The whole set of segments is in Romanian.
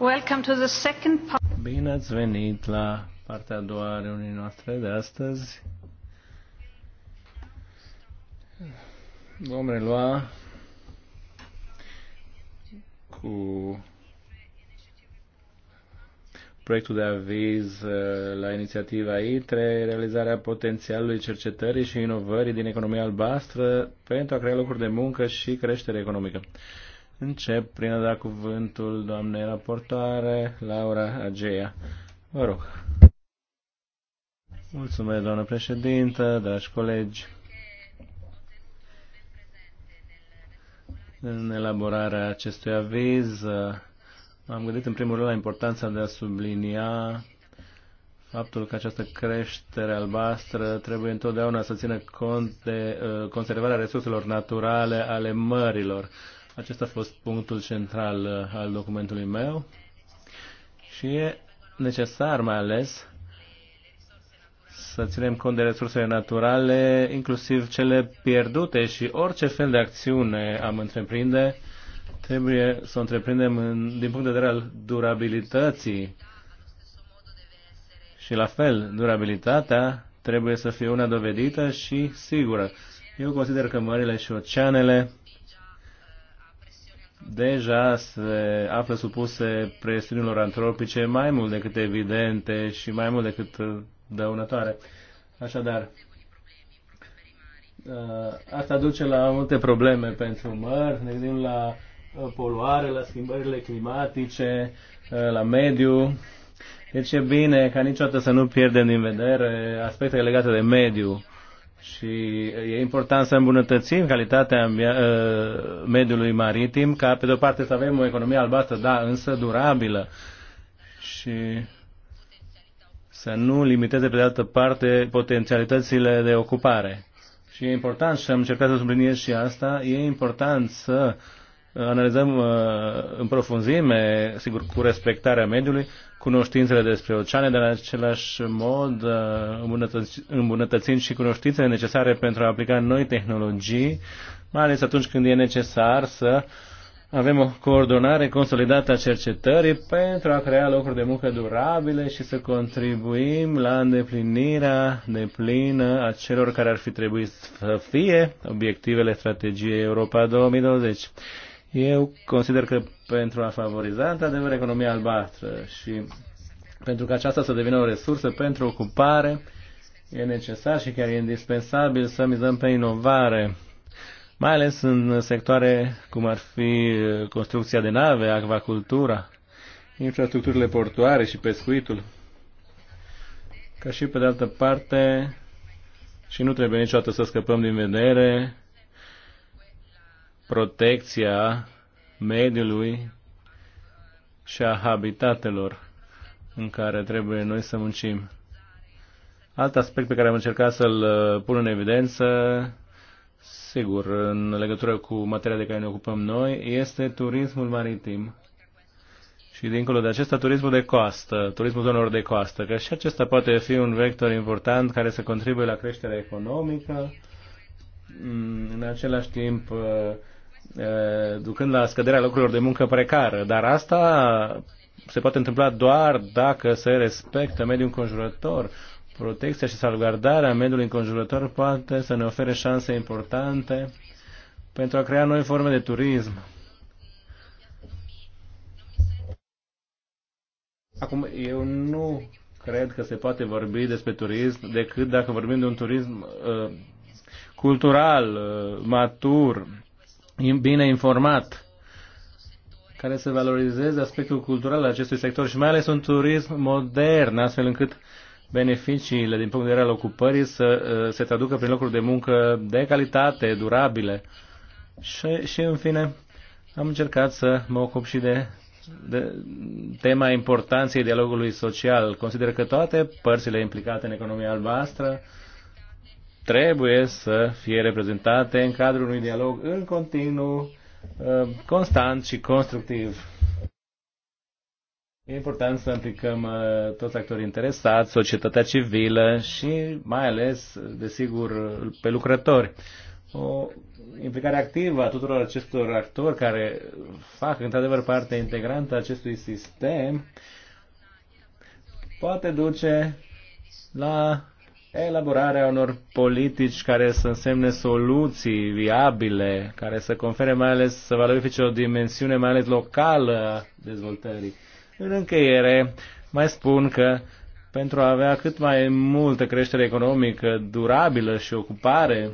Welcome to the second part. Bine ați venit la partea a doua a reunii noastre de astăzi. Vom relua cu proiectul de aviz uh, la inițiativa ITRE, realizarea potențialului cercetării și inovării din economia albastră pentru a crea locuri de muncă și creștere economică. Încep prin a da cuvântul doamnei raportoare, Laura Ageia. Vă rog. Mulțumesc, doamnă președintă, dragi colegi. În elaborarea acestui aviz am gândit în primul rând la importanța de a sublinia faptul că această creștere albastră trebuie întotdeauna să țină cont de uh, conservarea resurselor naturale ale mărilor acesta a fost punctul central uh, al documentului meu și e necesar mai ales să ținem cont de resursele naturale, inclusiv cele pierdute și orice fel de acțiune am întreprinde, trebuie să o întreprindem în, din punct de vedere al durabilității. Și la fel, durabilitatea trebuie să fie una dovedită și sigură. Eu consider că mările și oceanele deja se află supuse presiunilor antropice mai mult decât evidente și mai mult decât dăunătoare. Așadar, uh, asta duce la multe probleme pentru măr, ne gândim la uh, poluare, la schimbările climatice, uh, la mediu. Deci e bine ca niciodată să nu pierdem din vedere aspectele legate de mediu și e important să îmbunătățim calitatea ă, mediului maritim, ca pe de o parte să avem o economie albastră, da, însă durabilă. Și să nu limiteze pe de altă parte potențialitățile de ocupare. Și e important, și am încercat să subliniez și asta, e important să analizăm ă, în profunzime, sigur, cu respectarea mediului, cunoștințele despre oceane, dar în același mod uh, îmbunătățind și cunoștințele necesare pentru a aplica noi tehnologii, mai ales atunci când e necesar să avem o coordonare consolidată a cercetării pentru a crea locuri de muncă durabile și să contribuim la îndeplinirea deplină a celor care ar fi trebuit să fie obiectivele strategiei Europa 2020. Eu consider că pentru a favoriza, într-adevăr, economia albastră și pentru că aceasta să devină o resursă pentru ocupare, e necesar și chiar e indispensabil să mizăm pe inovare, mai ales în sectoare cum ar fi uh, construcția de nave, acvacultura, infrastructurile portuare și pescuitul. Ca și pe de altă parte, și nu trebuie niciodată să scăpăm din vedere protecția mediului și a habitatelor în care trebuie noi să muncim. Alt aspect pe care am încercat să-l uh, pun în evidență, sigur, în legătură cu materia de care ne ocupăm noi, este turismul maritim. Și dincolo de acesta, turismul de coastă, turismul zonelor de coastă, că și acesta poate fi un vector important care să contribuie la creșterea economică, mm, în același timp uh, ducând la scăderea locurilor de muncă precară, dar asta se poate întâmpla doar dacă se respectă mediul înconjurător. Protecția și salvgardarea mediului înconjurător poate să ne ofere șanse importante pentru a crea noi forme de turism. Acum, eu nu cred că se poate vorbi despre turism decât dacă vorbim de un turism uh, cultural, uh, matur, bine informat care să valorizeze aspectul cultural al acestui sector și mai ales un turism modern, astfel încât beneficiile din punct de vedere al ocupării să uh, se traducă prin locuri de muncă de calitate, durabile. Și, și în fine, am încercat să mă ocup și de, de tema importanței dialogului social. Consider că toate părțile implicate în economia albastră trebuie să fie reprezentate în cadrul unui dialog în continuu, uh, constant și constructiv. E important să implicăm uh, toți actorii interesați, societatea civilă și mai ales, desigur, pe lucrători. O implicare activă a tuturor acestor actori care fac într-adevăr parte integrantă a acestui sistem poate duce la elaborarea unor politici care să însemne soluții viabile, care să confere mai ales, să valorifice o dimensiune mai ales locală a dezvoltării. În încheiere, mai spun că pentru a avea cât mai multă creștere economică durabilă și ocupare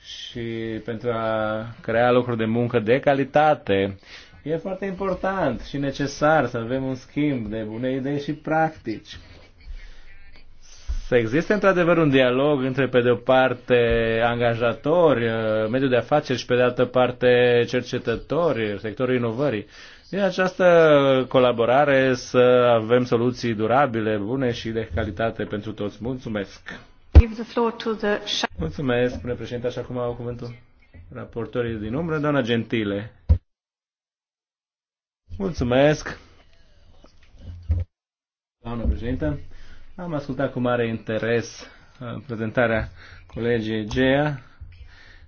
și pentru a crea locuri de muncă de calitate, e foarte important și necesar să avem un schimb de bune idei și practici să existe într-adevăr un dialog între, pe de o parte, angajatori, uh, mediul de afaceri și, pe de altă parte, cercetători, sectorul inovării. Din această colaborare să avem soluții durabile, bune și de calitate pentru toți. Mulțumesc! Mulțumesc, spune președinte, așa cum au cuvântul raportorii din umbră, doamna Gentile. Mulțumesc! Doamna președinte! Am ascultat cu mare interes uh, prezentarea colegii Gea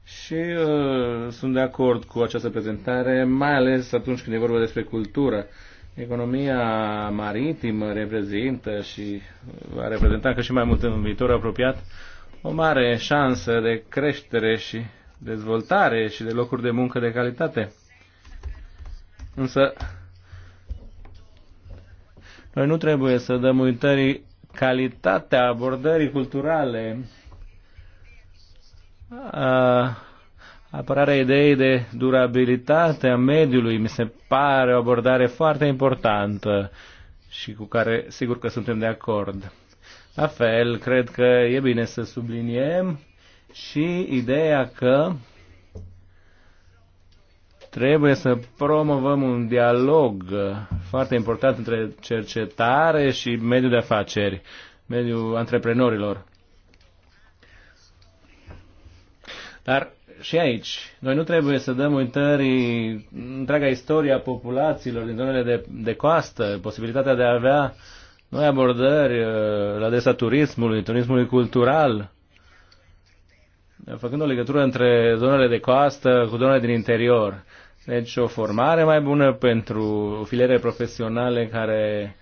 și uh, sunt de acord cu această prezentare, mai ales atunci când e vorba despre cultură. Economia maritimă reprezintă și va reprezenta că și mai mult în viitor apropiat o mare șansă de creștere și dezvoltare și de locuri de muncă de calitate. Însă, noi nu trebuie să dăm uitării calitatea abordării culturale, apărarea ideii de durabilitate a mediului, mi se pare o abordare foarte importantă și cu care sigur că suntem de acord. La fel, cred că e bine să subliniem și ideea că Trebuie să promovăm un dialog foarte important între cercetare și mediul de afaceri, mediul antreprenorilor. Dar și aici, noi nu trebuie să dăm uitării întreaga istoria populațiilor din zonele de, de coastă, posibilitatea de a avea noi abordări uh, la adresa turismului, turismului cultural, făcând o legătură între zonele de coastă cu zonele din interior. Deci o formare mai bună pentru filiere profesionale care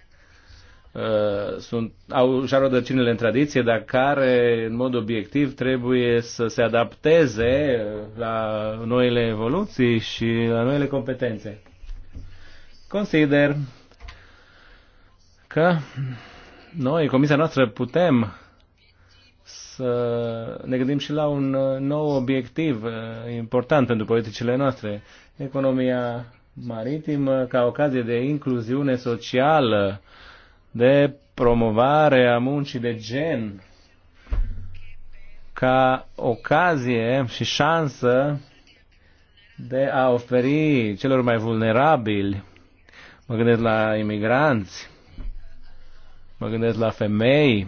uh, sunt, au și rădăcinile în tradiție, dar care în mod obiectiv trebuie să se adapteze la noile evoluții și la noile competențe. Consider că noi, comisia noastră, putem să ne gândim și la un uh, nou obiectiv uh, important pentru politicile noastre, economia maritimă ca ocazie de incluziune socială, de promovare a muncii de gen, ca ocazie și șansă de a oferi celor mai vulnerabili, mă gândesc la imigranți, mă gândesc la femei,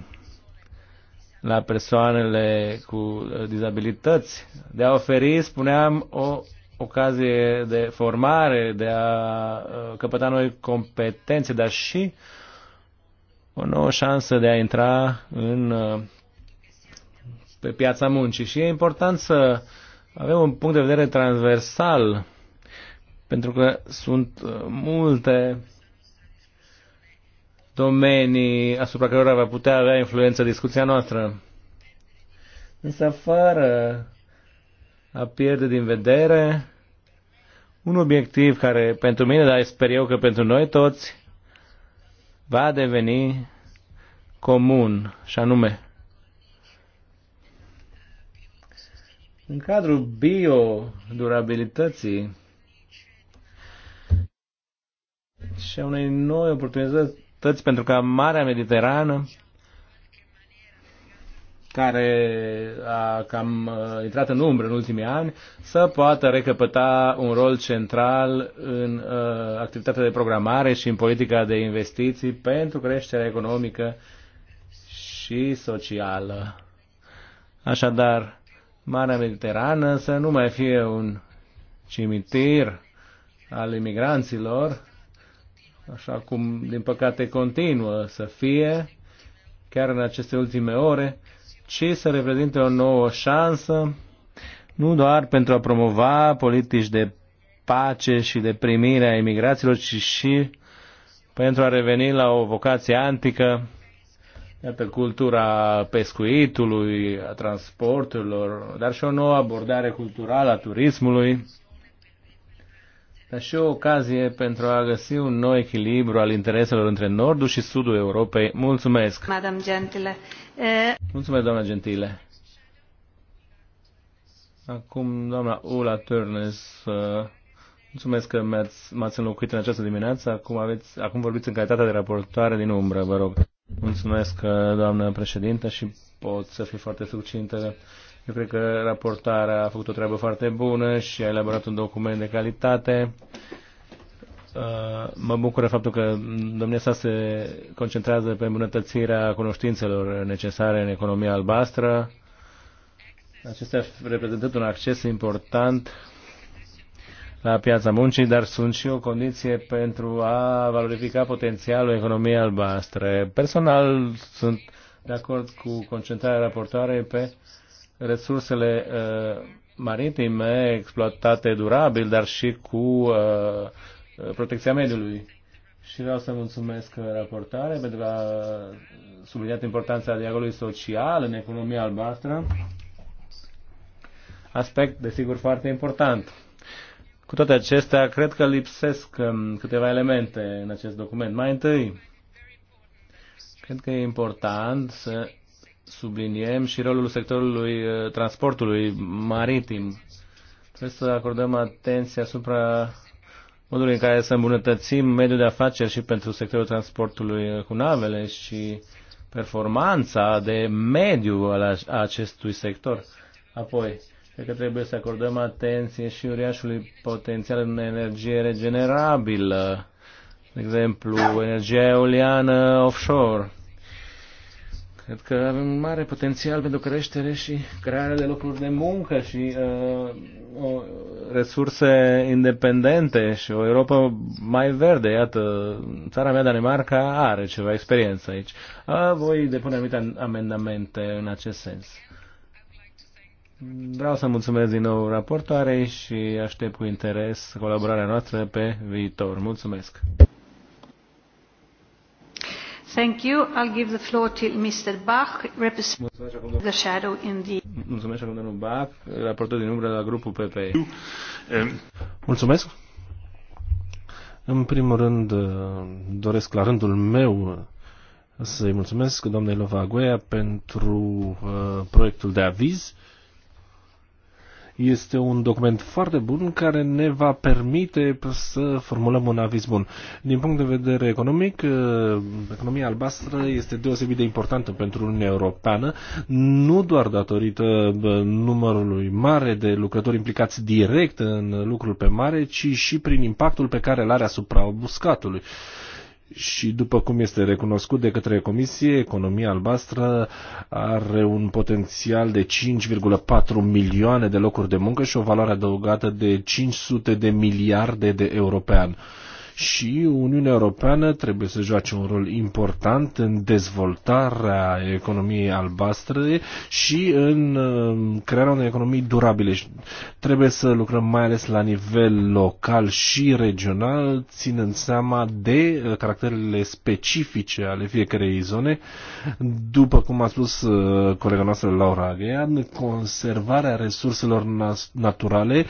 la persoanele cu uh, dizabilități, de a oferi, spuneam, o ocazie de formare, de a uh, căpăta noi competențe, dar și o nouă șansă de a intra în, uh, pe piața muncii. Și e important să avem un punct de vedere transversal, pentru că sunt multe domenii asupra cărora va putea avea influență discuția noastră. Însă fără a pierde din vedere un obiectiv care pentru mine, dar sper eu că pentru noi toți, va deveni comun, și anume în cadrul biodurabilității și a unei noi oportunități toți pentru că Marea Mediterană care a cam uh, intrat în umbră în ultimii ani, să poată recăpăta un rol central în uh, activitatea de programare și în politica de investiții pentru creșterea economică și socială. Așadar, Marea Mediterană să nu mai fie un cimitir al imigranților, așa cum, din păcate, continuă să fie, chiar în aceste ultime ore, ci să reprezinte o nouă șansă, nu doar pentru a promova politici de pace și de primire a imigraților, ci și pentru a reveni la o vocație antică, iată, cultura pescuitului, a transporturilor, dar și o nouă abordare culturală a turismului, dar și o ocazie pentru a găsi un nou echilibru al intereselor între nordul și sudul Europei. Mulțumesc! Madame Gentile. Mulțumesc, doamna Gentile. Acum, doamna Ula Turnes, uh, mulțumesc că m-ați înlocuit în această dimineață. Acum, aveți, acum vorbiți în calitate de raportoare din umbră, vă rog. Mulțumesc, uh, doamnă președintă, și pot să fiu foarte succintă. Eu cred că raportarea a făcut o treabă foarte bună și a elaborat un document de calitate. Uh, mă bucură faptul că domnia sa se concentrează pe îmbunătățirea cunoștințelor necesare în economia albastră. Acestea reprezintă un acces important la piața muncii, dar sunt și o condiție pentru a valorifica potențialul economiei albastre. Personal sunt de acord cu concentrarea raportoarei pe uh, resursele uh, maritime exploatate durabil, dar și cu uh, uh, protecția mediului. Și vreau să mulțumesc raportare pentru că a subliniat importanța dialogului social în economia albastră. Aspect, desigur, foarte important. Cu toate acestea, cred că lipsesc um, câteva elemente în acest document. Mai întâi, cred că e important să subliniem și rolul sectorului uh, transportului maritim. Trebuie să acordăm atenție asupra modului în care să îmbunătățim mediul de afaceri și pentru sectorul transportului uh, cu navele și performanța de mediu al acestui sector. Apoi, cred că trebuie să acordăm atenție și uriașului potențial în energie regenerabilă, de exemplu, energia eoliană offshore Cred că avem mare potențial pentru creștere și crearea de locuri de muncă și uh, o, resurse independente și o Europa mai verde. Iată, țara mea, Danemarca, are ceva experiență aici. Uh, voi depune anumite amendamente în acest sens. Vreau să mulțumesc din nou raportoarei și aștept cu interes colaborarea noastră pe viitor. Mulțumesc! Mulțumesc În primul rând, uh, doresc la rândul meu uh, să îi mulțumesc doamnei Lova pentru uh, proiectul de aviz uh, este un document foarte bun care ne va permite să formulăm un aviz bun. Din punct de vedere economic, uh, economia albastră este deosebit de importantă pentru Uniunea Europeană, nu doar datorită numărului mare de lucrători implicați direct în lucrul pe mare, ci și prin impactul pe care îl are asupra uscatului și după cum este recunoscut de către Comisie, economia albastră are un potențial de 5,4 milioane de locuri de muncă și o valoare adăugată de 500 de miliarde de euro pe an și Uniunea Europeană trebuie să joace un rol important în dezvoltarea economiei albastre și în uh, crearea unei economii durabile. Trebuie să lucrăm mai ales la nivel local și regional, ținând seama de uh, caracterele specifice ale fiecarei zone. După cum a spus uh, colega noastră Laura Aghea, conservarea resurselor naturale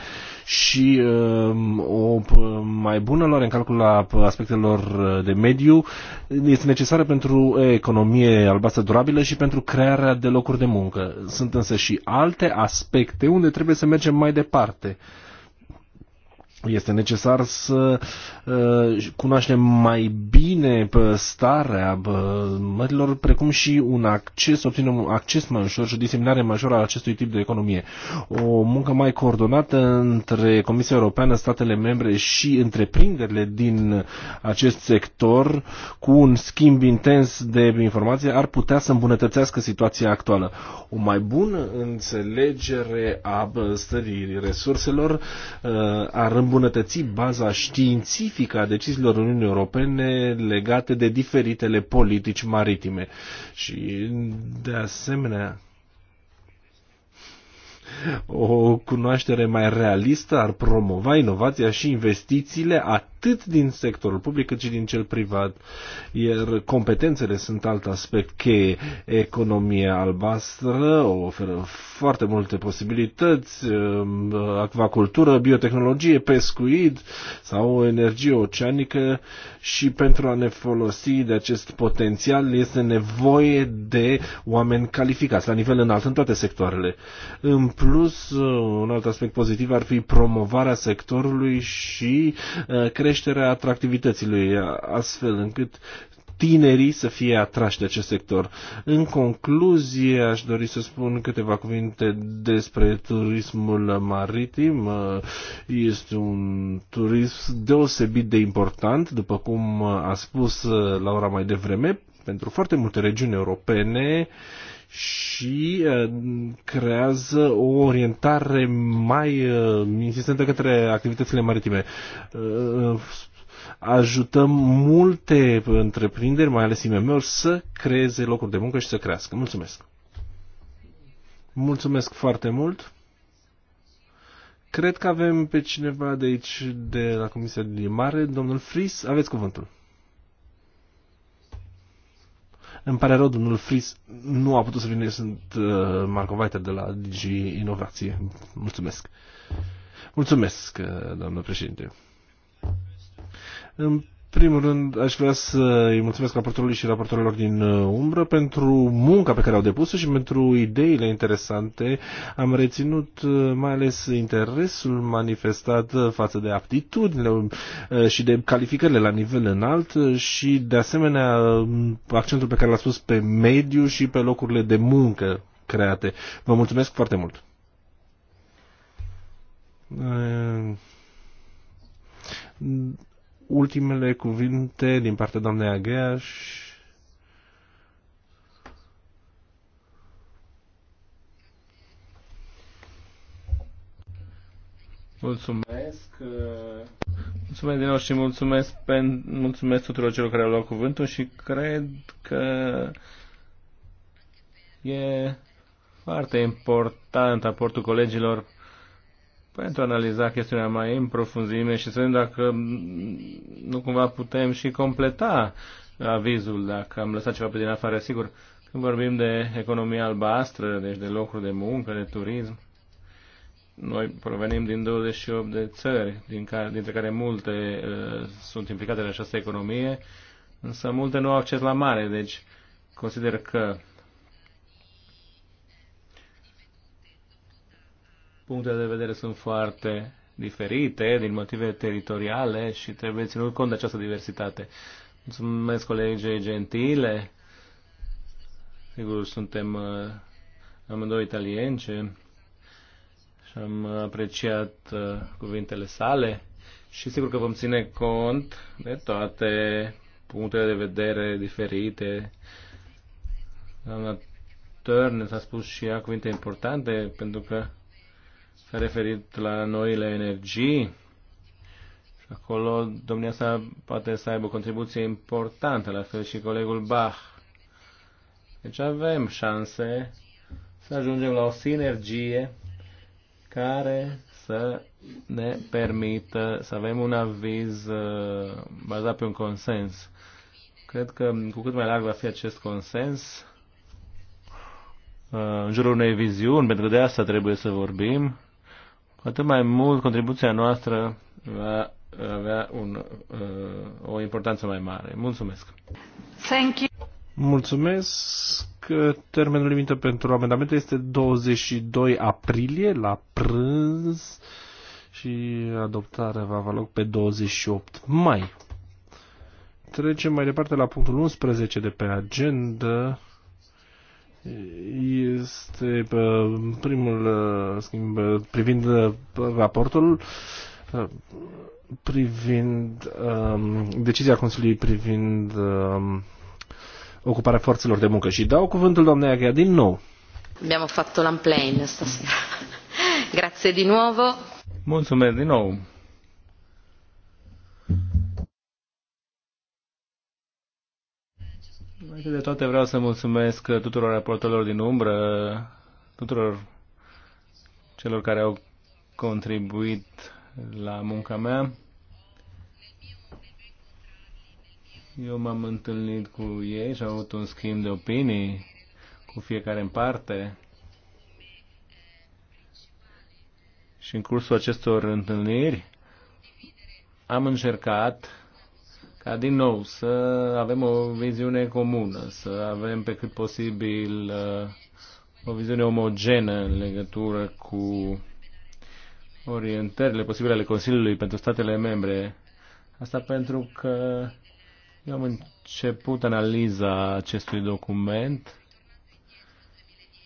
și um, o mai bună luare în calcul asupra aspectelor uh, de mediu este necesară pentru economie albastră durabilă și pentru crearea de locuri de muncă. Sunt însă și alte aspecte unde trebuie să mergem mai departe. Uh, este necesar să uh, cunoaștem mai bine uh, starea uh, mărilor, precum și un acces, să obținem un acces mai ușor și o diseminare mai ușor a acestui tip de economie. O muncă mai coordonată între Comisia Europeană, statele membre și întreprinderile din acest sector, cu un schimb intens de informație, ar putea să îmbunătățească situația actuală. O mai bună înțelegere a stării resurselor ar îmbunătăți îmbunătăți baza științifică a deciziilor Uniunii Europene legate de diferitele politici maritime. Și, de asemenea, o cunoaștere mai realistă ar promova inovația și investițiile atât atât din sectorul public cât și din cel privat, iar competențele sunt alt aspect cheie. Economia albastră oferă foarte multe posibilități, um, acvacultură, biotehnologie, pescuit sau energie oceanică și pentru a ne folosi de acest potențial este nevoie de oameni calificați la nivel înalt în toate sectoarele. În plus, uh, un alt aspect pozitiv ar fi promovarea sectorului și uh, creșterea creșterea atractivității lui, astfel încât tinerii să fie atrași de acest sector. În concluzie, aș dori să spun câteva cuvinte despre turismul maritim. Este un turism deosebit de important, după cum a spus Laura mai devreme, pentru foarte multe regiuni europene și uh, creează o orientare mai uh, insistentă către activitățile maritime uh, ajutăm multe întreprinderi, mai ales IMM-uri, să creeze locuri de muncă și să crească. Mulțumesc! Mulțumesc foarte mult! Cred că avem pe cineva de aici, de la Comisia de Mare, domnul Fris, aveți cuvântul. Îmi pare rău, domnul Fris nu a putut să vină, sunt uh, Marco Weiter de la Digi Inovație. Mulțumesc. Mulțumesc, uh, doamnă președinte. Îmi primul rând, aș vrea să îi mulțumesc raportorului și raportorilor din uh, umbră pentru munca pe care au depus-o și pentru ideile interesante. Am reținut uh, mai ales interesul manifestat uh, față de aptitudinile și de calificările la nivel înalt și, de asemenea, accentul pe care l-a spus pe mediu și pe locurile de muncă create. Vă mulțumesc foarte mult! ultimele cuvinte din partea doamnei Ageaș. Mulțumesc. Uh, mulțumesc din nou și mulțumesc, pen, mulțumesc tuturor celor care au luat cuvântul și cred că e foarte important aportul colegilor pentru a analiza chestiunea mai în profunzime și să vedem dacă nu cumva putem și completa avizul, dacă am lăsat ceva pe din afară, sigur. Când vorbim de economia albastră, deci de locuri de muncă, de turism, noi provenim din 28 de țări, din care, dintre care multe uh, sunt implicate în această economie, însă multe nu au acces la mare, deci consider că punctele de vedere sunt foarte diferite din motive teritoriale și trebuie ținut cont de această diversitate. Mulțumesc colegii gentile. Sigur, suntem uh, amândoi italienci și am apreciat uh, cuvintele sale și sigur că vom ține cont de toate punctele de vedere diferite. Doamna Turner s-a spus și ea cuvinte importante pentru că s-a referit la noile energii și acolo domnia sa poate să aibă o contribuție importantă, la fel și colegul Bach. Deci avem șanse să ajungem la o sinergie care să ne permită să avem un aviz uh, bazat pe un consens. Cred că cu cât mai larg va fi acest consens, uh, în jurul unei viziuni, pentru că de asta trebuie să vorbim, atât mai mult contribuția noastră va avea un, uh, o importanță mai mare. Mulțumesc! Thank you. Mulțumesc! Termenul limită pentru amendamente este 22 aprilie la prânz și adoptarea va avea loc pe 28 mai. Trecem mai departe la punctul 11 de pe agenda este primul uh, schimb privind uh, raportul uh, privind um, decizia Consiliului privind um, ocuparea forțelor de muncă și dau cuvântul doamnei Aghea din nou. Abbiamo fatto l'amplain stasera. Grazie di nuovo. Mulțumesc din nou. Înainte de toate vreau să mulțumesc tuturor raportorilor din umbră, tuturor celor care au contribuit la munca mea. Eu m-am întâlnit cu ei și am avut un schimb de opinii cu fiecare în parte. Și în cursul acestor întâlniri am încercat ca din nou să avem o viziune comună, să avem pe cât posibil uh, o viziune omogenă în legătură cu orientările posibile ale Consiliului pentru statele membre. Asta pentru că eu am început analiza acestui document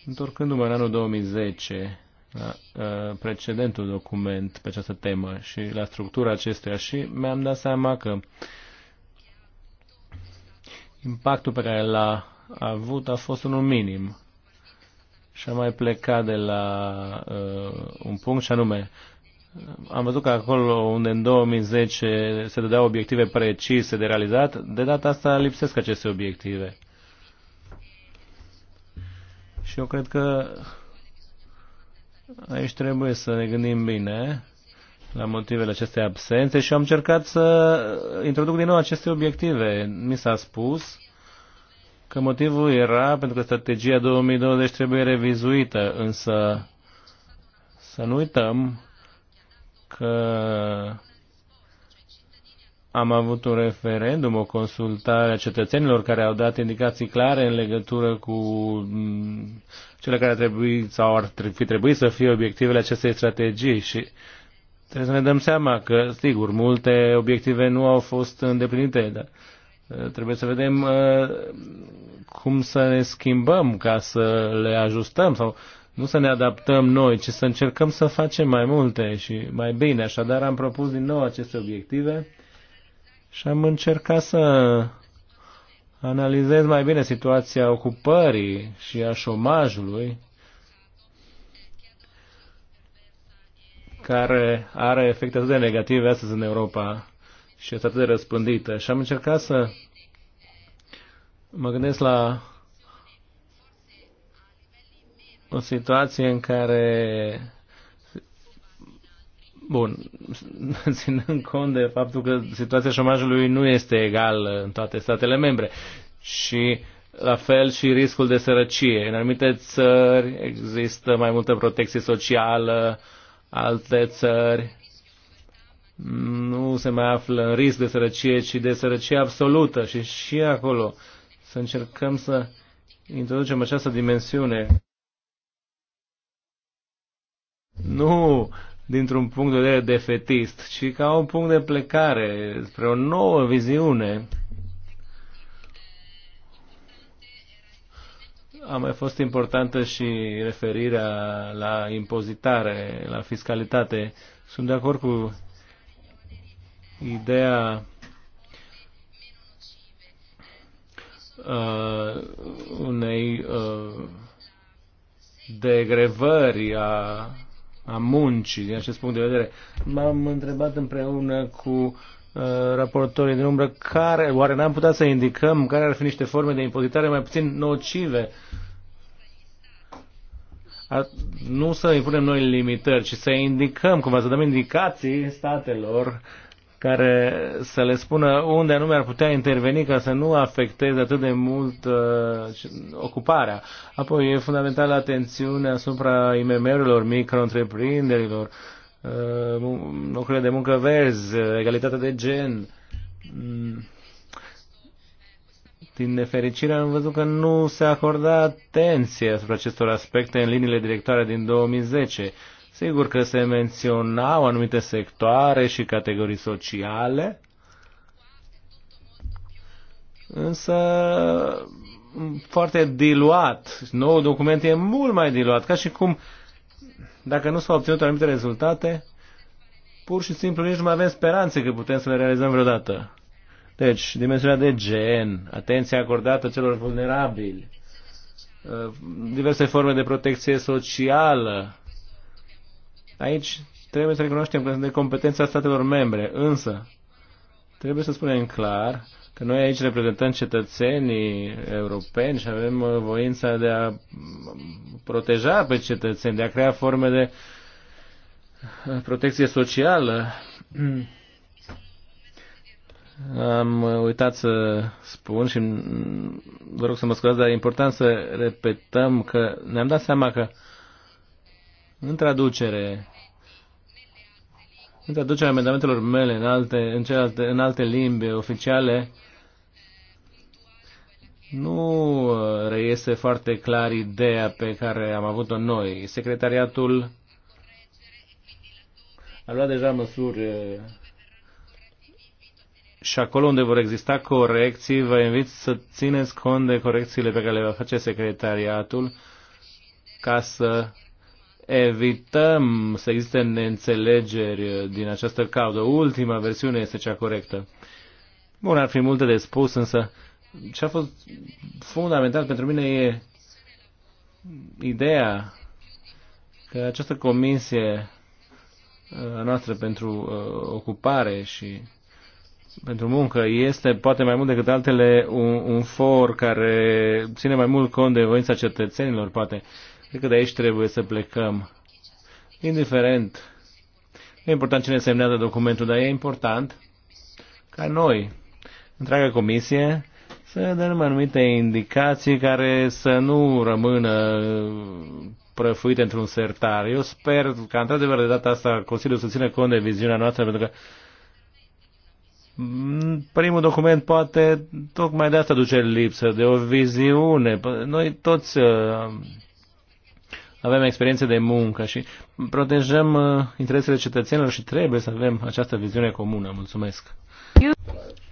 întorcându-mă în anul 2010 la uh, precedentul document pe această temă și la structura acestuia și mi-am dat seama că uh, impactul pe care l-a avut a fost unul minim. Și am mai plecat de la uh, un punct și anume, am văzut că acolo unde în 2010 se dădeau obiective precise de realizat, de data asta lipsesc aceste obiective. Și eu cred că aici trebuie să ne gândim bine la motivele acestei absențe și am încercat să introduc din nou aceste obiective. Mi s-a spus că motivul era pentru că strategia 2020 trebuie revizuită, însă să nu uităm că am avut un referendum, o consultare a cetățenilor care au dat indicații clare în legătură cu mm, cele care ar trebui sau ar fi trebuit să fie obiectivele acestei strategii și Trebuie să ne dăm seama că, sigur, multe obiective nu au fost îndeplinite, dar uh, trebuie să vedem uh, cum să ne schimbăm ca să le ajustăm sau nu să ne adaptăm noi, ci să încercăm să facem mai multe și mai bine. Așadar am propus din nou aceste obiective și am încercat să analizez mai bine situația ocupării și a șomajului care are efecte atât de negative astăzi în Europa și este atât de răspândită. Și am încercat să mă gândesc la o situație în care Bun, ținând cont de faptul că situația șomajului nu este egală în toate statele membre și la fel și riscul de sărăcie. În anumite țări există mai multă protecție socială, uh, alte țări nu se mai află în risc de sărăcie, ci de sărăcie absolută și și acolo să încercăm să introducem această dimensiune. Nu dintr-un punct de vedere defetist, ci ca un punct de plecare spre o nouă viziune a mai fost importantă și referirea la impozitare, la fiscalitate. Sunt de acord cu ideea uh, unei uh, degrevări a, a muncii, din acest punct de vedere. M-am întrebat împreună cu Uh, raportorii din umbră, care, oare n-am putea să indicăm care ar fi niște forme de impozitare mai puțin nocive? A, nu să impunem noi limitări, ci să indicăm, cumva să dăm indicații statelor care să le spună unde anume ar putea interveni ca să nu afecteze atât de mult uh, ocuparea. Apoi e fundamentală atențiunea asupra IMM-urilor, micro-întreprinderilor. Uh, Uh, lucrurile de muncă verzi, uh, egalitatea de gen. Mm. Din nefericire am văzut că nu se acorda atenție asupra acestor aspecte în liniile directoare din 2010. Sigur că se menționau anumite sectoare și categorii sociale, însă mm, foarte diluat. Noul document e mult mai diluat, ca și cum uh, dacă nu s-au obținut anumite rezultate, pur și simplu nici nu mai avem speranțe că putem să le realizăm vreodată. Deci, dimensiunea de gen, atenția acordată celor vulnerabili, uh, diverse forme de protecție socială. Aici trebuie să recunoaștem că de competența statelor membre, însă trebuie să spunem clar că noi aici reprezentăm cetățenii europeni și avem uh, voința de a mm, proteja pe cetățeni, de a crea forme de uh, protecție socială. Am uh, uitat să spun și mm, vă rog să mă scuzați, dar e important să repetăm că ne-am dat seama că în traducere, în traducerea amendamentelor mele în alte, în, celelalte, în alte limbi oficiale, nu uh, reiese foarte clar ideea pe care am avut-o noi. Secretariatul a luat deja măsuri uh, și acolo unde vor exista corecții, vă invit să țineți cont de corecțiile pe care le va face secretariatul ca să evităm să existe neînțelegeri din această cauză. Ultima versiune este cea corectă. Bun, ar fi multe de spus, însă ce a fost fundamental pentru mine e ideea că această comisie a uh, noastră pentru uh, ocupare și pentru muncă este, poate mai mult decât altele, un, un for care ține mai mult cont de voința cetățenilor, poate. Cred că de aici trebuie să plecăm. Indiferent. E important cine semnează documentul, dar e important ca noi, întreaga comisie, să dăm anumite indicații care să nu rămână prăfuit într-un sertar. Eu sper că, într-adevăr, de data asta Consiliul să țină cont de viziunea noastră, pentru că primul document poate tocmai de asta duce lipsă, de o viziune. Noi toți uh, avem experiențe de muncă și protejăm uh, interesele cetățenilor și trebuie să avem această viziune comună. Mulțumesc!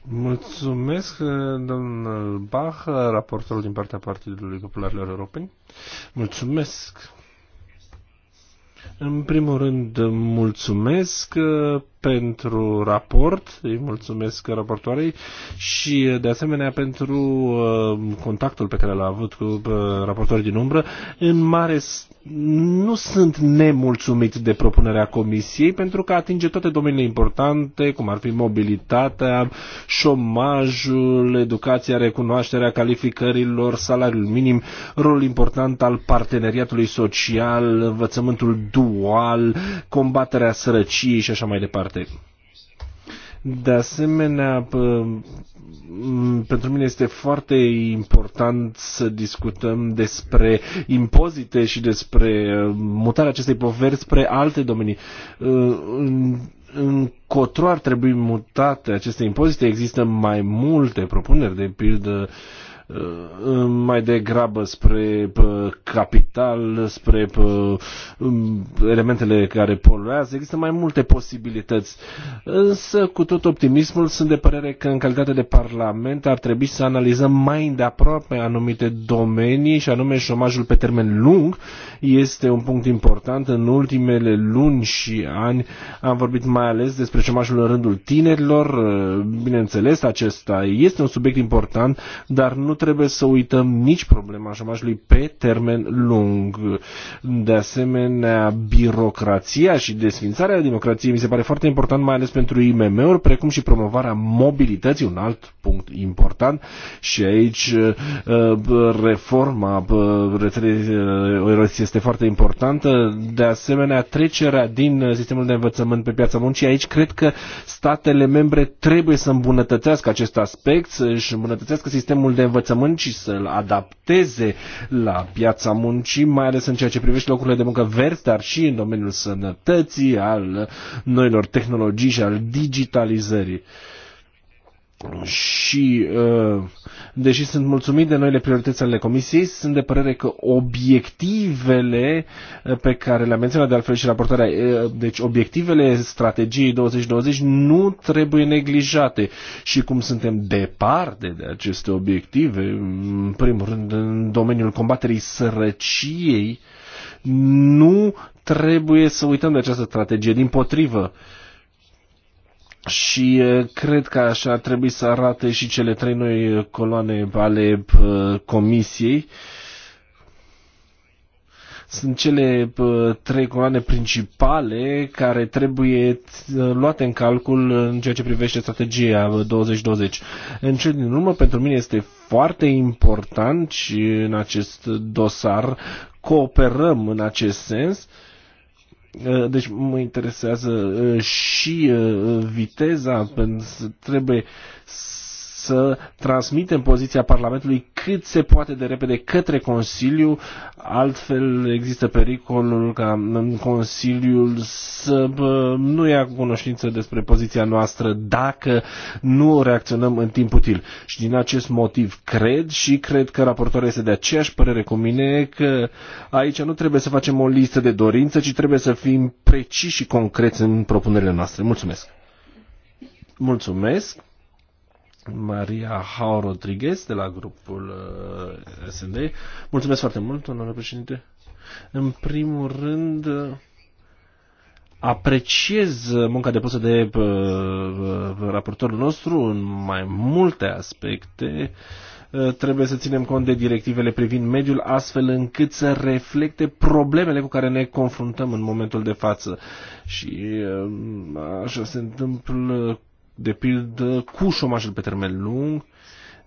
Mulțumesc, domnul Bach, raportorul din partea Partidului Popularilor Europeni. Mulțumesc. În primul rând, mulțumesc pentru raport, îi mulțumesc raportoarei și de asemenea pentru uh, contactul pe care l-a avut cu uh, raportorii din umbră. În mare nu sunt nemulțumit de propunerea comisiei pentru că atinge toate domeniile importante, cum ar fi mobilitatea, șomajul, educația, recunoașterea calificărilor, salariul minim, rol important al parteneriatului social, învățământul dual, combaterea sărăciei și așa mai departe departe. De asemenea, pentru mine este foarte important să discutăm despre impozite și despre uh, mutarea acestei poveri spre alte domenii. Uh, încotro ar trebui mutate aceste impozite. Există mai multe propuneri, de pildă Uh, mai degrabă spre uh, capital, spre uh, um, elementele care poluează. Există mai multe posibilități. Însă, cu tot optimismul, sunt de părere că în calitate de Parlament ar trebui să analizăm mai îndeaproape anumite domenii și anume șomajul pe termen lung este un punct important. În ultimele luni și ani am vorbit mai ales despre șomajul în rândul tinerilor. Bineînțeles, acesta este un subiect important, dar nu trebuie să uităm nici problema șomajului pe termen lung. De asemenea, birocrația și desfințarea democrației mi se pare foarte important, mai ales pentru IMM-uri, precum și promovarea mobilității, un alt punct important. Și aici uh, reforma uh, rețelei uh, este foarte importantă. De asemenea, trecerea din sistemul de învățământ pe piața muncii, aici cred că statele membre trebuie să îmbunătățească acest aspect, să își îmbunătățească sistemul de învățământ învățământ și să-l adapteze la piața muncii, mai ales în ceea ce privește locurile de muncă verzi, dar și în domeniul sănătății, al noilor tehnologii și al digitalizării. Uh, și uh, deși sunt mulțumit de noile priorități ale Comisiei, sunt de părere că obiectivele uh, pe care le am menționat de altfel și raportarea, uh, deci obiectivele strategiei 2020 nu trebuie neglijate și cum suntem departe de aceste obiective, în primul rând în domeniul combaterii sărăciei, nu trebuie să uităm de această strategie. Din potrivă, și cred că așa trebuie să arate și cele trei noi coloane ale comisiei. Sunt cele trei coloane principale care trebuie luate în calcul în ceea ce privește strategia 2020. În cel din urmă, pentru mine este foarte important și în acest dosar cooperăm în acest sens uh, Uh, deci mă interesează uh, și uh, viteza, pentru că trebuie să transmitem poziția Parlamentului cât se poate de repede către Consiliu, altfel există pericolul ca în Consiliul să nu ia cunoștință despre poziția noastră dacă nu reacționăm în timp util. Și din acest motiv cred și cred că raportorul este de aceeași părere cu mine că aici nu trebuie să facem o listă de dorință, ci trebuie să fim preciși și concreți în propunerile noastre. Mulțumesc! Mulțumesc! Maria Hau Rodriguez de la grupul uh, SND. Mulțumesc foarte mult, domnule președinte. În primul rând, apreciez munca depusă de uh, raportorul nostru în mai multe aspecte. Uh, trebuie să ținem cont de directivele privind mediul astfel încât să reflecte problemele cu care ne confruntăm în momentul de față. Și uh, așa se întâmplă de pildă, cu șomajul pe termen lung.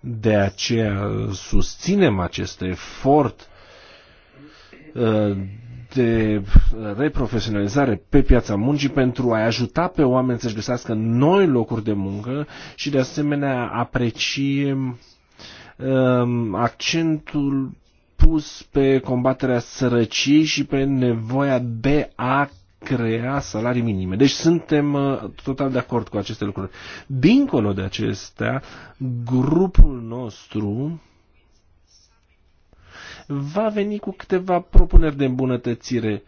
De aceea susținem acest efort uh, de reprofesionalizare pe piața muncii pentru a ajuta pe oameni să-și găsească noi locuri de muncă și de asemenea apreciem um, accentul pus pe combaterea sărăciei și pe nevoia de a crea salarii minime. Deci suntem uh, total de acord cu aceste lucruri. Dincolo de acestea, grupul nostru va veni cu câteva propuneri de îmbunătățire.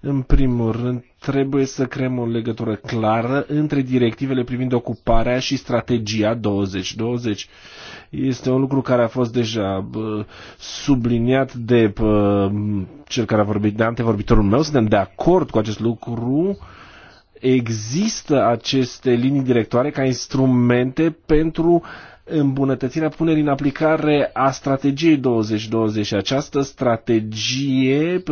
În primul rând, trebuie să creăm o legătură clară între directivele privind ocuparea și strategia 2020. Este un lucru care a fost deja subliniat de cel care a vorbit, de antevorbitorul meu. Suntem de acord cu acest lucru există aceste linii directoare ca instrumente pentru uh, îmbunătățirea punerii în aplicare a strategiei 2020 și această strategie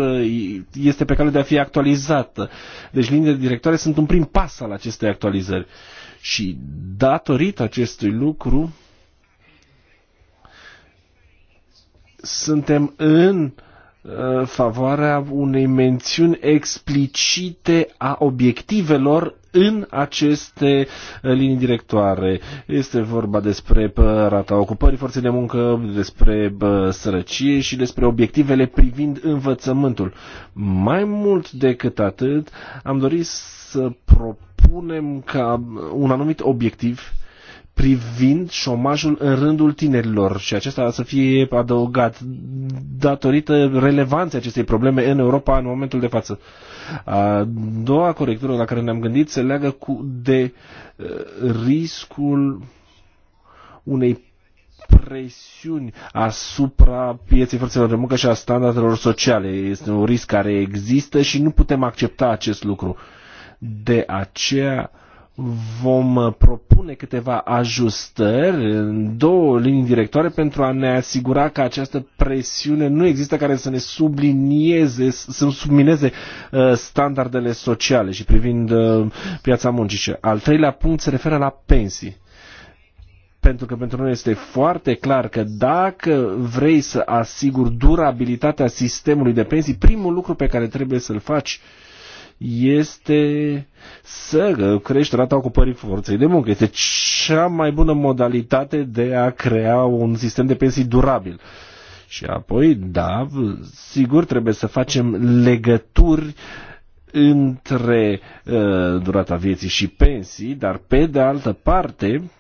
este pe cale de a fi actualizată. Deci liniile directoare sunt un prim pas al acestei actualizări. Și datorită acestui lucru suntem în ă, favoarea unei mențiuni explicite a obiectivelor în aceste uh, linii directoare. Este vorba despre uh, rata ocupării forței de muncă, despre uh, sărăcie și despre obiectivele privind învățământul. Mai mult decât atât, am dorit să propunem ca un anumit obiectiv privind șomajul în rândul tinerilor și acesta să fie adăugat datorită relevanței acestei probleme în Europa în momentul de față. A doua corectură la care ne-am gândit se leagă cu de eh, riscul unei presiuni asupra pieței forțelor de muncă și a standardelor sociale. Este un risc care există și nu putem accepta acest lucru. De aceea, vom uh, propune câteva ajustări în două linii directoare pentru a ne asigura că această presiune nu există care să ne sublinieze, să submineze uh, standardele sociale și privind uh, piața muncii. Al treilea punct se referă la pensii pentru că pentru noi este foarte clar că dacă vrei să asiguri durabilitatea sistemului de pensii, primul lucru pe care trebuie să-l faci uh, este să crești rata ocupării forței de muncă. Este cea mai bună modalitate de a crea un sistem de pensii durabil. Și apoi, da, sigur, trebuie să facem legături între uh, durata vieții și pensii, dar pe de altă parte,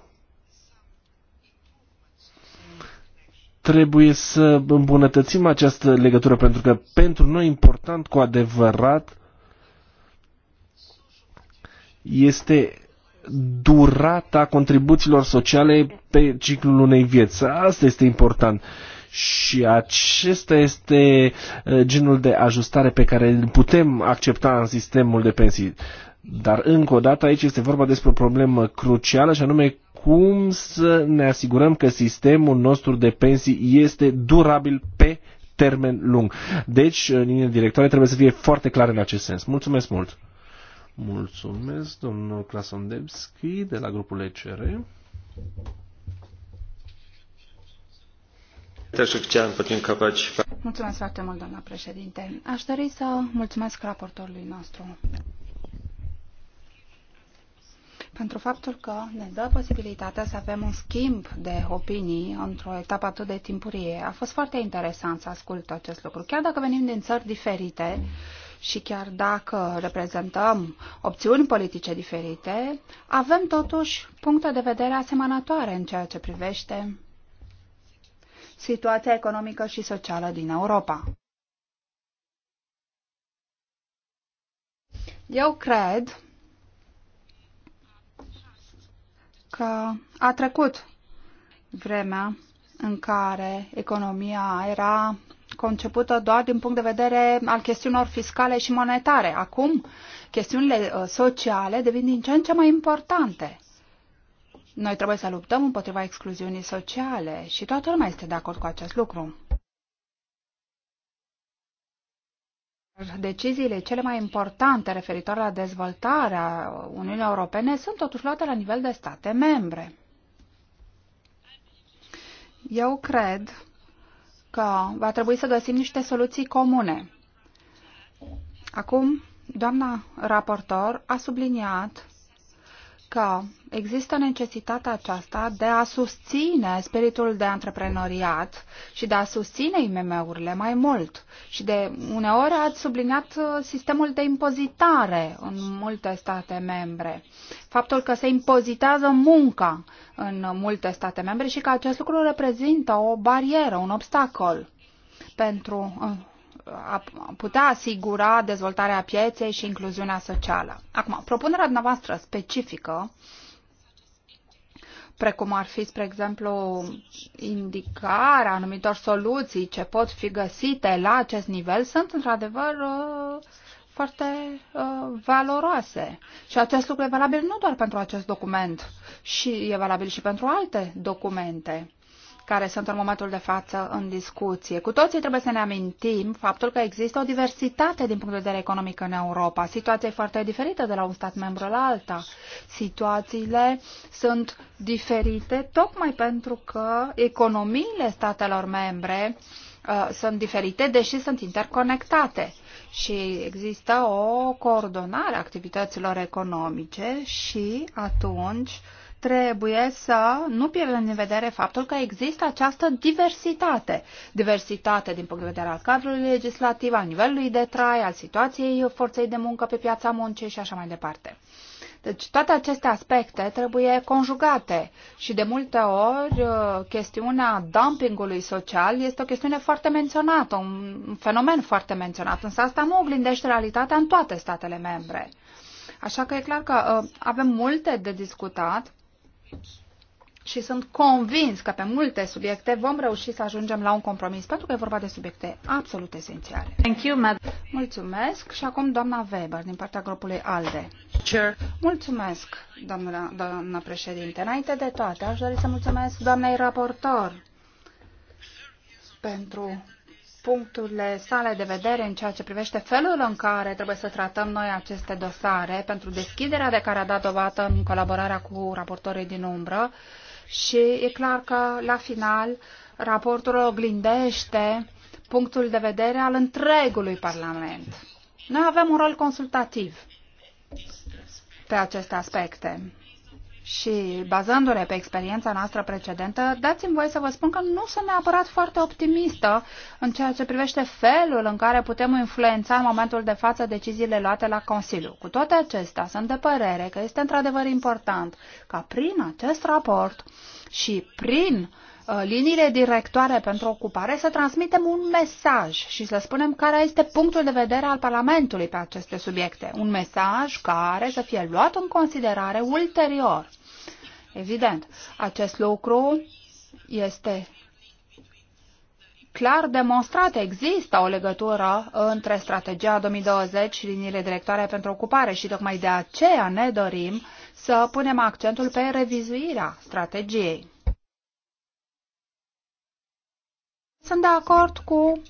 trebuie să îmbunătățim această legătură, pentru că pentru noi important cu adevărat este durata contribuțiilor sociale pe ciclul unei vieți. Asta este important. Și acesta este uh, genul de ajustare pe care îl putem accepta în sistemul de pensii. Dar încă o dată aici este vorba despre o problemă crucială și anume cum să ne asigurăm că sistemul nostru de pensii este durabil pe termen lung. Deci, uh, linie directoare trebuie să fie foarte clar în acest sens. Mulțumesc mult! Mulțumesc, domnul Krasondevski, de la grupul ECR. Mulțumesc foarte mult, doamna președinte. Aș dori să mulțumesc raportorului nostru pentru faptul că ne dă posibilitatea să avem un schimb de opinii într-o etapă atât de timpurie. A fost foarte interesant să ascult acest lucru. Chiar dacă venim din țări diferite, mm și chiar dacă reprezentăm opțiuni politice diferite, avem totuși puncte de vedere asemănătoare în ceea ce privește situația economică și socială din Europa. Eu cred că a trecut vremea în care economia era concepută doar din punct de vedere al chestiunilor fiscale și monetare. Acum, chestiunile uh, sociale devin din ce în ce mai importante. Noi trebuie să luptăm împotriva excluziunii sociale și toată lumea este de acord cu acest lucru. Deciziile cele mai importante referitoare la dezvoltarea Uniunii Europene sunt totuși luate la nivel de state membre. Eu cred că va trebui să găsim niște soluții comune. Acum, doamna raportor a subliniat că există necesitatea aceasta de a susține spiritul de antreprenoriat și de a susține IMM-urile mai mult. Și de uneori ați subliniat uh, sistemul de impozitare în multe state membre faptul că se impozitează munca în multe state membre și că acest lucru reprezintă o barieră, un obstacol pentru a putea asigura dezvoltarea pieței și incluziunea socială. Acum, propunerea noastră specifică, precum ar fi, spre exemplu, indicarea anumitor soluții ce pot fi găsite la acest nivel, sunt într-adevăr uh, foarte uh, valoroase. Și acest lucru e valabil nu doar pentru acest document, și e valabil și pentru alte documente care sunt în momentul de față în discuție. Cu toții trebuie să ne amintim faptul că există o diversitate din punct de vedere economic în Europa. Situația e foarte diferită de la un stat membru la alta. Situațiile sunt diferite tocmai pentru că economiile statelor membre uh, sunt diferite, deși sunt interconectate și există o coordonare a activităților economice și atunci trebuie să nu pierdem în vedere faptul că există această diversitate. Diversitate din punct de vedere al cadrului legislativ, al nivelului de trai, al situației forței de muncă pe piața muncii și așa mai departe. Deci toate aceste aspecte trebuie conjugate și de multe ori uh, chestiunea dumpingului social este o chestiune foarte menționată, un fenomen foarte menționat, însă asta nu oglindește realitatea în toate statele membre. Așa că e clar că uh, avem multe de discutat și sunt convins că pe multe subiecte vom reuși să ajungem la un compromis, pentru că e vorba de subiecte absolut esențiale. Thank you, Mulțumesc și acum doamna Weber din partea grupului ALDE. Sure. Mulțumesc, doamna, doamna președinte. Înainte de toate, aș dori să mulțumesc doamnei raportor pentru puncturile sale de vedere în ceea ce privește felul în care trebuie să tratăm noi aceste dosare, pentru deschiderea de care a dat dovadă în colaborarea cu raportorii din umbră și e clar că la final raportul oglindește punctul de vedere al întregului Parlament. Noi avem un rol consultativ pe aceste aspecte și bazându-ne pe experiența noastră precedentă, dați-mi voie să vă spun că nu sunt neapărat foarte optimistă în ceea ce privește felul în care putem influența în momentul de față deciziile luate la Consiliu. Cu toate acestea, sunt de părere că este într-adevăr important ca prin acest raport și prin Uh, liniile directoare pentru ocupare, să transmitem un mesaj și să spunem care este punctul de vedere al Parlamentului pe aceste subiecte. Un mesaj care să fie luat în considerare ulterior. Evident, acest lucru este clar demonstrat. Există o legătură între strategia 2020 și liniile directoare pentru ocupare și tocmai de aceea ne dorim să punem accentul pe revizuirea strategiei. Sunt de acord cu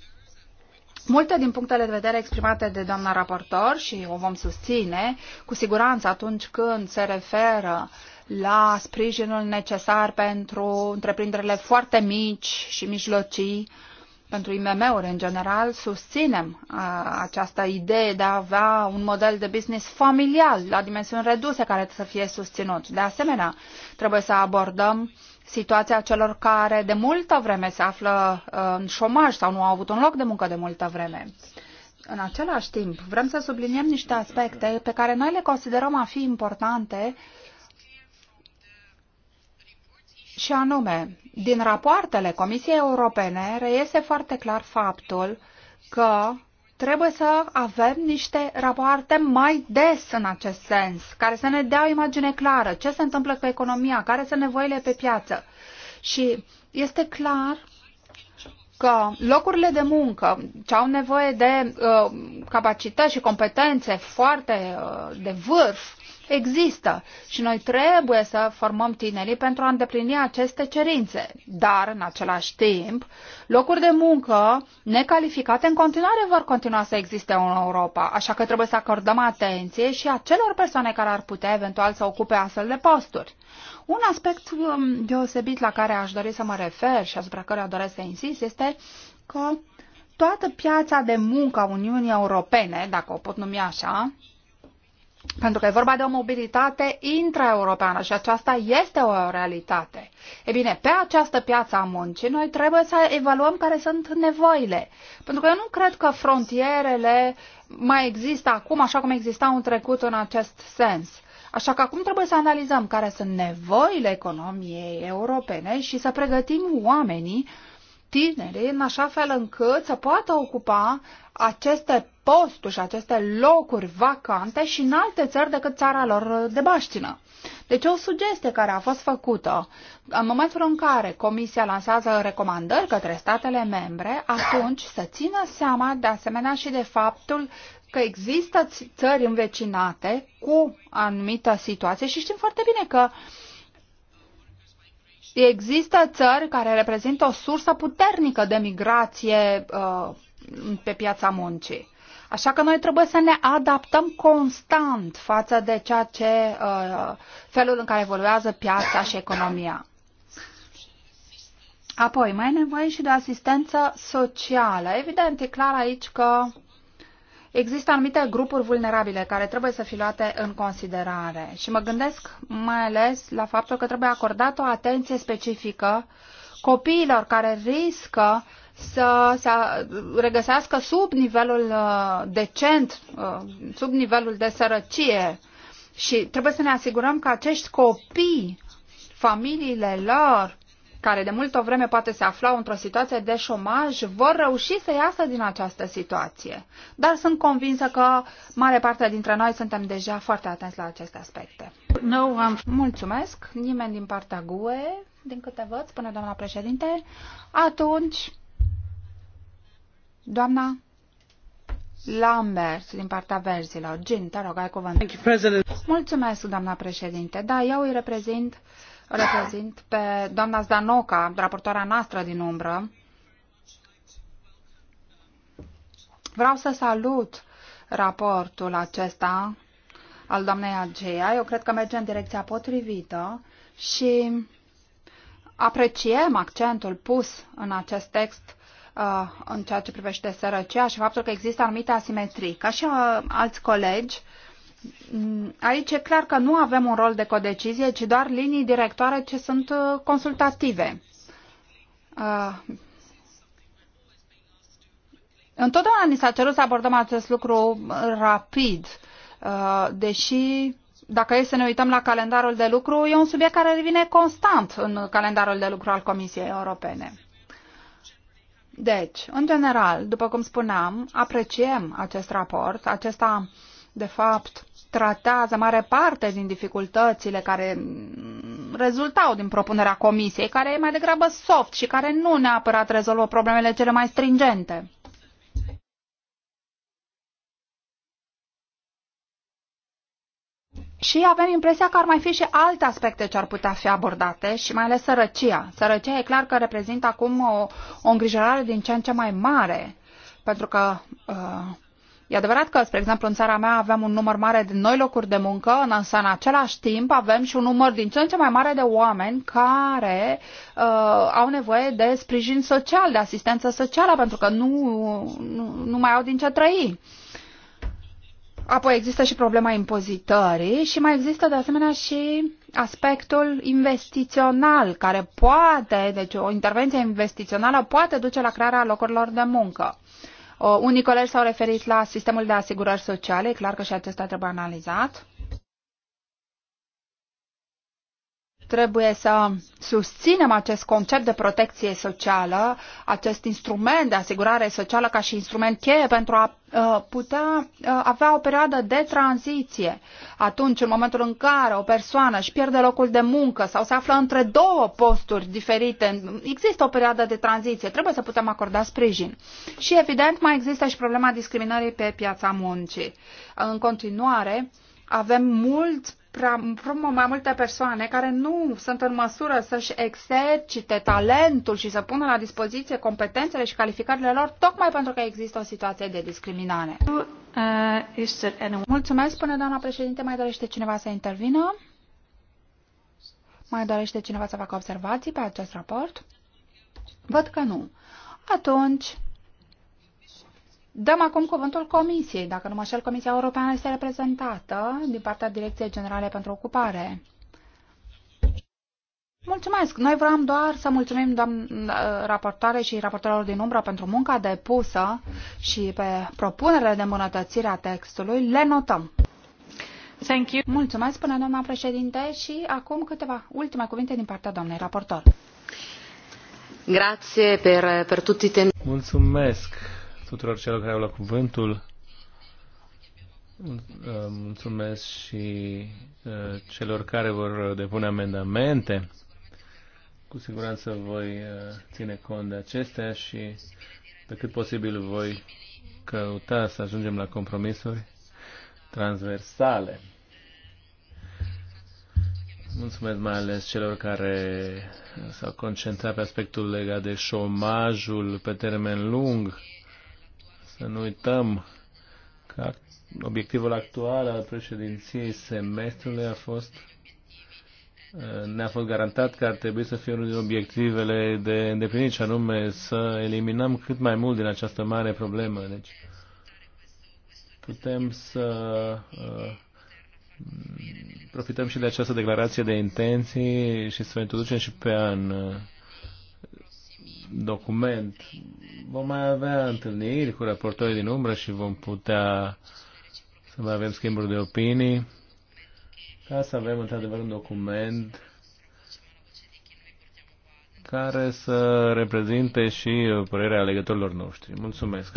multe din punctele de vedere exprimate de doamna raportor și o vom susține cu siguranță atunci când se referă la sprijinul necesar pentru întreprinderile foarte mici și mijlocii, pentru IMM-uri în general, susținem a, această idee de a avea un model de business familial la dimensiuni reduse care să fie susținut. De asemenea, trebuie să abordăm uh, situația celor care de multă vreme se află uh, în șomaj sau nu au avut un loc de muncă de multă vreme. În același timp, vrem să subliniem niște aspecte pe care noi le considerăm a fi importante și anume, din rapoartele Comisiei Europene reiese foarte clar faptul că trebuie să avem niște rapoarte mai des în acest sens, care să ne dea o imagine clară, ce se întâmplă cu economia, care sunt nevoile pe piață. Și este clar că locurile de muncă ce au nevoie de uh, capacități și competențe foarte uh, de vârf există și noi trebuie să formăm tinerii pentru a îndeplini aceste cerințe. Dar, în același timp, locuri de muncă necalificate în continuare vor continua să existe în Europa, așa că trebuie să acordăm atenție și acelor persoane care ar putea eventual să ocupe astfel de posturi. Un aspect um, deosebit la care aș dori să mă refer și asupra căruia doresc să insist este că toată piața de muncă a Uniunii Europene, dacă o pot numi așa, pentru că e vorba de o mobilitate intraeuropeană și aceasta este o realitate. E bine, pe această piață a muncii noi trebuie să evaluăm care sunt nevoile. Pentru că eu nu cred că frontierele mai există acum așa cum existau în trecut în acest sens. Așa că acum trebuie să analizăm care sunt nevoile economiei europene și să pregătim oamenii uh, tinerii în așa fel încât să poată ocupa aceste posturi și aceste locuri vacante și în alte țări decât țara lor de baștină. Deci o sugestie care a fost făcută în momentul în care Comisia lansează recomandări către statele membre, atunci să țină seama de asemenea și de faptul că există țări învecinate cu anumită situație și știm foarte bine că uh, Există țări care reprezintă o sursă puternică de migrație uh, pe piața muncii. Așa că noi trebuie să ne adaptăm constant față de ceea ce uh, felul în care evoluează piața și economia. Apoi, mai e nevoie și de asistență socială. Evident, e clar aici că Există anumite grupuri vulnerabile care trebuie să fie luate în considerare și mă gândesc mai ales la faptul că trebuie acordată o atenție specifică copiilor care riscă să se regăsească sub nivelul uh, decent, uh, sub nivelul de sărăcie și trebuie să ne asigurăm că acești copii, familiile lor, care de multă vreme poate se aflau într-o situație de șomaj, vor reuși să iasă din această situație. Dar sunt convinsă că mare parte dintre noi suntem deja foarte atenți la aceste aspecte. No, am... Um, Mulțumesc. Nimeni din partea GUE, din câte văd, spune doamna președinte. Atunci, doamna Lambert, din partea verzilor. Gin, te rog, ai cuvântul. Mulțumesc, doamna președinte. Da, eu îi reprezint uh, reprezint pe doamna Zdanoca, raportoarea noastră din umbră. Vreau să salut raportul acesta al doamnei Ageia. Eu cred că merge în direcția potrivită și apreciem accentul pus în acest text uh, în ceea ce privește sărăcia și faptul că există anumite asimetrii. Ca și uh, alți colegi, Mm, aici e clar că nu avem un rol de codecizie, ci doar linii directoare ce sunt uh, consultative. Uh, întotdeauna ni s-a cerut să abordăm acest lucru uh, rapid, deși dacă e să ne uităm la calendarul de lucru, e un subiect care revine constant în calendarul de lucru al Comisiei Europene. Deci, în general, după cum spuneam, apreciem acest raport. Acesta, de fapt, tratează mare parte din dificultățile care rezultau din propunerea comisiei, care e mai degrabă soft și care nu neapărat rezolvă problemele cele mai stringente. Și avem impresia că ar mai fi și alte aspecte ce ar putea fi abordate și mai ales sărăcia. Sărăcia e clar că reprezintă acum o, o îngrijorare din ce în ce mai mare, pentru că uh, E adevărat că, spre exemplu, în țara mea avem un număr mare de noi locuri de muncă, însă în același timp avem și un număr din ce în ce mai mare de oameni care uh, au nevoie de sprijin social, de asistență socială, pentru că nu, nu, nu mai au din ce trăi. Apoi există și problema impozitării și mai există de asemenea și aspectul investițional, care poate, deci o intervenție investițională poate duce la crearea locurilor de muncă. Uh, unii colegi s-au referit la sistemul de asigurări sociale, e clar că și acesta trebuie analizat. Trebuie să susținem acest concept de protecție socială, acest instrument de asigurare socială ca și instrument cheie pentru a uh, putea uh, avea o perioadă de tranziție. Atunci, în momentul în care o persoană își pierde locul de muncă sau se află între două posturi diferite, există o perioadă de tranziție, trebuie să putem acorda sprijin. Și, evident, mai există și problema discriminării pe piața muncii. În continuare, avem mulți promovăm mai multe persoane care nu sunt în măsură să-și exercite talentul și să pună la dispoziție competențele și calificările lor, tocmai pentru că există o situație de discriminare. Uh, Mulțumesc, spune doamna președinte. Mai dorește cineva să intervină? Mai dorește cineva să facă observații pe acest raport? Văd că nu. Atunci, Dăm acum cuvântul Comisiei. Dacă nu mă șel, Comisia Europeană este reprezentată din partea Direcției Generale pentru Ocupare. Mulțumesc! Noi vreau doar să mulțumim doamna uh, raportoare și raportorilor din umbră pentru munca depusă și pe propunerile de îmbunătățire a textului. Le notăm! Thank you. Mulțumesc, până doamna președinte, și acum câteva ultime cuvinte din partea doamnei raportor. Grazie per, per tutti Mulțumesc! tuturor celor care au luat cuvântul. Uh, mulțumesc și uh, celor care vor depune amendamente. Cu siguranță voi uh, ține cont de acestea și pe cât posibil voi căuta să ajungem la compromisuri transversale. Mulțumesc mai ales celor care s-au concentrat pe aspectul legat de șomajul pe termen lung să nu uităm că obiectivul actual al președinției semestrului a fost uh, ne-a fost garantat că ar trebui să fie unul din obiectivele de îndeplinit, și anume să eliminăm cât mai mult din această mare problemă. Deci putem să uh, profităm și de această declarație de intenții și să o introducem și pe an. Uh, document. Vom mai avea întâlniri cu raportorii din umbră și vom putea să mai avem schimburi de opinii ca să avem într-adevăr un document care să reprezinte și părerea alegătorilor noștri. Mulțumesc!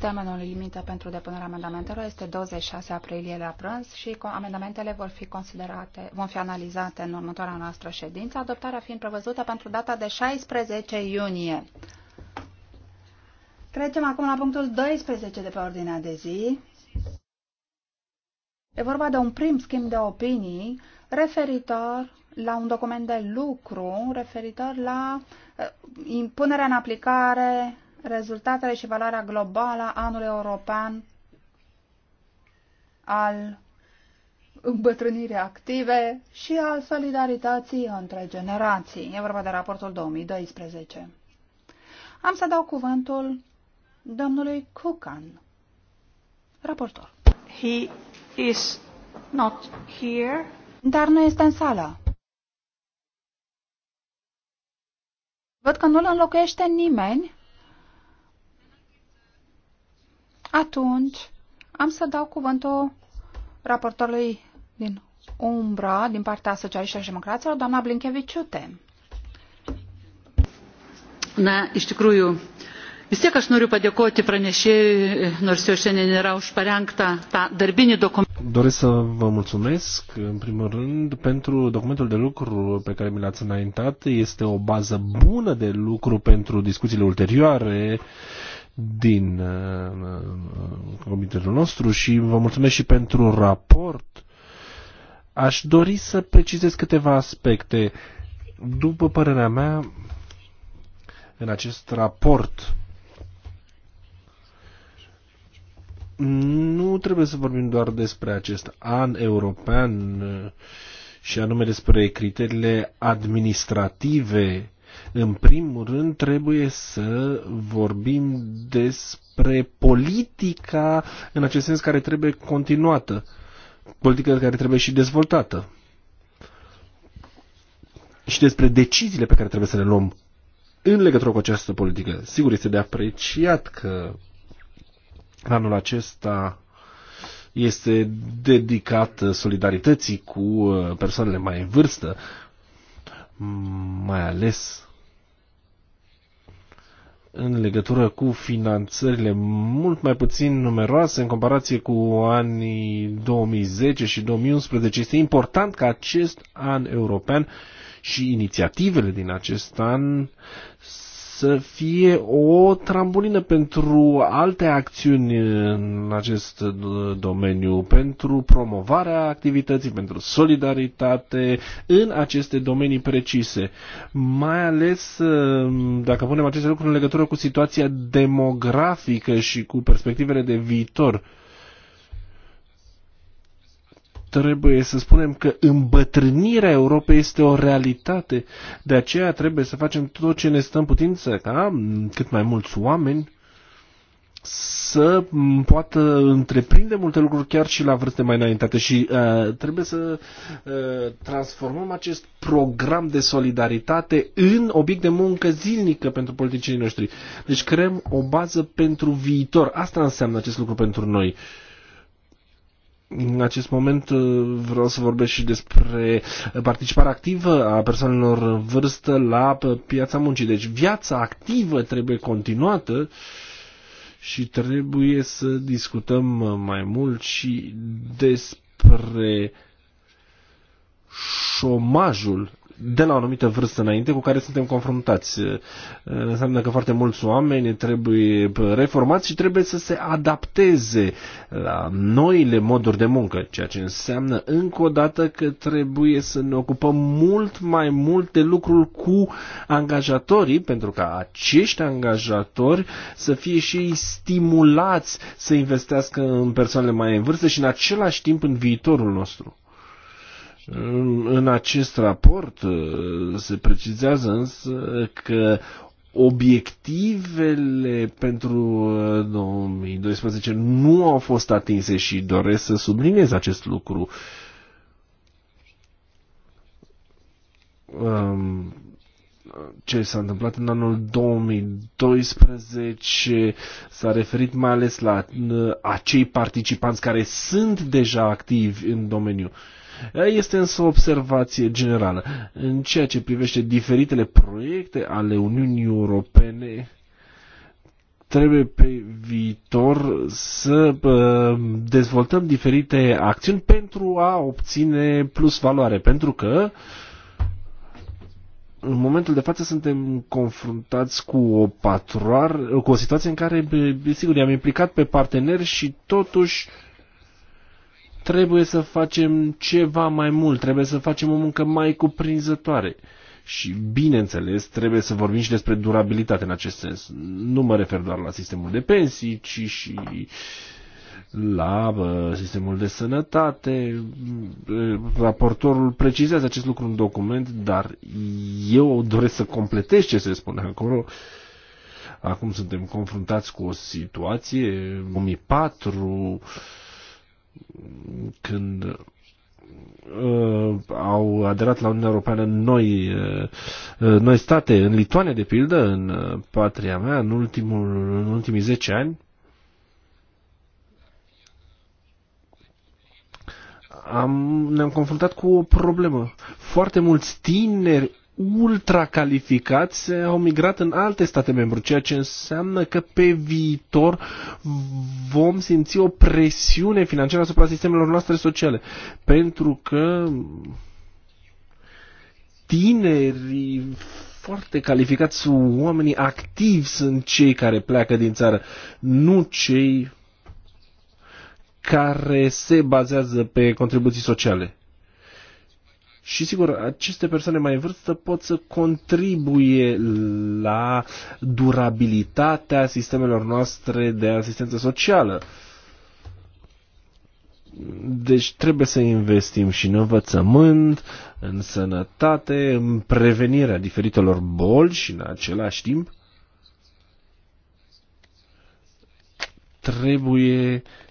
Termenul limită pentru depunerea amendamentelor este 26 aprilie la prânz și amendamentele vor fi considerate, vor fi analizate în următoarea noastră ședință, adoptarea fiind prevăzută pentru data de 16 iunie. Trecem acum la punctul 12 de pe ordinea de zi. E vorba de un prim schimb de opinii referitor la un document de lucru referitor la eh, impunerea în aplicare, rezultatele și valoarea globală a anului european al îmbătrânirii active și al solidarității între generații. E vorba de raportul 2012. Am să dau cuvântul domnului Cucan, raportor. He is not here. Dar nu este în sală. Văd că nu-l înlocuiește nimeni. Atunci am să dau cuvântul raportorului din umbra din partea socialiștilor și democraților, doamna Blinkeviciute. Na, iš tikrųjų, vis tiek aš noriu padėkoti pranešėjui nors jo šiandien nėra už parengtą tą darbinį dokumentą. Doresc să vă mulțumesc, în primul rând, pentru documentul de lucru pe care mi l-ați înaintat. Este o bază bună de lucru pentru discuțiile ulterioare din uh, uh, comitetul nostru și vă mulțumesc și pentru raport. Aș dori să precizez câteva aspecte. După părerea mea, în acest raport nu trebuie să vorbim doar despre acest an european eh, și anume despre criteriile administrative. În primul rând trebuie să vorbim despre politica în acest sens care trebuie continuată, politica care trebuie și dezvoltată și despre deciziile pe care trebuie să le luăm în legătură cu această politică. Sigur, este de apreciat că Anul acesta este dedicat solidarității cu uh, persoanele mai în vârstă, mai ales în legătură cu finanțările mult mai puțin numeroase în comparație cu anii 2010 și 2011. Este important ca acest an european și inițiativele din acest an să fie o trambulină pentru alte acțiuni în acest uh, domeniu, pentru promovarea activității, pentru solidaritate în aceste domenii precise. Mai ales uh, dacă punem aceste lucruri în legătură cu situația demografică și cu perspectivele de viitor trebuie să spunem că îmbătrânirea Europei este o realitate. De aceea trebuie să facem tot ce ne stă în putință ca cât mai mulți oameni să poată întreprinde multe lucruri chiar și la vârste mai înaintate și uh, trebuie să uh, transformăm acest program de solidaritate în obiect de muncă zilnică pentru politicienii noștri. Deci creăm o bază pentru viitor. Asta înseamnă acest lucru pentru noi. Uh, în acest moment uh, vreau să vorbesc și despre participarea activă a persoanelor în vârstă la piața muncii. Deci viața activă trebuie continuată și trebuie să discutăm mai mult și despre șomajul de la o anumită vârstă înainte cu care suntem confruntați. Înseamnă că foarte mulți oameni trebuie reformați și trebuie să se adapteze la noile moduri de muncă, ceea ce înseamnă încă o dată că trebuie să ne ocupăm mult mai mult de lucrul cu angajatorii, pentru ca acești angajatori să fie și ei stimulați să investească în persoanele mai în vârstă și în același timp în viitorul nostru. În acest raport uh, se precizează însă că obiectivele pentru 2012 uh, nu au fost atinse și doresc să subliniez acest lucru. Um, ce s-a întâmplat în anul 2012 s-a referit mai ales la uh, acei participanți care sunt deja activi în domeniu. Uh, este însă o observație generală. În ceea ce privește diferitele proiecte ale Uniunii Europene, trebuie pe viitor să dezvoltăm diferite acțiuni pentru a obține plus valoare, pentru că în momentul de față suntem confruntați cu o patroar, cu o situație în care, sigur, i-am implicat pe parteneri și totuși uh, trebuie să facem ceva mai mult, trebuie să facem o muncă mai cuprinzătoare. Și, bineînțeles, trebuie să vorbim și despre durabilitate în acest sens. Nu mă refer doar la sistemul de pensii, ci și la bă, sistemul de sănătate. Raportorul precizează acest lucru în document, dar eu doresc să completez ce se spune acolo. Acum suntem confruntați cu o situație 2004 când uh, au aderat la Uniunea Europeană noi, uh, uh, noi state, în Lituania de pildă, în patria mea, în, ultimul, în ultimii 10 ani, am, ne-am confruntat cu o problemă. Foarte mulți tineri ultracalificați au migrat în alte state membru, ceea ce înseamnă că pe viitor vom simți o presiune financiară asupra sistemelor noastre sociale, pentru că tinerii foarte calificați, oamenii activi sunt cei care pleacă din țară, nu cei care se bazează pe contribuții sociale. Și sigur, aceste persoane mai în vârstă pot să contribuie la durabilitatea sistemelor noastre de asistență socială. Deci trebuie să investim și în învățământ, în sănătate, în prevenirea diferitelor boli și în același timp trebuie uh,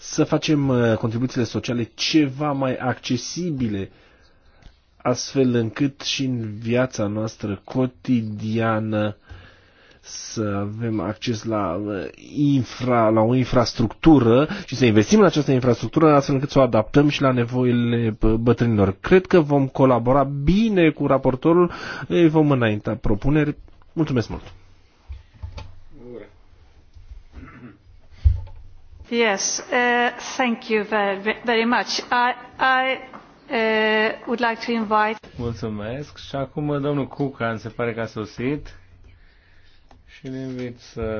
să facem uh, contribuțiile sociale ceva mai accesibile astfel încât și în viața noastră cotidiană să avem acces la, uh, infra, la o infrastructură și să investim în această infrastructură astfel încât să o adaptăm și la nevoile uh, bătrânilor. Cred că vom colabora bine cu raportorul, vom înainta propuneri. Mulțumesc mult! Mulțumesc. Și acum domnul Cucan se pare că a sosit și îl invit să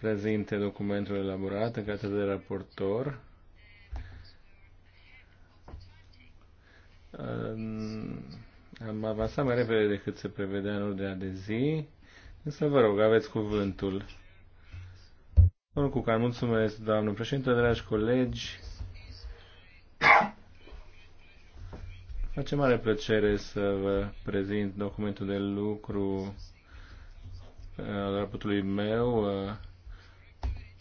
prezinte documentul elaborat în calitate de raportor. Am avansat mai repede decât se prevedea în ordinea de zi, însă vă rog, aveți cuvântul. Domnul Cucan, mulțumesc, doamnă președinte, dragi colegi. Face mare plăcere să vă prezint documentul de lucru uh, al raportului meu uh,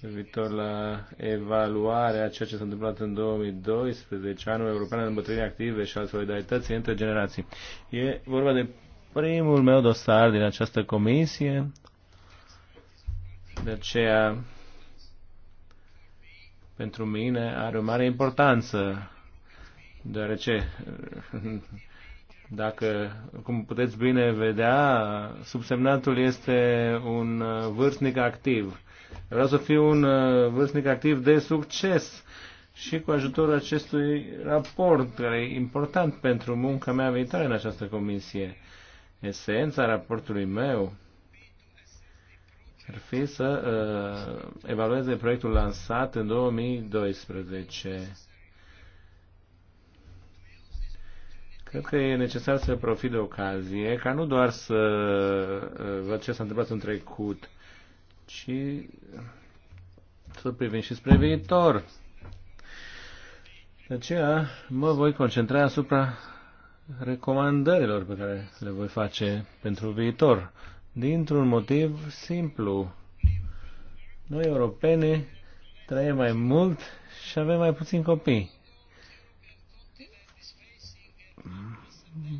privitor la evaluarea ceea ce s-a întâmplat în 2012, anul european al îmbătrânirii active și al solidarității între generații. E vorba de primul meu dosar din această comisie, de aceea pentru mine are o mare importanță, deoarece dacă, cum puteți bine vedea, subsemnatul este un vârstnic activ. Vreau să fiu un vârstnic activ de succes și cu ajutorul acestui raport, care e important pentru munca mea viitoare în această comisie. Esența raportului meu ar fi să uh, evalueze proiectul lansat în 2012. Cred că e necesar să profit de ocazie, ca nu doar să uh, văd ce s-a întâmplat în trecut, ci să privim și spre viitor. De aceea mă voi concentra asupra recomandărilor pe care le voi face pentru viitor dintr-un motiv simplu. Noi, europene, trăim mai mult și avem mai puțin copii.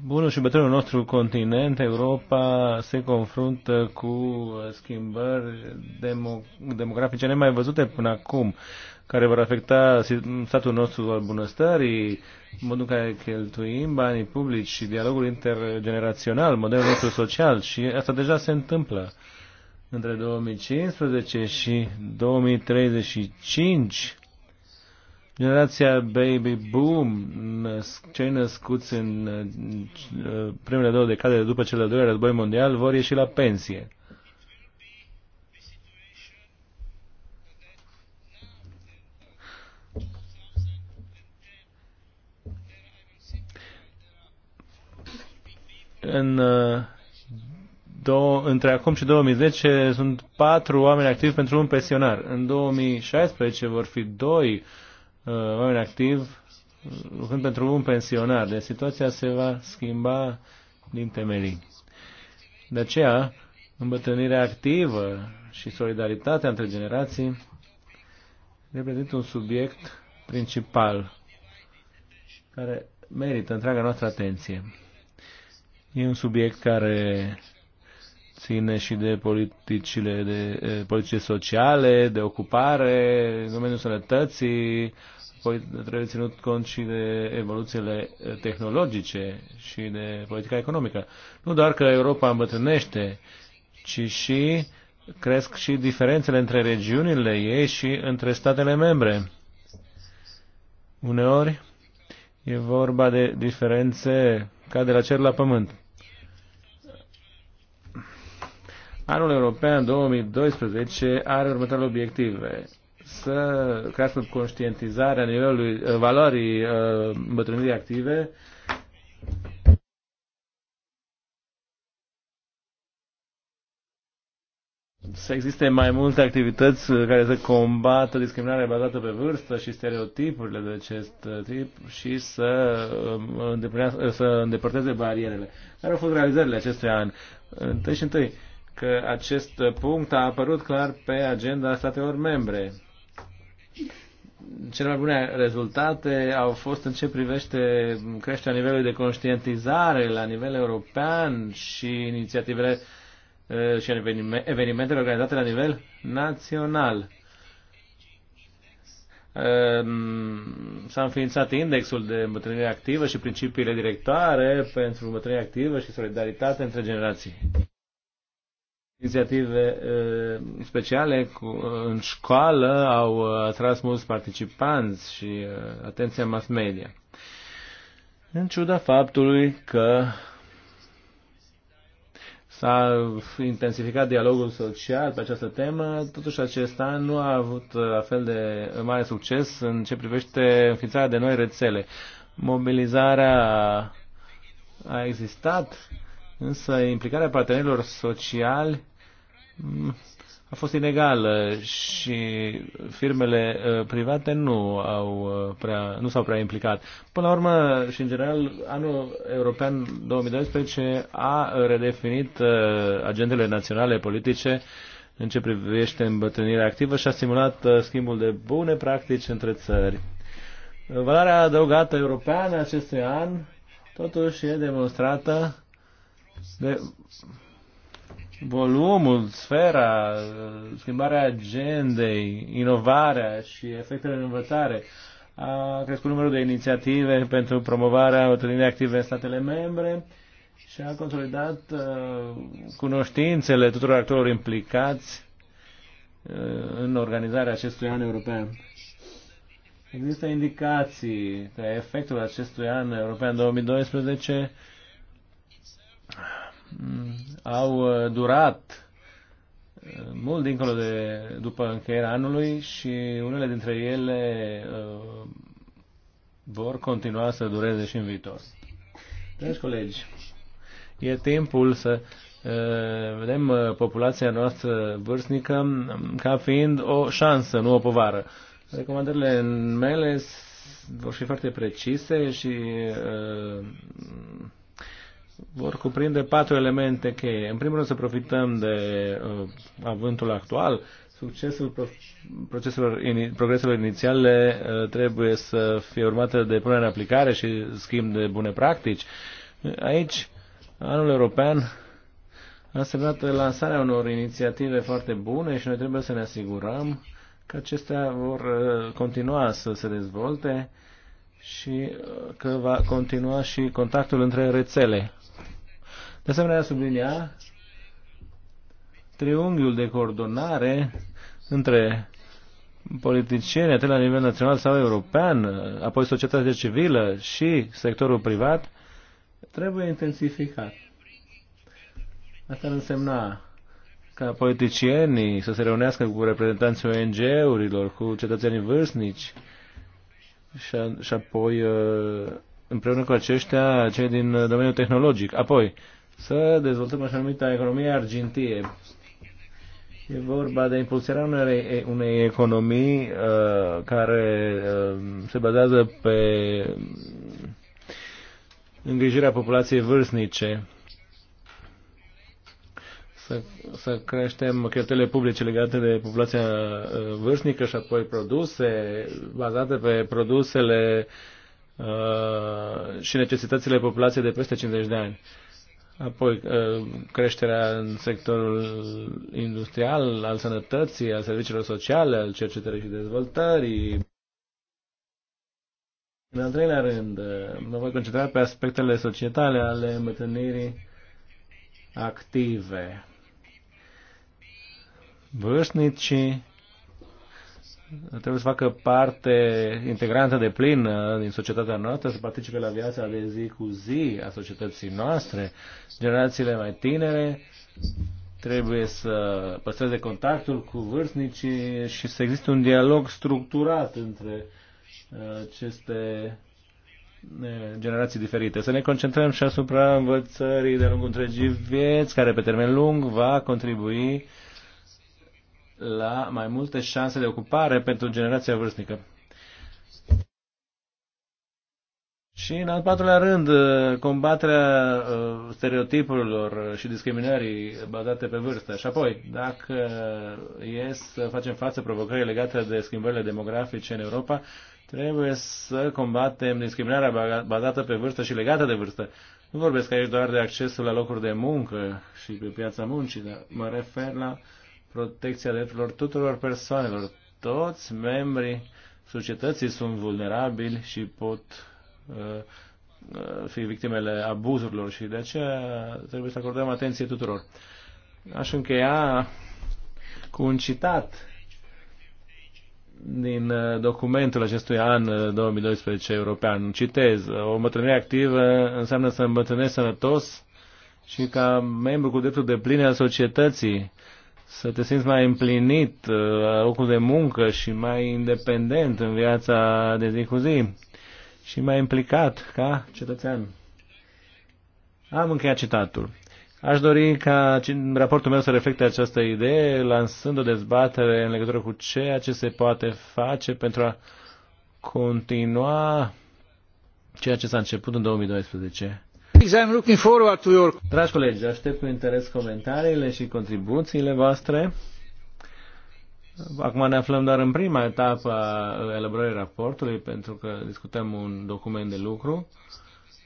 Bunul și bătrânul nostru continent, Europa, se confruntă cu schimbări demo- demografice nemai văzute până acum care vor afecta statul nostru al bunăstării, modul în care cheltuim banii publici și dialogul intergenerațional, modelul nostru social și asta deja se întâmplă. Între 2015 și 2035 Generația Baby Boom, cei născuți în uh, primele două decade după cel de-al doilea război mondial, vor ieși la pensie. în uh, două, între acum și 2010 sunt patru oameni activi pentru un pensionar. În 2016 vor fi doi uh, oameni activi uh, lucrând pentru un pensionar. Deci situația se va schimba din temelii. De aceea, îmbătrânirea activă și solidaritatea între generații reprezintă un subiect principal care merită întreaga noastră atenție. E un subiect care ține și de politicile, de, de sociale, de ocupare, în domeniul sănătății, apoi trebuie ținut cont și de evoluțiile tehnologice și de politica economică. Nu doar că Europa îmbătrânește, ci și cresc și diferențele între regiunile ei și între statele membre. Uneori e vorba de diferențe ca de la cer la pământ. Anul European 2012 are următoarele obiective. Să crească conștientizarea nivelului uh, valorii uh, îmbătrânirii active, să existe mai multe activități uh, care să combată discriminarea bazată pe vârstă și stereotipurile de acest tip și să, um, să îndepărteze barierele. Care au fost realizările acestui an? Întâi și întâi, că acest punct a apărut clar pe agenda statelor membre. Cele mai bune rezultate au fost în ce privește creșterea nivelului de conștientizare la nivel european și inițiativele și evenimentele organizate la nivel național s-a înființat indexul de îmbătrânire activă și principiile directoare pentru îmbătrânire activă și solidaritate între generații. Inițiative speciale cu, în școală au atras mulți participanți și atenția mass media. În ciuda faptului că s-a intensificat dialogul social pe această temă, totuși acest an nu a avut la fel de mare succes în ce privește înființarea de noi rețele. Mobilizarea a existat, Însă implicarea partenerilor sociali mm, a fost inegală și firmele uh, private nu, au uh, prea, nu s-au prea implicat. Până la urmă, și în general, anul european 2012 a redefinit uh, agendele naționale politice în ce privește îmbătrânirea activă și a stimulat schimbul de bune practici între țări. Valoarea adăugată europeană acestui an totuși e demonstrată de volumul, sfera, schimbarea agendei, inovarea și efectele de învățare. A crescut numărul de inițiative pentru promovarea întâlnirii active în statele membre și a consolidat uh, cunoștințele tuturor actorilor implicați uh, în organizarea acestui an european. Există indicații că efectul acestui an european 2012 au uh, durat uh, mult dincolo de după încheierea anului și unele dintre ele uh, vor continua să dureze și în viitor. Dragi colegi, e timpul să vedem populația noastră vârstnică um, ca fiind o șansă, nu o povară. Recomandările mele vor fi foarte precise și uh, vor cuprinde patru elemente cheie. În primul rând să profităm de uh, avântul actual. Succesul pro- proceselor progreselor inițiale uh, trebuie să fie urmată de punere în aplicare și schimb de bune practici. Aici, anul european a semnat lansarea unor inițiative foarte bune și noi trebuie să ne asigurăm că acestea vor uh, continua să se dezvolte și uh, că va continua și contactul între rețele. De asemenea, sublinia triunghiul de coordonare între politicieni, atât la nivel național sau european, apoi societatea civilă și sectorul privat, trebuie intensificat. Asta ar însemna ca politicienii să se reunească cu reprezentanții ONG-urilor, cu cetățenii vârstnici și, a, și apoi uh, împreună cu aceștia cei din domeniul tehnologic. Apoi, să dezvoltăm așa numită economie argintie. E vorba de impulsarea unei, unei economii uh, care uh, se bazează pe îngrijirea populației vârstnice. Să, să creștem cheltuielile publice legate de populația uh, vârstnică și apoi produse bazate pe produsele uh, și necesitățile populației de peste 50 de ani. Uh, Apoi, uh, creșterea în sectorul industrial, al sănătății, al serviciilor sociale, al cercetării și dezvoltării. În al treilea rând, uh, mă voi concentra pe aspectele societale ale îmbătrânirii active. Vârstnicii trebuie să facă parte integrantă de plin uh, din societatea noastră, să participe la viața de zi cu zi a societății noastre. Generațiile mai tinere trebuie să păstreze contactul cu vârstnicii și să existe un dialog structurat între uh, aceste uh, generații diferite. Să ne concentrăm și asupra învățării de-a lungul întregii vieți, care pe termen lung va contribui la mai multe șanse de ocupare pentru generația vârstnică. Și în al patrulea rând, combaterea uh, stereotipurilor și discriminării bazate pe vârstă. Și apoi, dacă e să facem față provocării legate de schimbările demografice în Europa, trebuie să combatem discriminarea bazată pe vârstă și legată de vârstă. Nu vorbesc aici doar de accesul la locuri de muncă și pe piața muncii, dar mă refer la uh, protecția drepturilor tuturor persoanelor. Toți membrii societății sunt vulnerabili și pot uh, uh, fi victimele abuzurilor și de aceea trebuie să acordăm atenție tuturor. Aș încheia cu un citat din uh, documentul acestui an 2012 uh, european. Citez, o îmbătrânire activă înseamnă să îmbătrânești sănătos și ca membru cu dreptul de plin al societății să te simți mai împlinit uh, la locul de muncă și mai independent în viața de zi cu zi și mai implicat ca cetățean. Am încheiat citatul. Aș dori ca raportul meu să reflecte această idee, lansând o dezbatere în legătură cu ceea ce se poate face pentru a continua ceea ce s-a început în 2012. Dragi colegi, aștept cu interes comentariile și contribuțiile voastre. Acum ne aflăm doar în prima etapă a elaborării raportului, pentru că discutăm un document de lucru.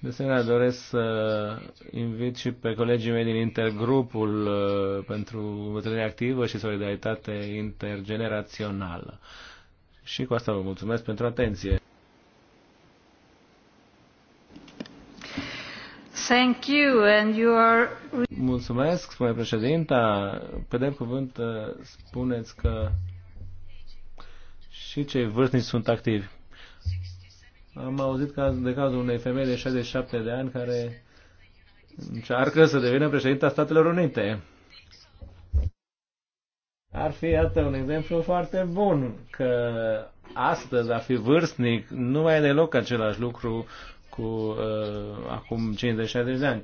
De asemenea, doresc să invit și pe colegii mei din intergrupul uh, pentru învățare activă și solidaritate intergenerațională. Și cu asta vă mulțumesc pentru atenție. Thank you and you are... Mulțumesc, spune președinta. Pe de cuvânt uh, spuneți că și cei vârstnici sunt activi. Am auzit de cazul unei femei de 67 de ani care încearcă să devină președinta Statelor Unite. Ar fi, iată, un exemplu foarte bun, că astăzi a fi vârstnic nu mai e deloc același lucru cu uh, acum 50-60 de ani.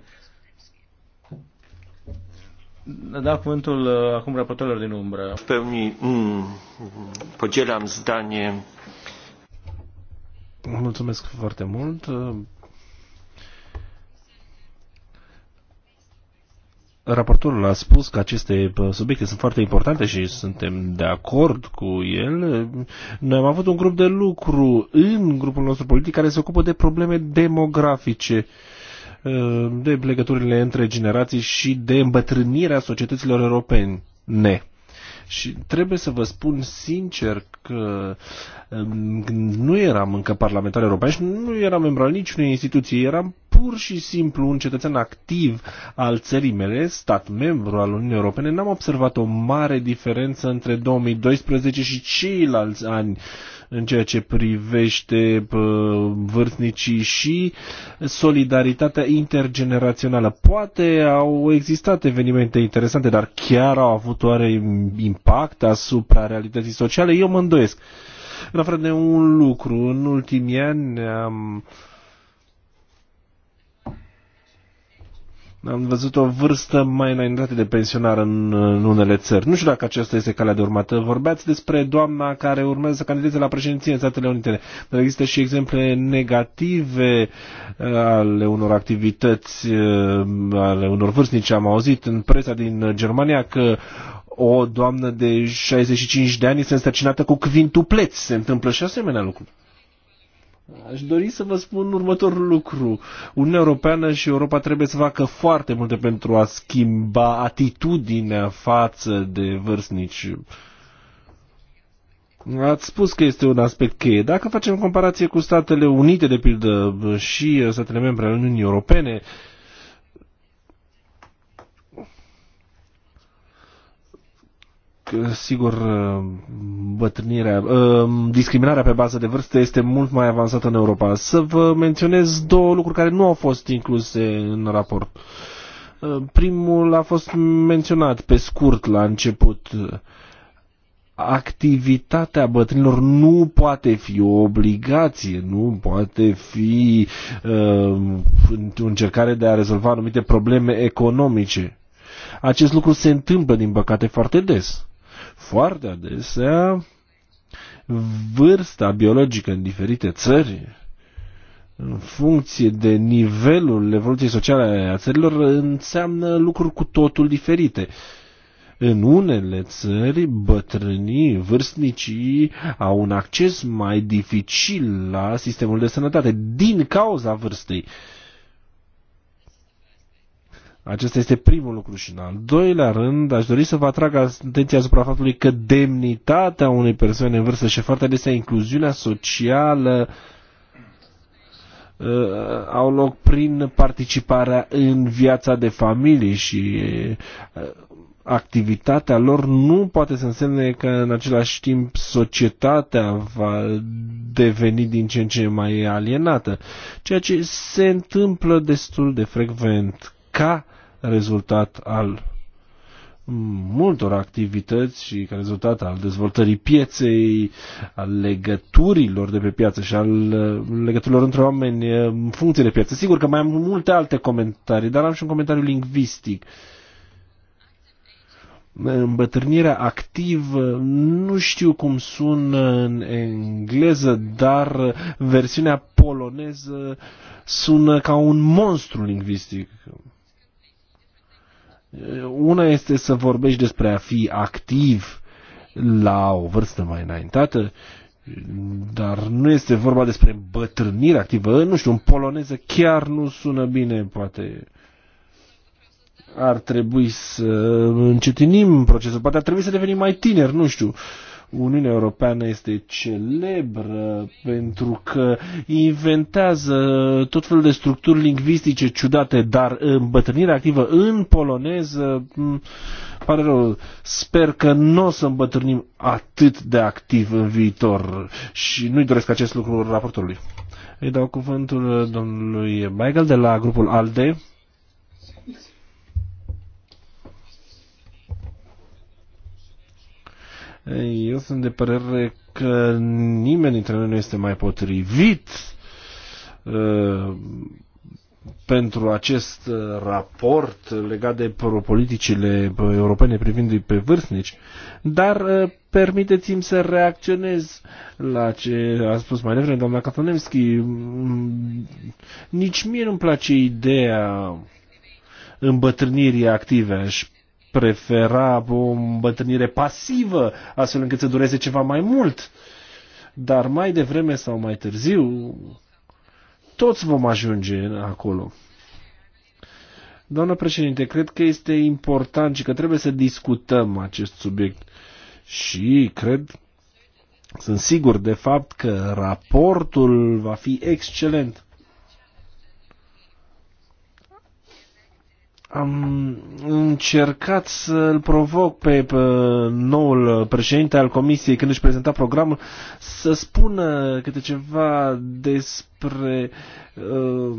Da cuvântul uh, acum raportorilor din umbră. Pe mi mm, podzielam zdanie. Mulțumesc foarte mult. Raportorul a spus că aceste subiecte sunt foarte importante și suntem de acord cu el. Noi am avut un grup de lucru în grupul nostru politic care se ocupă de probleme demografice ă, de legăturile între generații și de îmbătrânirea societăților europene. Și trebuie să vă spun sincer că ă, nu eram încă parlamentar european și nu eram membru al niciunei instituții, eram pur și simplu un cetățean activ al țării mele, stat membru al Uniunii Europene, n-am observat o mare diferență între 2012 și ceilalți ani în ceea ce privește vârstnicii și solidaritatea intergenerațională. Poate au existat evenimente interesante, dar chiar au avut oare impact asupra realității sociale? Eu mă îndoiesc. În afară de un lucru, în ultimii ani am Um, Am văzut o vârstă mai înaintată de pensionar în, în unele țări. Nu știu dacă aceasta este calea de urmată. Vorbeați despre doamna care urmează să candideze la președinție în Statele Unite. Dar există și exemple negative uh, ale unor activități, uh, ale unor vârstnici. Am auzit în presa din Germania că o doamnă de 65 de ani este însărcinată cu quintupleți. Se întâmplă și asemenea lucruri. Aș dori să vă spun următorul lucru. Uniunea Europeană și Europa trebuie să facă foarte multe pentru a schimba atitudinea față de vârstnici. Ați spus că este un aspect cheie. Dacă facem comparație cu Statele Unite, de pildă, și statele membre ale Uniunii Europene, uh, sigur, uh, bătrânirea, uh, discriminarea pe bază de vârstă este mult mai avansată în Europa. Să vă menționez două lucruri care nu au fost incluse în raport. Uh, primul a fost menționat pe scurt la început. Activitatea bătrânilor nu poate fi o obligație, nu poate fi uh, o încercare de a rezolva anumite probleme economice. Acest lucru se întâmplă, din păcate, foarte des. Foarte adesea, vârsta biologică în diferite țări, în funcție de nivelul evoluției sociale a țărilor, înseamnă lucruri cu totul diferite. În unele țări, bătrânii, vârstnicii au un acces mai dificil la sistemul de sănătate din cauza vârstei. Uh, acesta este primul lucru și în al doilea rând aș dori să vă atrag atenția asupra faptului că demnitatea unei persoane în vârstă și foarte adesea incluziunea socială uh, au loc prin participarea în viața de familie și uh, activitatea lor nu poate să însemne că în același timp societatea va deveni din ce în ce mai alienată, ceea ce se întâmplă destul de frecvent ca rezultat al multor activități și ca rezultat al dezvoltării pieței, al legăturilor de pe piață și al uh, legăturilor între oameni uh, în funcție de piață. Sigur că mai am multe alte comentarii, dar am și un comentariu lingvistic. Îmbătrânirea activă, nu știu cum sună în engleză, dar versiunea poloneză sună ca un monstru lingvistic. Una este să vorbești despre a fi activ la o vârstă mai înaintată, dar nu este vorba despre bătrânire activă. Nu știu, în poloneză chiar nu sună bine, poate ar trebui să încetinim procesul, poate ar trebui să devenim mai tineri, nu știu. Uh, Uniunea Europeană este celebră pentru că inventează tot felul de structuri lingvistice ciudate, dar îmbătrânirea activă în poloneză, pare rău, sper că nu o să îmbătrânim atât de activ în viitor și nu-i doresc acest lucru raportorului. Îi dau cuvântul domnului Michael de la grupul ALDE. Eu sunt de părere că nimeni dintre noi nu este mai potrivit uh, pentru acest uh, raport legat de politicile uh, europene privind pe vârstnici, deci, dar permiteți-mi să reacționez la ce a spus mai devreme doamna Katanemski. Mm, nici mie nu-mi place ideea îmbătrânirii active. Aș prefera o îmbătrânire pasivă, astfel încât să dureze ceva mai mult. Dar mai devreme sau mai târziu, toți vom ajunge acolo. Doamnă președinte, cred că este important și că trebuie să discutăm acest subiect. Și cred, sunt sigur de fapt că raportul va fi excelent am încercat să-l provoc pe noul președinte al comisiei când își prezenta programul să spună câte ceva despre uh,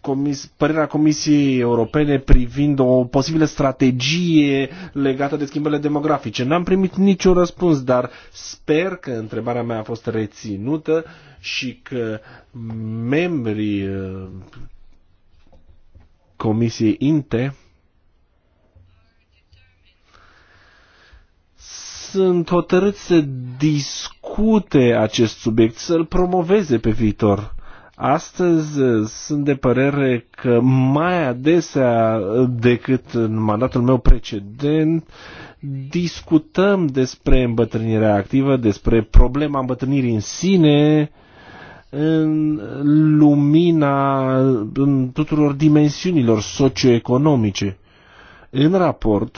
comis, părerea Comisiei Europene privind o posibilă strategie legată de schimbările demografice. N-am primit niciun răspuns, dar sper că întrebarea mea a fost reținută și că membrii uh, Comisiei INTE sunt hotărâți să discute acest subiect, să-l promoveze pe viitor. Astăzi uh, sunt de părere că mai adesea decât în mandatul meu precedent discutăm despre îmbătrânirea activă, despre problema îmbătrânirii în sine, în lumina în tuturor dimensiunilor socioeconomice. În raport,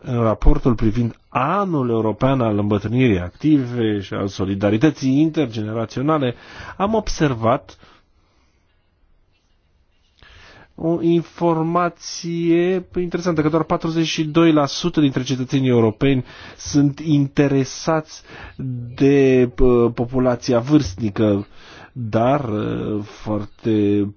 în raportul privind anul european al îmbătrânirii active și al solidarității intergeneraționale, am observat uh, o informație interesantă, că doar 42% dintre cetățenii europeni sunt interesați de populația vârstnică, dar ă, foarte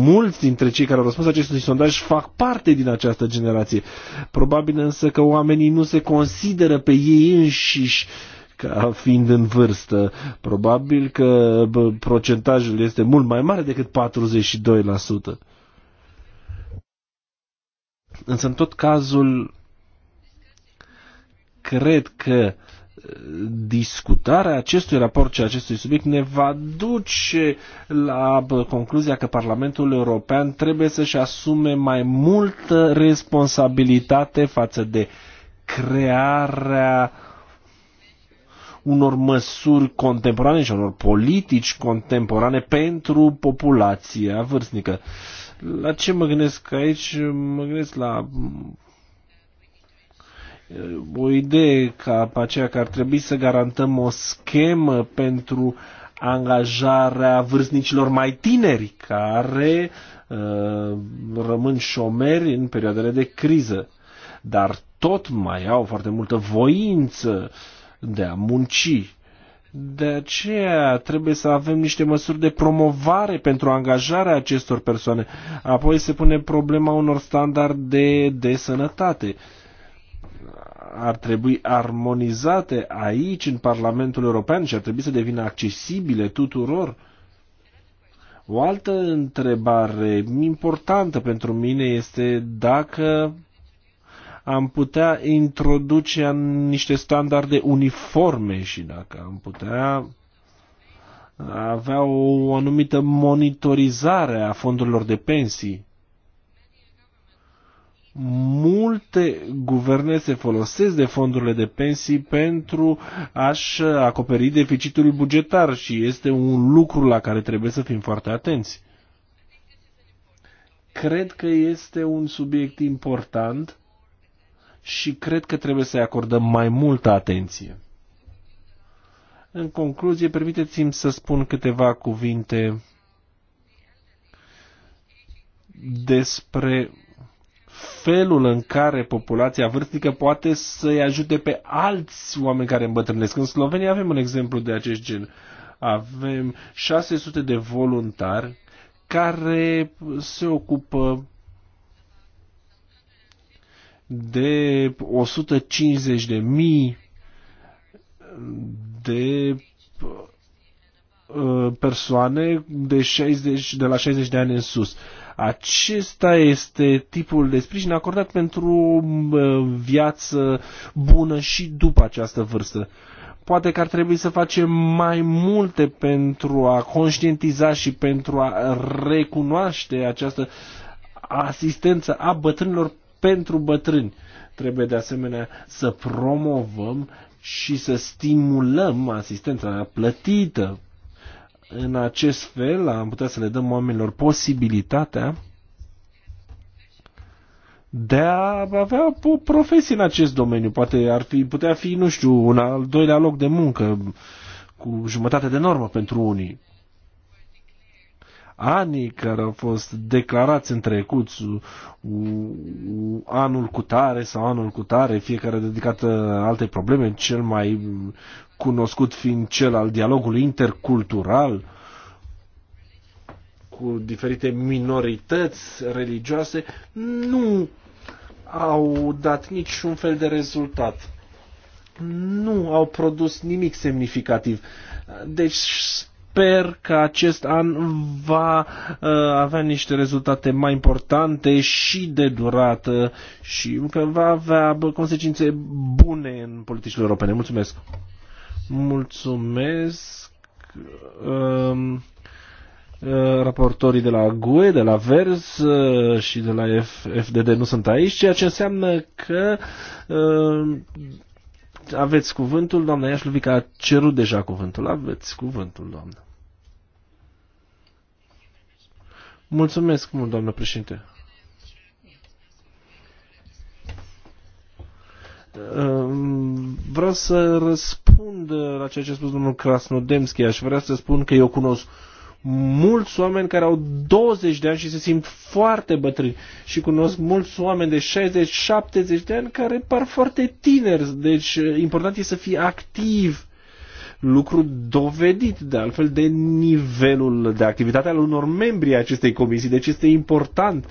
mulți dintre cei care au răspuns acestui sondaj fac parte din această generație. Probabil însă că oamenii nu se consideră pe ei înșiși ca fiind în vârstă. Probabil că procentajul este mult mai mare decât 42%. Însă, în tot cazul, cred că uh, discutarea acestui raport și acestui subiect ne va duce la uh, concluzia că Parlamentul European trebuie să-și asume mai multă responsabilitate față de crearea unor măsuri contemporane și unor politici contemporane pentru populația vârstnică. Uh, la ce mă gândesc aici? Mă gândesc la uh, o idee ca aceea că ar trebui să garantăm o schemă pentru angajarea vârstnicilor mai tineri care uh, rămân șomeri în perioadele de criză, dar tot mai au foarte multă voință de a munci de aceea trebuie să avem niște măsuri de promovare pentru angajarea acestor persoane. Apoi se pune problema unor standarde de, de sănătate. Ar trebui armonizate aici, în Parlamentul European, și ar trebui să devină accesibile tuturor. O altă întrebare importantă pentru mine este dacă am putea introduce niște standarde uniforme și dacă am putea avea o anumită monitorizare a fondurilor de pensii. Multe guverne se folosesc de fondurile de pensii pentru a-și acoperi deficitul bugetar și este un lucru la care trebuie să fim foarte atenți. Cred că este un subiect important și cred că trebuie să-i acordăm mai multă atenție. În concluzie, permiteți-mi să spun câteva cuvinte despre felul în care populația vârstnică poate să-i ajute pe alți oameni care îmbătrânesc. În Slovenia avem un exemplu de acest gen. Avem 600 de voluntari care se ocupă de 150 de uh, persoane de, 60, de la 60 de ani în sus. Acesta este tipul de sprijin acordat pentru o uh, viață bună și după această vârstă. Poate că ar trebui să facem mai multe pentru a conștientiza și pentru a recunoaște această asistență a bătrânilor pentru bătrâni. Trebuie de asemenea să promovăm și să stimulăm asistența plătită. În acest fel am putea să le dăm oamenilor posibilitatea de a avea o profesie în acest domeniu. Poate ar fi, putea fi, nu știu, un al doilea loc de muncă cu jumătate de normă pentru unii anii care au fost declarați în trecut, anul cu tare sau anul cu tare, fiecare dedicată uh, alte probleme, cel mai cunoscut fiind cel al dialogului intercultural cu diferite minorități religioase, nu au dat niciun fel de rezultat. Nu au produs nimic semnificativ. Deci sper că acest an va uh, avea niște rezultate mai importante și de durată și că va avea consecințe bune în politicile europene. Mulțumesc! Mulțumesc! Um, uh, raportorii de la GUE, de la VERS uh, și de la FDD nu sunt aici, ceea ce înseamnă că um, aveți cuvântul, doamna Iașluvica a cerut deja cuvântul. Aveți cuvântul, doamnă. Mulțumesc mult, doamnă președinte. Vreau să răspund la ceea ce a spus domnul Krasnodemski. Aș vrea să spun că eu cunosc mulți oameni care au 20 de ani și se simt foarte bătrâni și cunosc mulți oameni de 60-70 de ani care par foarte tineri. Deci important e să fii activ lucru dovedit de altfel de nivelul de activitate al unor membri ai acestei comisii, deci este important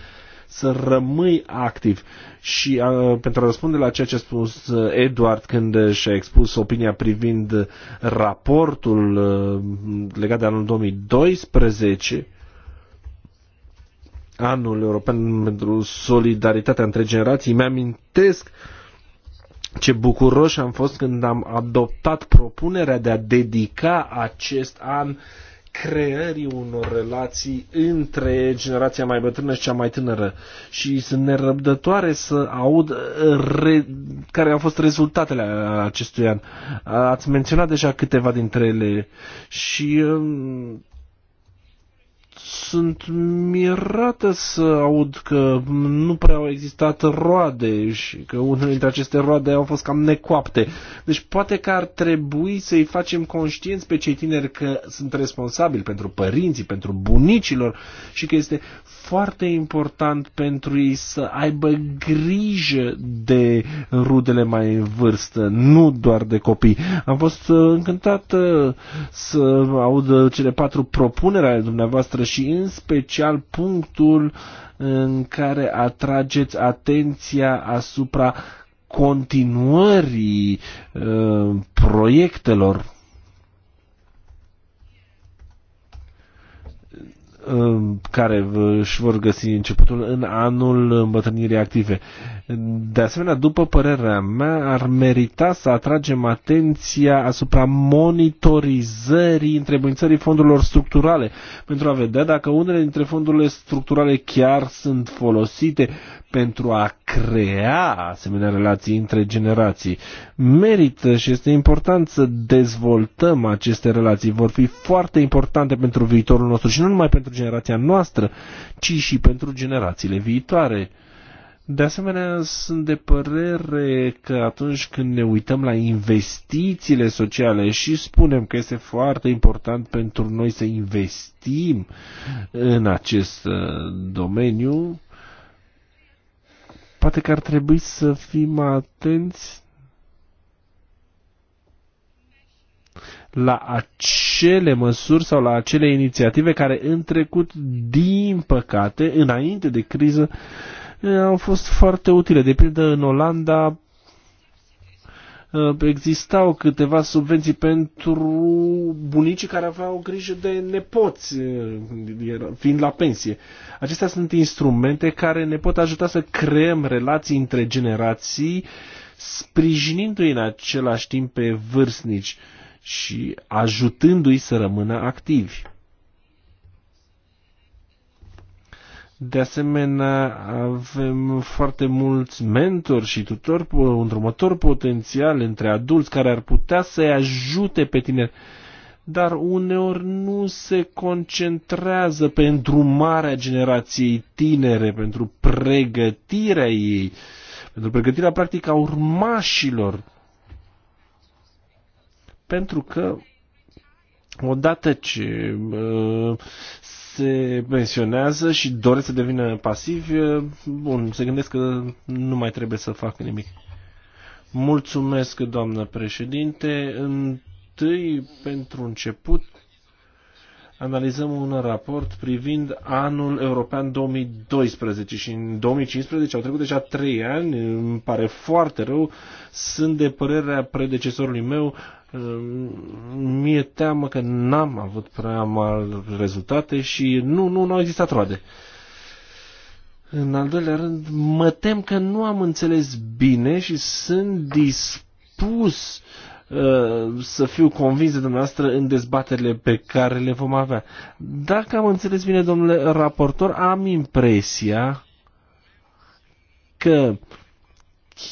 să rămâi activ. Și uh, pentru a răspunde la ceea ce a spus Eduard când și-a expus opinia privind raportul uh, legat de anul 2012, anul european pentru solidaritatea între generații, mi-amintesc uh, ce bucuroși am fost când am adoptat propunerea de a dedica acest an creării unor relații între generația mai bătrână și cea mai tânără. Și sunt nerăbdătoare să aud re... care au fost rezultatele acestui an. Ați menționat deja câteva dintre ele și um, sunt mirată să aud că nu prea au existat roade și că unele dintre aceste roade au fost cam necoapte. Deci poate că ar trebui să-i facem conștienți pe cei tineri că sunt responsabili pentru părinții, pentru bunicilor și că este foarte important pentru ei să aibă grijă de rudele mai în vârstă, nu doar de copii. Am fost uh, încântat să aud cele patru propuneri ale dumneavoastră și în special punctul în care atrageți atenția asupra continuării uh, proiectelor Uh, care uh, își vor găsi începutul în anul îmbătrânirii active. De asemenea, după părerea mea, ar merita să atragem atenția asupra monitorizării întrebuințării fondurilor structurale pentru a vedea dacă unele dintre fondurile structurale chiar sunt folosite pentru a crea asemenea relații între generații. Merită și este important să dezvoltăm aceste relații. Vor fi foarte importante pentru viitorul nostru și nu numai pentru generația noastră, ci și pentru generațiile viitoare. De asemenea, sunt de părere că atunci când ne uităm la investițiile sociale și spunem că este foarte important pentru noi să investim în acest uh, domeniu, poate că ar trebui să fim atenți la acest acele măsuri sau la acele inițiative care în trecut, din păcate, înainte de criză, eh, au fost foarte utile. De pildă, în Olanda eh, existau câteva subvenții pentru bunicii care aveau grijă de nepoți, eh, fiind la pensie. Acestea sunt instrumente care ne pot ajuta să creăm relații între generații, sprijinindu-i în același timp pe vârstnici. Uh, și ajutându-i să rămână activi. De asemenea, avem foarte mulți mentori și tutori, un următor potențial între adulți care ar putea să-i ajute pe tineri, dar uneori nu se concentrează pe îndrumarea generației tinere, pentru pregătirea ei, pentru pregătirea practică a urmașilor pentru că odată ce uh, se pensionează și doresc să devină pasiv, uh, bun, se gândesc că nu mai trebuie să facă nimic. Mulțumesc, doamnă președinte. Întâi, pentru început, analizăm un raport privind anul european 2012 și în 2015 au trecut deja 3 ani, îmi pare foarte rău, sunt de părerea predecesorului meu, mi-e teamă că n-am avut prea mari rezultate și nu, nu, nu au existat roade. În al doilea rând, mă tem că nu am înțeles bine și sunt dispus uh, Uh, să fiu convins de dumneavoastră în dezbaterile pe care le vom avea. Dacă am înțeles bine, domnule raportor, am impresia că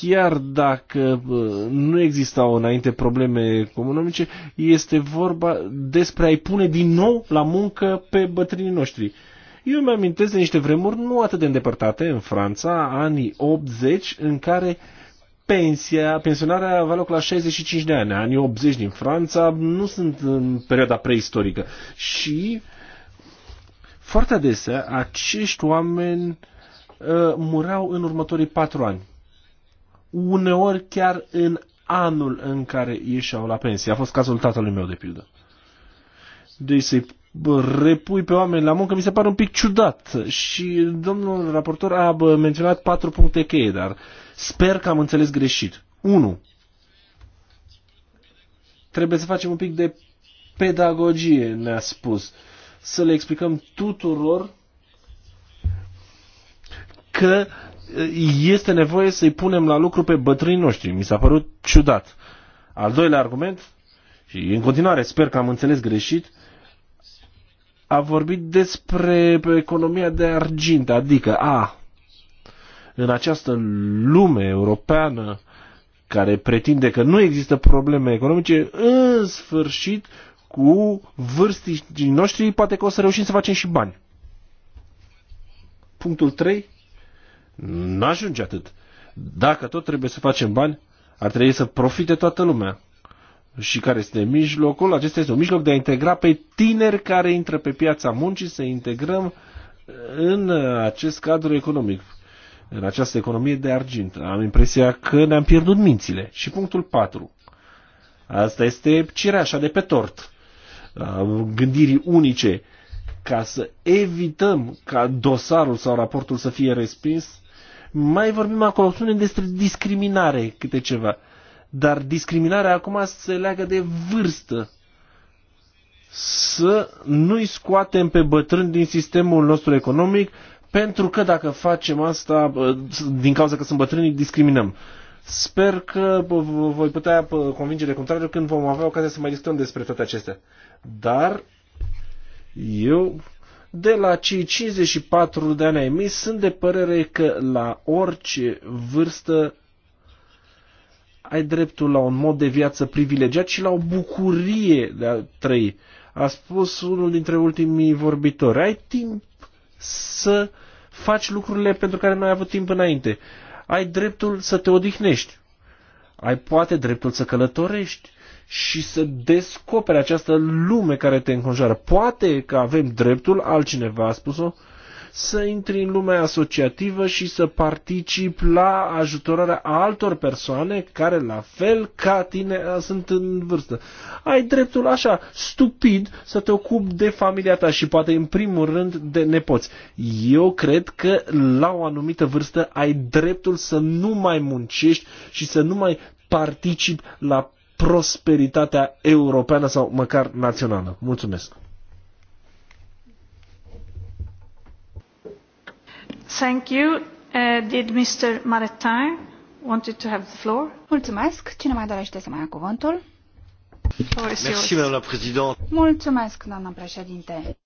chiar dacă uh, nu existau înainte probleme economice, este vorba despre a-i pune din nou la muncă pe bătrânii noștri. Eu îmi amintesc de niște vremuri nu atât de îndepărtate în Franța, anii 80, în care uh, pensia, pensionarea avea loc la 65 de ani. Anii 80 din Franța nu sunt în perioada preistorică. Și foarte adesea acești oameni uh, mureau în următorii patru ani. Uneori chiar în anul în care ieșeau la pensie. A fost cazul tatălui meu, de pildă. Deci să-i repui pe oameni la muncă mi se pare un pic ciudat. Și domnul raportor a menționat patru puncte cheie, dar uh, Sper că am înțeles greșit. 1. Trebuie să facem un pic de pedagogie, ne-a spus. Să le explicăm tuturor că este nevoie să-i punem la lucru pe bătrânii noștri. Mi s-a părut ciudat. Al doilea argument, și în continuare sper că am înțeles greșit, a vorbit despre economia de argint, adică, a, în această lume europeană care pretinde că nu există probleme economice, în sfârșit, cu vârstii noștri, poate că o să reușim să facem și bani. Punctul 3. Nu ajunge atât. Dacă tot trebuie să facem bani, ar trebui să profite toată lumea. Și care este mijlocul? Acesta este un mijloc de a integra pe tineri care intră pe piața muncii, să integrăm în acest cadru economic în această economie de argint. Am impresia că ne-am pierdut mințile. Și punctul 4. Asta este cireașa de pe tort gândirii unice ca să evităm ca dosarul sau raportul să fie respins, mai vorbim acolo, spunem despre discriminare câte ceva. Dar discriminarea acum se leagă de vârstă. Să nu-i scoatem pe bătrâni din sistemul nostru economic pentru că dacă facem asta, din cauza că sunt bătrâni, discriminăm. Sper că voi putea convinge de contrariu când vom avea ocazia să mai discutăm despre toate acestea. Dar eu de la cei 54 de ani ai mei sunt de părere că la orice vârstă ai dreptul la un mod de viață privilegiat și la o bucurie de a trăi. A spus unul dintre ultimii vorbitori, ai timp să faci lucrurile pentru care nu ai avut timp înainte. Ai dreptul să te odihnești. Ai poate dreptul să călătorești și să descoperi această lume care te înconjoară. Poate că avem dreptul, altcineva a spus-o, uh, să intri în lumea asociativă și să participi la ajutorarea altor persoane care, la fel ca tine, uh, sunt în vârstă. Ai dreptul așa, stupid, să te ocupi de familia ta și poate în primul rând de nepoți. Eu cred că la o anumită vârstă ai dreptul să nu mai muncești și să nu mai participi la prosperitatea europeană sau măcar națională. Mulțumesc! Uh, Mulțumesc. Cine mai dorește să mai ia cuvântul? Mulțumesc, doamnă președinte.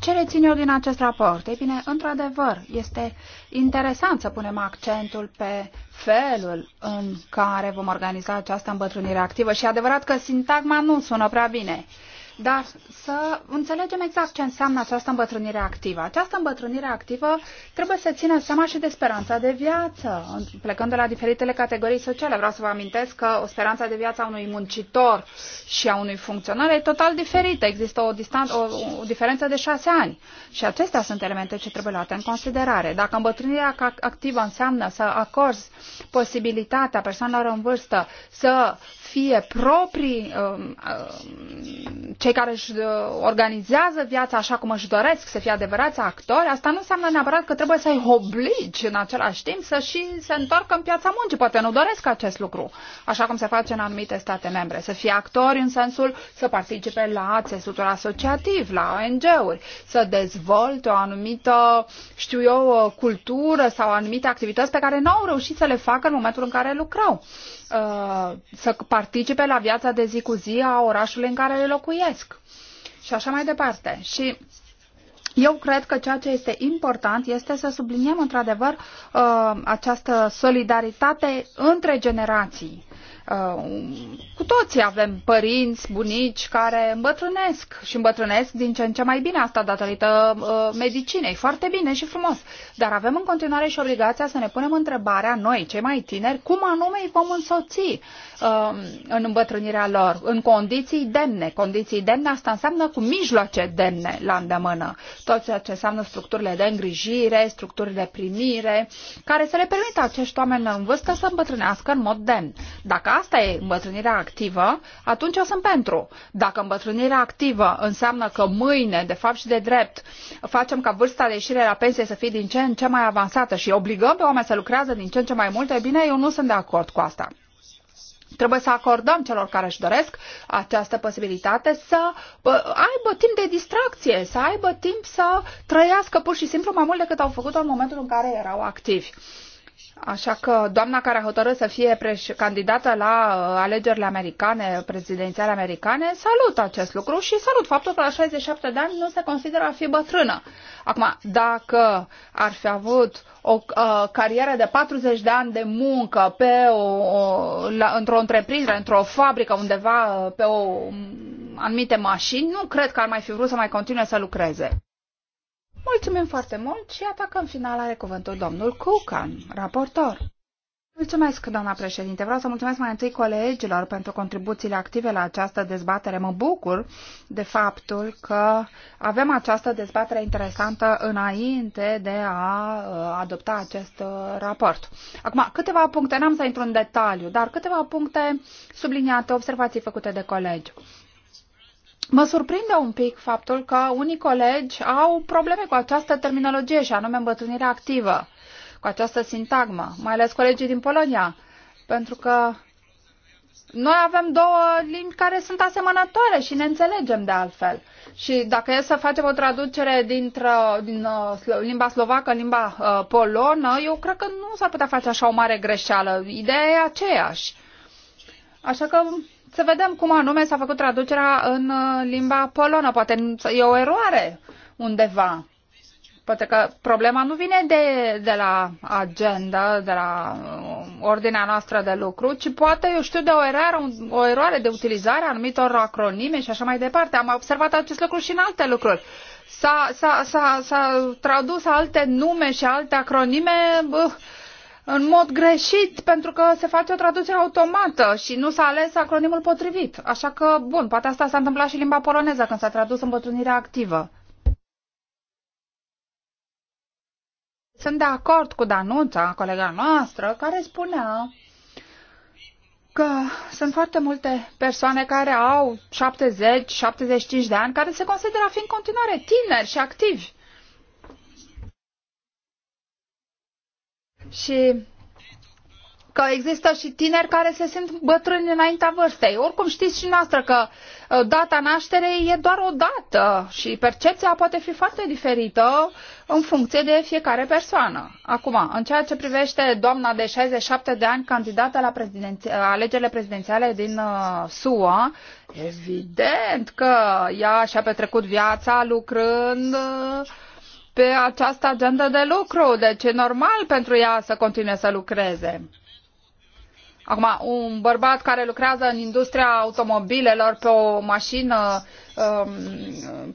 Ce rețin eu din acest raport? Ei bine, într-adevăr, este interesant să punem accentul pe felul în care vom organiza această îmbătrânire activă și adevărat că sintagma nu sună prea bine. Uh, dar să înțelegem exact ce înseamnă această îmbătrânire activă. Această îmbătrânire activă trebuie să țină seama și de speranța de viață, plecând de la diferitele categorii sociale. Vreau să vă amintesc că o speranța de viață a unui muncitor și a unui funcționar e total diferită. Există o, distanță, o, o diferență de șase ani și acestea sunt elemente ce trebuie luate în considerare. Dacă îmbătrânirea activă înseamnă să acorzi posibilitatea persoanelor în vârstă să fie proprii, um, um, cei care își uh, organizează viața așa cum își doresc să fie adevărați actori, asta nu înseamnă neapărat că trebuie să-i obligi în același timp să și se întoarcă în piața muncii. Poate nu doresc acest lucru, așa cum se face în anumite state membre. Să fie actori în sensul să participe la țesutul asociativ, la ONG-uri, să dezvolte o anumită, știu eu, cultură sau anumite activități pe care nu au reușit să le facă în momentul în care lucrau. Uh, să participe la viața de zi cu zi a orașului în care le locuiesc și așa mai departe. Și eu cred că ceea ce este important este să subliniem într-adevăr uh, această solidaritate între generații Uh, cu toții avem părinți, bunici care îmbătrânesc și îmbătrânesc din ce în ce mai bine asta datorită uh, medicinei. Foarte bine și frumos. Dar avem în continuare și obligația să ne punem întrebarea noi, cei mai tineri, cum anume îi vom însoți uh, în îmbătrânirea lor, în condiții demne. Condiții demne asta înseamnă cu mijloace demne la îndemână. Tot ceea ce înseamnă structurile de îngrijire, structurile de primire, care să le permită acești oameni în vârstă să îmbătrânească în mod demn. Dacă asta e îmbătrânirea activă, atunci eu sunt pentru. Dacă îmbătrânirea activă înseamnă că mâine, de fapt și de drept, facem ca vârsta de ieșire la pensie să fie din ce în ce mai avansată și obligăm pe oameni să lucrează din ce în ce mai mult, e bine, eu nu sunt de acord cu asta. Trebuie să acordăm celor care își doresc această posibilitate să aibă timp de distracție, să aibă timp să trăiască pur și simplu mai mult decât au făcut-o în momentul în care erau activi. Așa că doamna care a hotărât să fie candidată la uh, alegerile americane, prezidențiale americane, salut acest lucru și salut faptul că la 67 de ani nu se consideră a fi bătrână. Acum, dacă ar fi avut o uh, carieră de 40 de ani de muncă pe o, o, la, într-o întreprindere, într-o fabrică undeva uh, pe o, um, anumite mașini, nu cred că ar mai fi vrut să mai continue să lucreze. Mulțumim foarte mult și atacăm finala final are cuvântul domnul Cucan, raportor. Mulțumesc, doamna președinte. Vreau să mulțumesc mai întâi colegilor pentru contribuțiile active la această dezbatere. Mă bucur de faptul că avem această dezbatere interesantă înainte de a uh, adopta acest uh, raport. Acum, câteva puncte, n-am să intru în detaliu, dar câteva puncte subliniate, observații făcute de colegi. Mă surprinde un pic faptul că unii colegi au probleme cu această terminologie și anume îmbătrânirea activă, cu această sintagmă, mai ales colegii din Polonia, pentru că noi avem două limbi care sunt asemănătoare și ne înțelegem de altfel. Și dacă e să facem o traducere din uh, limba slovacă în limba uh, polonă, eu cred că nu s-ar putea face așa o mare greșeală. Ideea e aceeași. Așa că să vedem cum anume s-a făcut traducerea în uh, limba polonă. Poate e o eroare undeva. Poate că problema nu vine de, de la agenda, de la uh, ordinea noastră de lucru, ci poate, eu știu, de o eroare, o eroare de utilizare a anumitor acronime și așa mai departe. Am observat acest lucru și în alte lucruri. S-a, s-a, s-a, s-a tradus alte nume și alte acronime. Bă, uh, în mod greșit pentru că se face o traducere automată și nu s-a ales acronimul potrivit. Așa că, bun, poate asta s-a întâmplat și în limba poloneză când s-a tradus îmbătrânirea activă. Sunt de acord cu Danuța, colega noastră, care spunea că sunt foarte multe persoane care au 70-75 de ani care se consideră a fi continuare tineri și activi. și că există și tineri care se simt bătrâni înaintea vârstei. Oricum știți și noastră că uh, data nașterei e doar o dată și percepția poate fi foarte diferită în funcție de fiecare persoană. Acum, în ceea ce privește doamna de 67 de ani candidată la prezidenția, alegerile prezidențiale din uh, SUA, evident că ea și-a petrecut viața lucrând uh, pe această agendă de lucru, deci e normal pentru ea să continue să lucreze. Acum, un bărbat care lucrează în industria automobilelor pe o mașină um,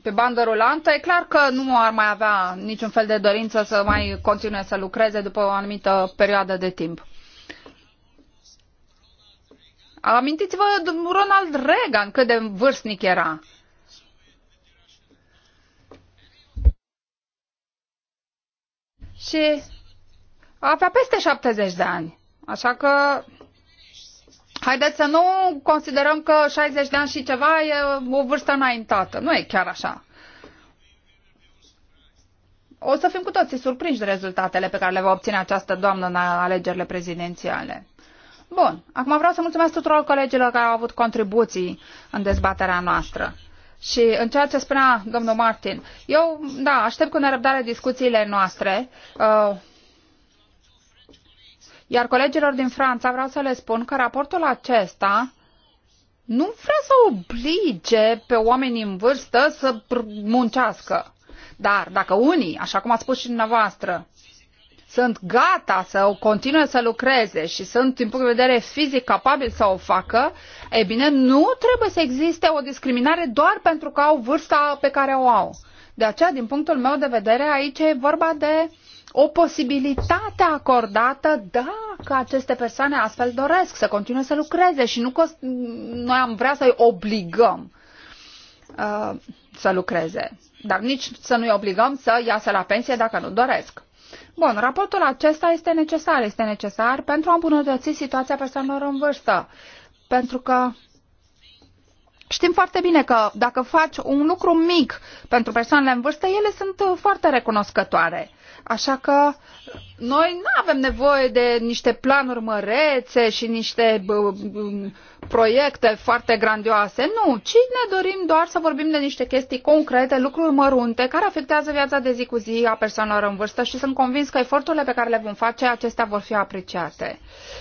pe bandă rulantă, e clar că nu ar mai avea niciun fel de dorință să mai continue să lucreze după o anumită perioadă de timp. Amintiți-vă Ronald Reagan cât de vârstnic era. și avea peste 70 de ani. Așa că haideți să nu considerăm că 60 de ani și ceva e o vârstă înaintată. Nu e chiar așa. O să fim cu toții surprinși de rezultatele pe care le va obține această doamnă în alegerile prezidențiale. Bun, acum vreau să mulțumesc tuturor colegilor care au avut contribuții în dezbaterea noastră. Și în ceea ce spunea domnul Martin, eu, da, aștept cu nerăbdare discuțiile noastre. Uh, iar colegilor din Franța vreau să le spun că raportul acesta nu vrea să oblige pe oamenii în vârstă să muncească. Dar dacă unii, așa cum a spus și dumneavoastră, sunt gata să o continue să lucreze și sunt, din punct de vedere fizic, capabil să o facă, e bine, nu trebuie să existe o discriminare doar pentru că au vârsta pe care o au. De aceea, din punctul meu de vedere, aici e vorba de o posibilitate acordată dacă aceste persoane astfel doresc să continue să lucreze și nu că noi am vrea să-i obligăm uh, să lucreze, dar nici să nu-i obligăm să iasă la pensie dacă nu doresc. Bun, raportul acesta este necesar. Este necesar pentru a îmbunătăți situația persoanelor în vârstă. Pentru că Știm foarte bine că dacă faci un lucru mic pentru persoanele în vârstă, ele sunt foarte recunoscătoare. Așa că noi nu avem nevoie de niște planuri mărețe și niște proiecte foarte grandioase. Nu, ci ne dorim doar să vorbim de niște chestii concrete, lucruri mărunte, care afectează viața de zi cu zi a persoanelor în vârstă și sunt convins că eforturile pe care le vom face, acestea vor fi apreciate.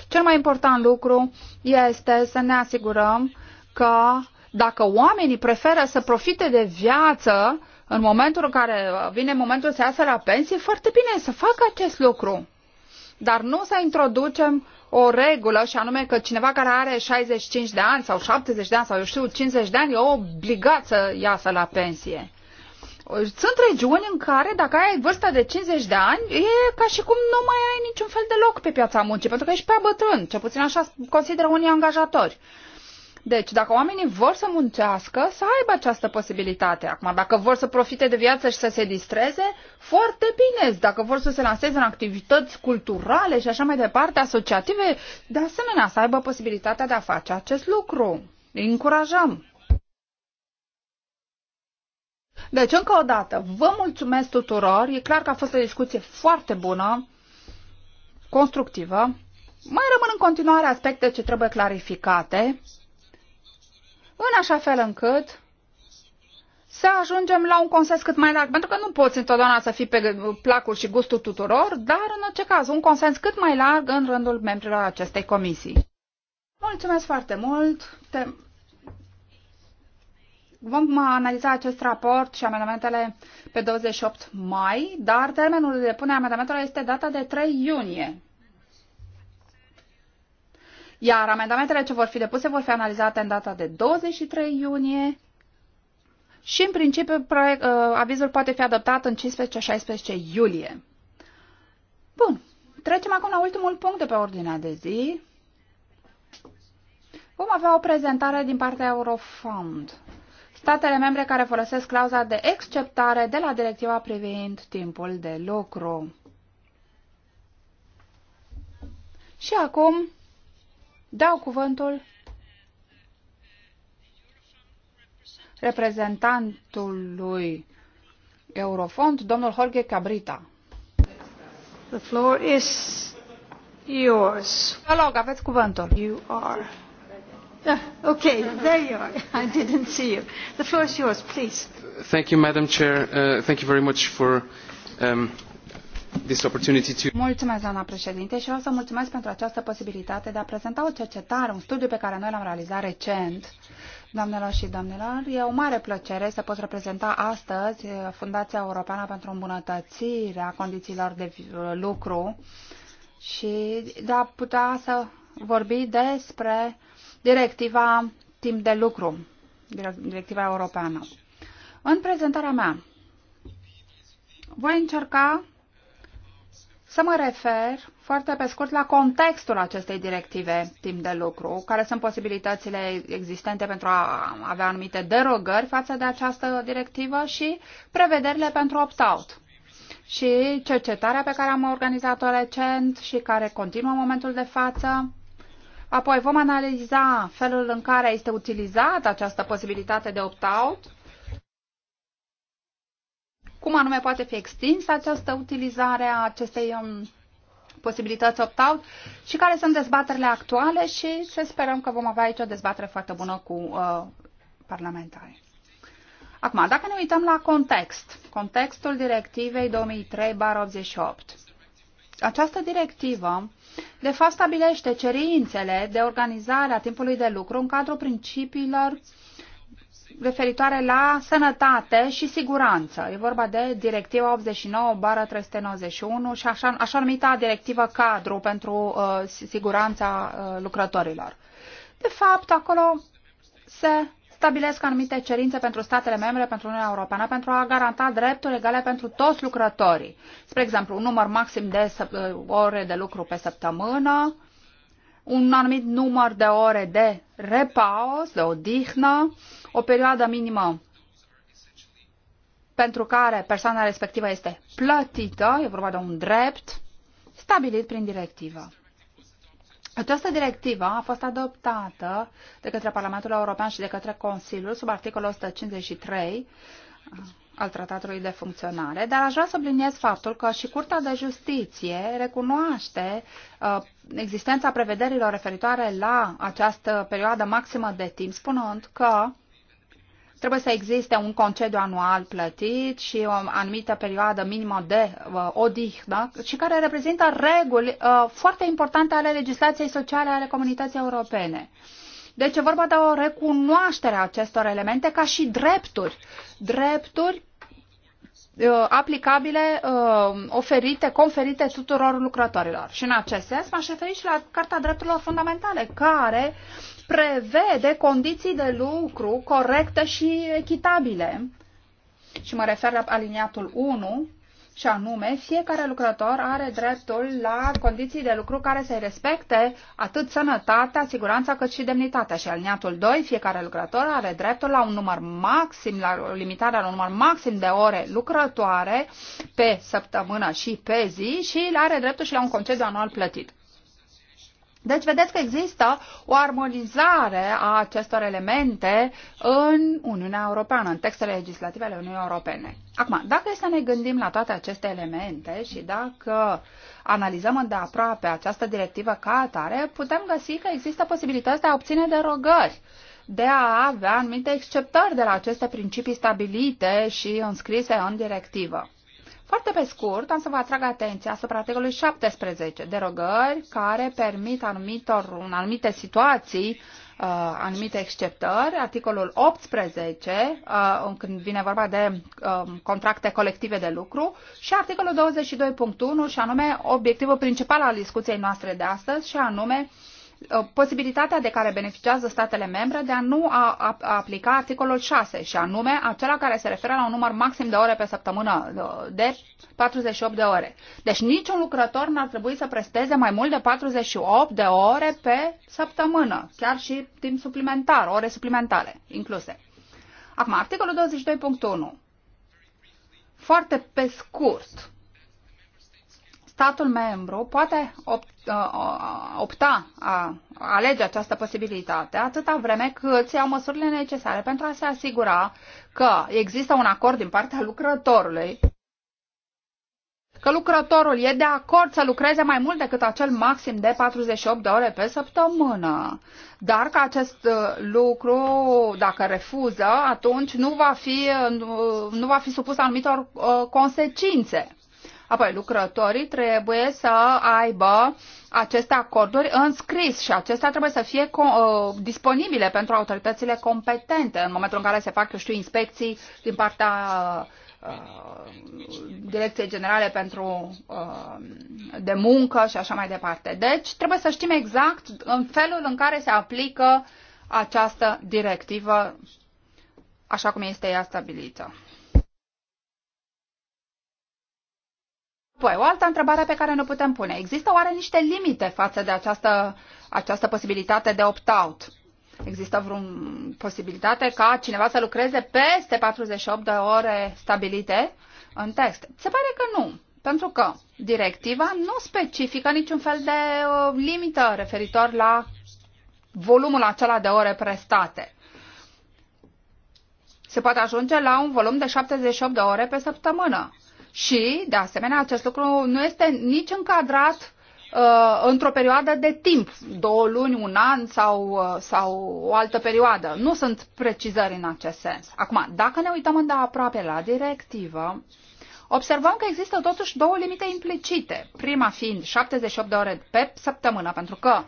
Cel mai important lucru este să ne asigurăm că dacă oamenii preferă să profite de viață, în momentul în care vine momentul să iasă la pensie, foarte bine să facă acest lucru. Dar nu să introducem o regulă și anume că cineva care are 65 de ani sau 70 de ani sau eu știu 50 de ani e obligat să iasă la pensie. Sunt regiuni în care dacă ai vârsta de 50 de ani e ca și cum nu mai ai niciun fel de loc pe piața muncii pentru că ești prea bătrân, ce puțin așa consideră unii angajatori. Deci, dacă oamenii vor să muncească, să aibă această posibilitate. Acum, dacă vor să profite de viață și să se distreze, foarte bine. Dacă vor să se lanseze în activități culturale și așa mai departe, asociative, de asemenea, să aibă posibilitatea de a face acest lucru. Îi încurajăm. Deci, încă o dată, vă mulțumesc tuturor. E clar că a fost o discuție foarte bună, constructivă. Mai rămân în continuare aspecte ce trebuie clarificate în așa fel încât să ajungem la un consens cât mai larg, pentru că nu poți întotdeauna să fii pe placul și gustul tuturor, dar în orice caz un consens cât mai larg în rândul membrilor acestei comisii. Mulțumesc foarte mult! Te... Vom analiza acest raport și amendamentele pe 28 mai, dar termenul de punere a amendamentelor este data de 3 iunie iar amendamentele ce vor fi depuse vor fi analizate în data de 23 iunie și, în principiu, proiect, uh, avizul poate fi adoptat în 15-16 iulie. Bun. Trecem acum la ultimul punct de pe ordinea de zi. Vom avea o prezentare din partea Eurofund. Statele membre care folosesc clauza de exceptare de la directiva privind timpul de lucru. Și acum Dau cuvântul reprezentantului Eurofond, domnul Jorge Cabrita. The floor is yours. Vă rog, aveți cuvântul. You are. Ah, okay, there you are. I didn't see you. The floor is yours, please. Thank you, Madam Chair. Uh, thank you very much for um, this Mulțumesc, doamna președinte, și vreau să mulțumesc pentru această posibilitate de a prezenta o cercetare, un studiu pe care noi l-am realizat recent. Doamnelor și domnilor, e o mare plăcere să pot reprezenta astăzi eh, Fundația Europeană pentru îmbunătățirea condițiilor de lucru și de a putea să vorbi despre directiva timp de lucru, directiva europeană. În prezentarea mea voi încerca să mă refer foarte pe scurt la contextul acestei directive timp de lucru, care sunt posibilitățile existente pentru a avea anumite derogări față de această directivă și prevederile pentru opt-out și cercetarea pe care am organizat-o recent și care continuă în momentul de față. Apoi vom analiza felul în care este utilizată această posibilitate de opt-out cum anume poate fi extinsă această utilizare a acestei um, posibilități opt-out și care sunt dezbaterile actuale și să sperăm că vom avea aici o dezbatere foarte bună cu uh, parlamentari. Acum, dacă ne uităm la context, contextul directivei 2003-88, această directivă, de fapt, stabilește cerințele de organizare a timpului de lucru în cadrul principiilor uh, referitoare la sănătate și siguranță. E vorba de Directiva 89-391 și așa, așa numită Directivă Cadru pentru uh, siguranța uh, lucrătorilor. De fapt, acolo se stabilesc anumite cerințe pentru statele membre, pentru Uniunea Europeană, pentru a garanta drepturi egale pentru toți lucrătorii. Spre exemplu, un număr maxim de uh, ore de lucru pe săptămână, un anumit număr de ore de repaus, de odihnă, o perioadă minimă pentru care persoana respectivă este plătită, e vorba de un drept stabilit prin directivă. Această directivă a fost adoptată de către Parlamentul European și de către Consiliul sub articolul 153 al Tratatului de Funcționare, dar aș vrea să subliniez faptul că și Curtea de Justiție recunoaște uh, existența prevederilor referitoare la această perioadă maximă de timp, spunând că Trebuie să existe un concediu anual plătit și o anumită perioadă minimă de uh, odihnă și care reprezintă reguli uh, foarte importante ale legislației sociale ale comunității europene. Deci e vorba de o recunoaștere a acestor elemente ca și drepturi. Drepturi uh, aplicabile uh, oferite, conferite tuturor lucrătorilor. Și în acest sens m-aș referi și la Carta Drepturilor Fundamentale, care uh, prevede condiții de lucru corecte și echitabile. Și mă refer la aliniatul 1, și anume, fiecare lucrător are dreptul la condiții de lucru care să-i respecte atât sănătatea, siguranța, cât și demnitatea. Și aliniatul 2, fiecare lucrător are dreptul la un număr maxim, la limitarea la un număr maxim de ore lucrătoare pe săptămână și pe zi și are dreptul și la un concediu anual plătit. Deci vedeți că există o armonizare a acestor elemente în Uniunea Europeană, în textele legislative ale Uniunii Europene. Acum, dacă este să ne gândim la toate aceste elemente și dacă analizăm îndeaproape această directivă ca atare, putem găsi că există posibilități de a obține derogări de a avea anumite exceptări de la aceste principii stabilite și înscrise în directivă. Foarte pe scurt, am să vă atrag atenția asupra articolului 17, derogări care permit anumitor, în anumite situații uh, anumite exceptări. Articolul 18, uh, când vine vorba de uh, contracte colective de lucru, și articolul 22.1, și anume obiectivul principal al discuției noastre de astăzi, și anume uh, Uh, posibilitatea de care beneficiază statele membre de a nu a, a, a aplica articolul 6 și anume acela care se referă la un număr maxim de ore pe săptămână, uh, de 48 de ore. Deci niciun lucrător n-ar trebui să presteze mai mult de 48 de ore pe săptămână, chiar și timp suplimentar, ore suplimentare incluse. Acum, articolul 22.1. Foarte pe scurt, statul membru poate opt, uh, uh, opta, a, alege această posibilitate atâta vreme cât se iau măsurile necesare pentru a se asigura că există un acord din partea lucrătorului că lucrătorul e de acord să lucreze mai mult decât acel maxim de 48 de ore pe săptămână, dar că acest uh, lucru, dacă refuză, atunci nu va fi, nu va fi supus anumitor uh, consecințe. Apoi, lucrătorii trebuie să aibă aceste acorduri înscris și acestea trebuie să fie uh, disponibile pentru autoritățile competente în momentul în care se fac, eu știu, inspecții din partea uh, Direcției Generale pentru uh, de muncă și așa mai departe. Deci trebuie să știm exact în felul în care se aplică această directivă așa cum este ea stabilită. Păi, o altă întrebare pe care ne putem pune. Există oare niște limite față de această, această posibilitate de opt-out? Există vreun posibilitate ca cineva să lucreze peste 48 de ore stabilite în text? Se pare că nu, pentru că directiva nu specifică niciun fel de uh, limită referitor la volumul acela de ore prestate. Se poate ajunge la un volum de 78 de ore pe săptămână și, de asemenea, acest lucru nu este nici încadrat uh, într-o perioadă de timp, două luni, un an sau, uh, sau o altă perioadă. Nu sunt precizări în acest sens. Acum, dacă ne uităm îndeaproape la directivă, observăm că există totuși două limite implicite. Prima fiind 78 de ore pe săptămână, pentru că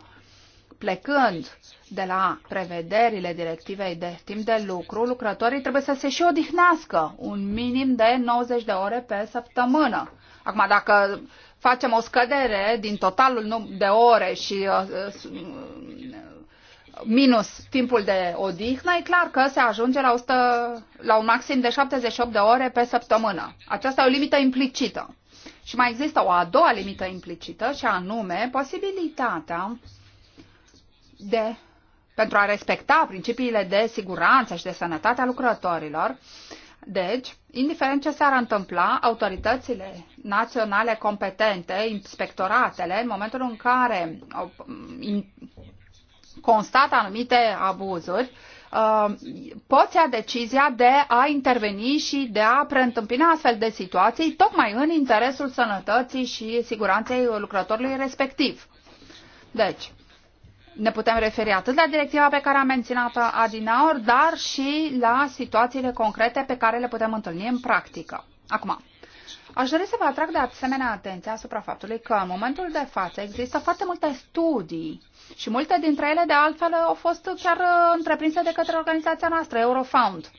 plecând de la prevederile directivei de timp de lucru, lucrătorii trebuie să se și odihnească un minim de 90 de ore pe săptămână. Acum, dacă facem o scădere din totalul de ore și uh, minus timpul de odihnă, e clar că se ajunge la, 100, la un maxim de 78 de ore pe săptămână. Aceasta e o limită implicită. Și mai există o a doua limită implicită și anume posibilitatea de pentru a respecta principiile de siguranță și de sănătate a lucrătorilor. Deci, indiferent ce s-ar întâmpla, autoritățile naționale competente, inspectoratele, în momentul în care constată anumite abuzuri, uh, pot ia decizia de a interveni și de a preîntâmpina astfel de situații, tocmai în interesul sănătății și siguranței lucrătorului respectiv. Deci, ne putem referi atât la directiva pe care am menționat-o adinaur, dar și la situațiile concrete pe care le putem întâlni în practică. Acum, aș dori să vă atrag de asemenea atenția asupra faptului că în momentul de față există foarte multe studii și multe dintre ele de altfel au fost chiar uh, întreprinse de către organizația noastră, Eurofound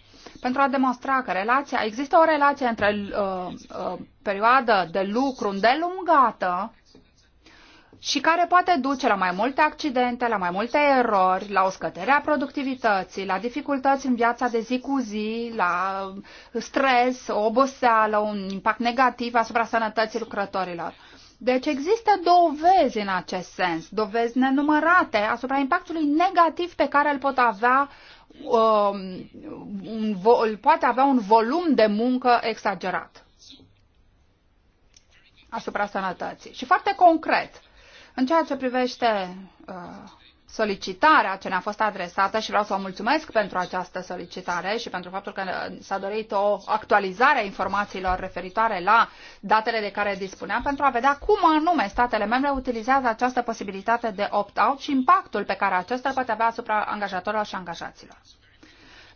pentru a demonstra că relația, există o relație între uh, uh, perioada de lucru îndelungată și care poate duce la mai multe accidente, la mai multe erori, la o scădere a productivității, la dificultăți în viața de zi cu zi, la stres, o oboseală, un impact negativ asupra sănătății lucrătorilor. Deci există dovezi în acest sens, dovezi nenumărate asupra impactului negativ pe care îl pot avea um, un, îl poate avea un volum de muncă exagerat asupra sănătății. Și foarte concret, în ceea ce privește uh, solicitarea ce ne-a fost adresată și vreau să o mulțumesc pentru această solicitare și pentru faptul că s-a dorit o actualizare a informațiilor referitoare la datele de care dispuneam pentru a vedea cum anume statele membre utilizează această posibilitate de opt-out și impactul pe care acesta îl poate avea asupra angajatorilor și angajaților.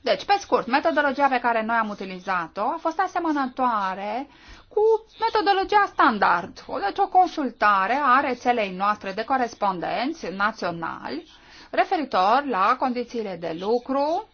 Deci, pe scurt, metodologia pe care noi am utilizat-o a fost asemănătoare cu metodologia standard, deci o consultare a rețelei noastre de corespondenți naționali referitor la condițiile de lucru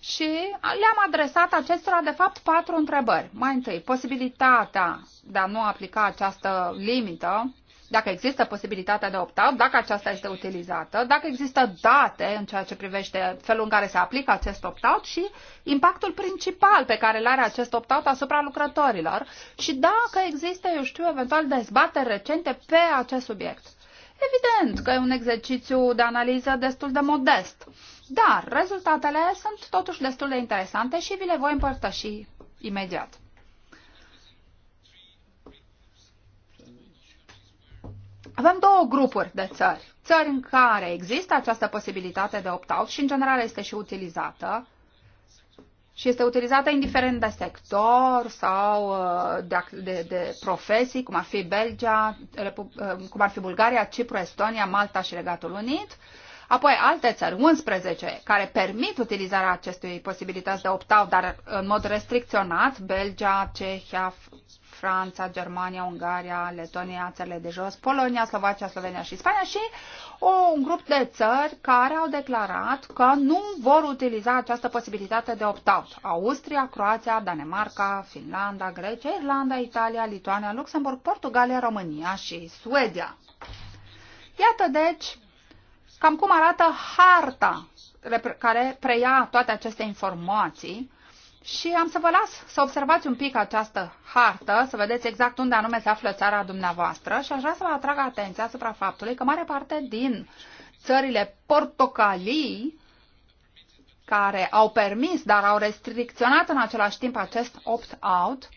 și le-am adresat acestora, de fapt, patru întrebări. Mai întâi, posibilitatea de a nu aplica această limită dacă există posibilitatea de opt-out, dacă aceasta este utilizată, dacă există date în ceea ce privește felul în care se aplică acest opt-out și impactul principal pe care îl are acest opt-out asupra lucrătorilor și dacă există, eu știu, eventual dezbateri recente pe acest subiect. Evident că e un exercițiu de analiză destul de modest, dar rezultatele sunt totuși destul de interesante și vi le voi împărtăși imediat. Avem două grupuri de țări. Țări în care există această posibilitate de opt-out și în general este și utilizată și este utilizată indiferent de sector sau uh, de, de, de profesii, cum ar fi Belgia, uh, cum ar fi Bulgaria, Cipru, Estonia, Malta și Regatul Unit. Apoi alte țări, 11, care permit utilizarea acestui posibilități de opt-out, dar în mod restricționat, Belgia, Cehia, Franța, Germania, Ungaria, Letonia, țările de jos, Polonia, Slovacia, Slovenia și Spania și o, un grup de țări care au declarat că nu vor utiliza această posibilitate de opt-out. Austria, Croația, Danemarca, Finlanda, Grecia, Irlanda, Italia, Lituania, Luxemburg, Portugalia, România și Suedia. Iată deci cam cum arată harta care preia toate aceste informații și am să vă las să observați un pic această hartă, să vedeți exact unde anume se află țara dumneavoastră și aș vrea să vă atrag atenția asupra faptului că mare parte din țările portocalii care au permis, dar au restricționat în același timp acest opt-out,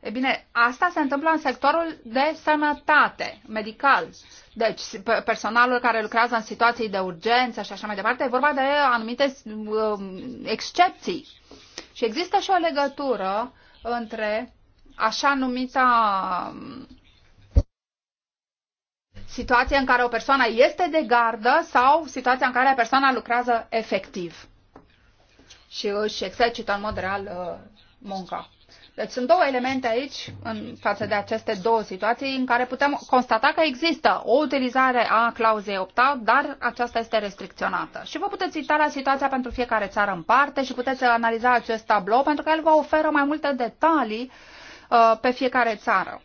e bine, asta se întâmplă în sectorul de sănătate, medical. Deci, personalul care lucrează în situații de urgență și așa mai departe, e vorba de anumite um, excepții. Și există și o legătură între așa numita um, situație în care o persoană este de gardă sau situația în care persoana lucrează efectiv și își exercită în mod real uh, munca. Deci sunt două elemente aici în față de aceste două situații în care putem constata că există o utilizare a clauzei opt-out, dar aceasta este restricționată. Și vă puteți uita la situația pentru fiecare țară în parte și puteți analiza acest tablou pentru că el vă oferă mai multe detalii uh, pe fiecare țară.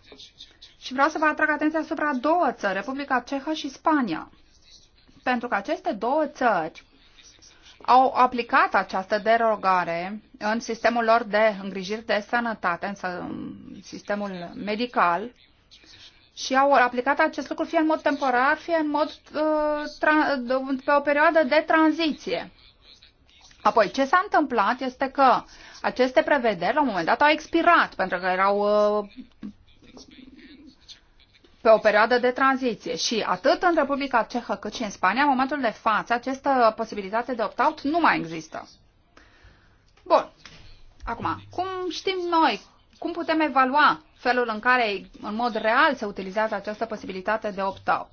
Și vreau să vă atrag atenția asupra două țări, Republica Cehă și Spania. Pentru că aceste două țări au aplicat această derogare în sistemul lor de îngrijiri de sănătate, în sistemul medical, și au aplicat acest lucru fie în mod temporar, fie în mod uh, pe o perioadă de tranziție. Apoi, ce s-a întâmplat este că aceste prevederi, la un moment dat, au expirat, pentru că erau uh, pe o perioadă de tranziție și atât în Republica Cehă cât și în Spania, în momentul de față, această posibilitate de opt-out nu mai există. Bun. Acum, cum știm noi, cum putem evalua felul în care, în mod real, se utilizează această posibilitate de opt-out?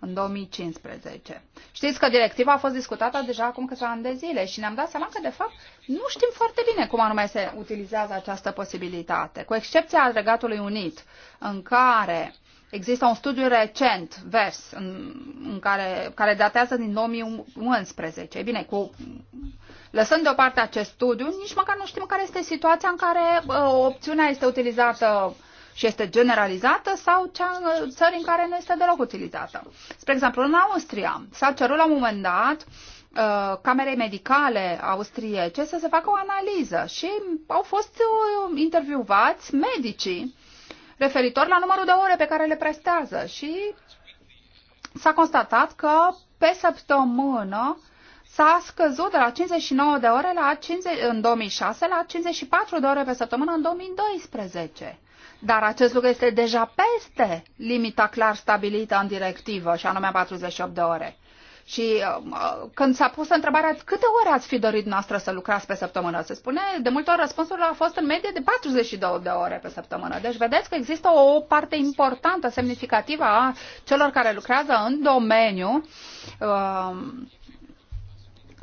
în 2015. Știți că directiva a fost discutată deja acum câțiva ani de zile și ne-am dat seama că, de fapt, nu știm foarte bine cum anume se utilizează această posibilitate, cu excepția Regatului Unit, în care Există un studiu recent, vers, în, în care, care datează din 2011. E bine, cu, lăsând deoparte acest studiu, nici măcar nu știm care este situația în care uh, opțiunea este utilizată și este generalizată sau cea în țări în care nu este deloc utilizată. Spre exemplu, în Austria s-a cerut la un moment dat uh, Camerei Medicale austriece să se facă o analiză și au fost uh, intervievați medicii referitor la numărul de ore pe care le prestează și s-a constatat că pe săptămână s-a scăzut de la 59 de ore la 50, în 2006 la 54 de ore pe săptămână în 2012. Dar acest lucru este deja peste limita clar stabilită în directivă, și anume 48 de ore. Și uh, uh, când s-a pus întrebarea câte ore ați fi dorit noastră să lucrați pe săptămână, se spune, de multe ori răspunsul a fost în medie de 42 de ore pe săptămână. Deci vedeți că există o parte importantă, semnificativă a celor care lucrează în domeniu. Uh,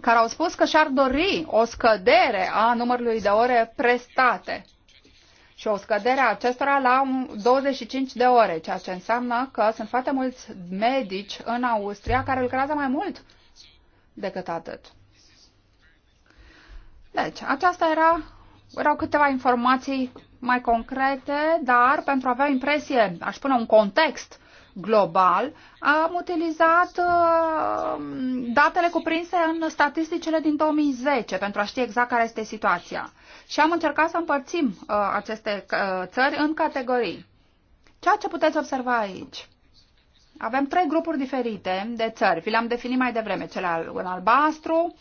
care au spus că și-ar dori o scădere a numărului de ore prestate și o scădere a acestora la 25 de ore, ceea ce înseamnă că sunt foarte mulți medici în Austria care lucrează mai mult decât atât. Deci, aceasta era, erau câteva informații mai concrete, dar pentru a avea impresie, aș spune un context global, am utilizat uh, datele cuprinse în statisticile din 2010 pentru a ști exact care este situația. Și am încercat să împărțim uh, aceste uh, țări în categorii. Ceea ce puteți observa aici. Avem trei grupuri diferite de țări. Vi le-am definit mai devreme. Cele al, în albastru,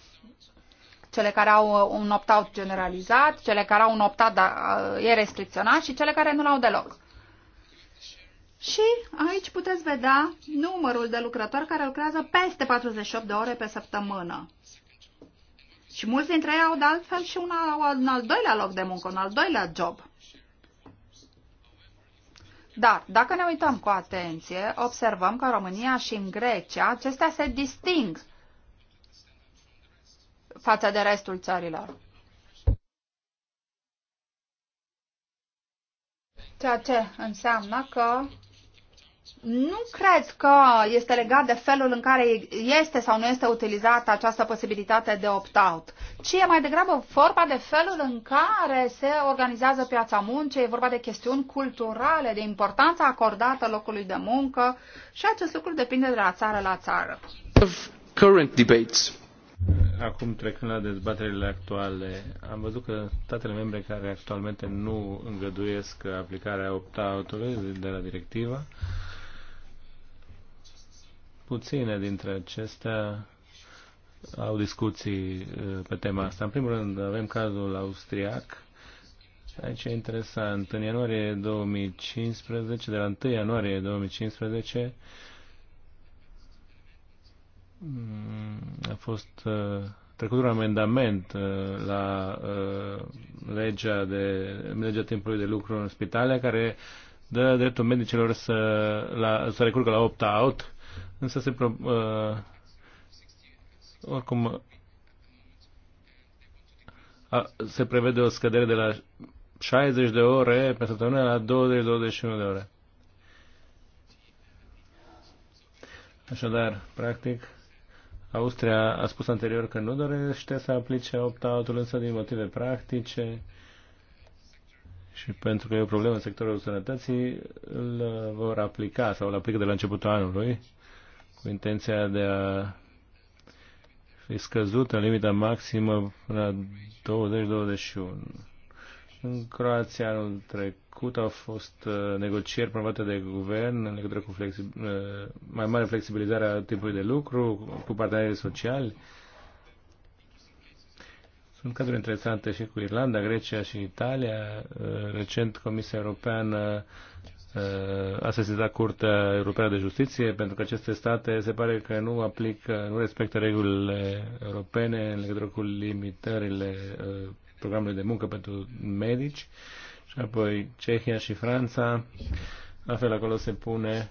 cele care au uh, un opt-out generalizat, cele care au un opt-out dar uh, e restricționat și cele care nu l-au deloc. Și aici puteți vedea numărul de lucrători care lucrează peste 48 de ore pe săptămână. Și mulți dintre ei au de altfel și un, un al doilea loc de muncă, un al doilea job. Dar, dacă ne uităm cu atenție, observăm că în România și în Grecia acestea se disting față de restul țărilor. Ceea ce înseamnă că nu cred că este legat de felul în care este sau nu este utilizată această posibilitate de opt-out, ci e mai degrabă vorba de felul în care se organizează piața muncii, e vorba de chestiuni culturale, de importanța acordată locului de muncă și acest lucru depinde de la țară la țară. Current debates. Acum trecând la dezbaterile actuale, am văzut că statele membre care actualmente nu îngăduiesc aplicarea opt-out-ului de la directiva, puține dintre acestea au discuții uh, pe tema asta. În primul rând avem cazul austriac. Aici e interesant. În ianuarie 2015, de la 1 ianuarie 2015, mm, a fost uh, trecut un amendament uh, la legea, de, legea timpului de lucru în spitale care dă dreptul medicilor să, la, să recurgă la opt-out Însă se pro, uh, oricum a, se prevede o scădere de la 60 de ore pe săptămână la 20-21 de ore. Așadar, practic, Austria a spus anterior că nu dorește să aplice opt-out-ul, însă din motive practice și pentru că e o problemă în sectorul sănătății, îl vor aplica sau îl aplică de la începutul anului cu intenția de a fi scăzut în limita maximă la 20-21. În Croația anul trecut au fost uh, negocieri promovate de guvern în legătură cu flexib- uh, mai mare flexibilizare a timpului de lucru, cu partenerii sociali. Sunt cadre interesante și cu Irlanda, Grecia și Italia. Uh, recent Comisia Europeană Uh, a sesizat Curtea Europeană de Justiție pentru că aceste state se pare că nu aplică, nu respectă regulile europene în legătură cu limitările uh, programului de muncă pentru medici și apoi Cehia și Franța. La fel acolo se pune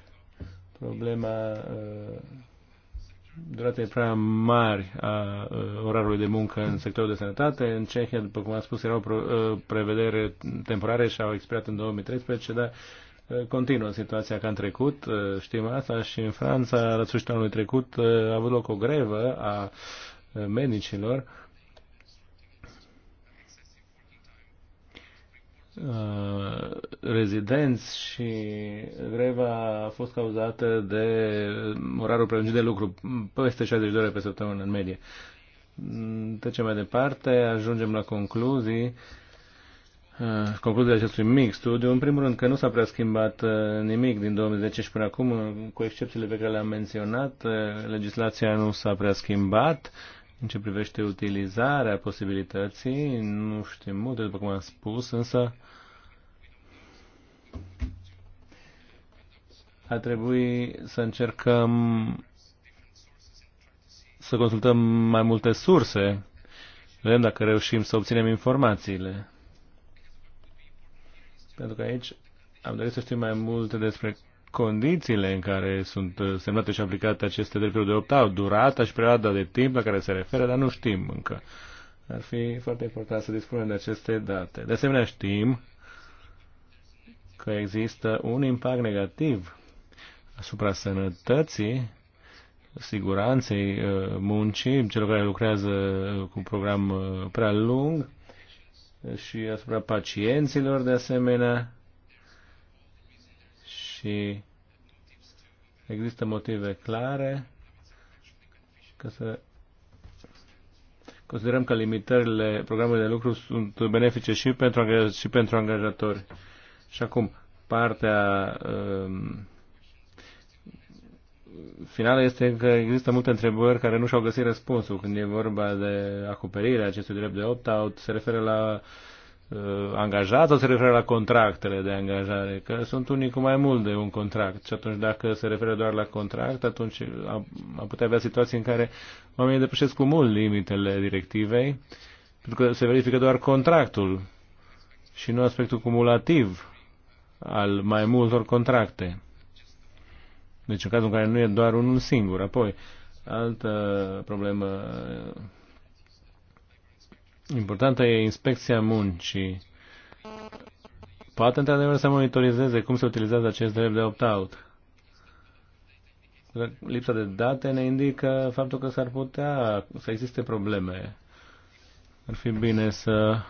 problema uh, duratei prea mari a uh, orarului de muncă în sectorul de sănătate. În Cehia, după cum am spus, era o prevedere temporare și au expirat în 2013, dar Eh, continuă situația ca în trecut, eh, știm asta, și în Franța, la sfârșitul anului trecut, eh, a avut loc o grevă a medicilor rezidenți și greva a fost cauzată de orarul prelungit de lucru, peste 60 de ore pe săptămână în medie. Mm, trecem mai departe, ajungem la concluzii. Uh, concluzia acestui mic studiu, în primul rând că nu s-a prea schimbat uh, nimic din 2010 și până acum, uh, cu excepțiile pe care le-am menționat, legislația nu s-a prea schimbat în ce privește utilizarea posibilității, nu știm multe, după cum am spus, însă a trebui să încercăm să consultăm mai multe surse, vedem dacă reușim să obținem informațiile pentru că aici am dorit să știm mai multe despre condițiile în care sunt uh, semnate și aplicate aceste drepturi de opt-out, durata și perioada de timp la care se referă, dar nu știm încă. Ar fi foarte important să dispunem de aceste date. De asemenea, știm că există un impact negativ asupra sănătății, siguranței uh, muncii, celor care lucrează uh, cu un program prea lung, și asupra pacienților de asemenea și există motive clare ca să considerăm că limitările programului de lucru sunt benefice și pentru, și pentru angajatori. Și acum, partea um, Finalul este că există multe întrebări care nu și-au găsit răspunsul. Când e vorba de acoperirea acestui drept de opt-out, se referă la uh, angajat sau se referă la contractele de angajare? Că sunt unii cu mai mult de un contract și atunci dacă se referă doar la contract, atunci a putea avea situații în care oamenii depășesc cu mult limitele directivei, pentru că se verifică doar contractul și nu aspectul cumulativ al mai multor contracte. Deci în cazul în care nu e doar unul singur. Apoi, altă problemă importantă e inspecția muncii. Poate într-adevăr să monitorizeze cum se utilizează acest drept de opt-out. Lipsa de date ne indică faptul că s-ar putea să existe probleme. Ar fi bine să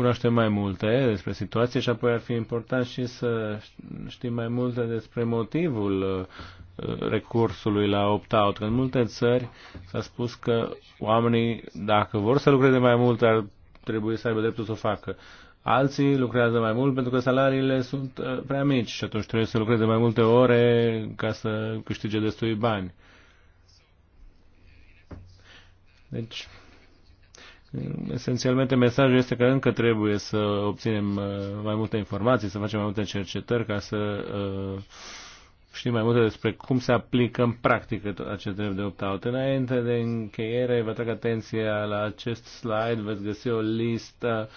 cunoaște mai multe despre situație și apoi ar fi important și să știm mai multe despre motivul uh, recursului la opt-out. În multe țări s-a spus că oamenii, dacă vor să lucreze mai mult, ar trebui să aibă dreptul să o facă. Alții lucrează mai mult pentru că salariile sunt uh, prea mici și atunci trebuie să lucreze mai multe ore ca să câștige destui bani. Deci, Esențialmente mesajul este că încă trebuie să obținem uh, mai multe informații, să facem mai multe cercetări ca să uh, știm mai multe despre cum se aplică în practică acest drept de opt-out. Înainte de încheiere, vă trag atenția la acest slide, veți găsi o listă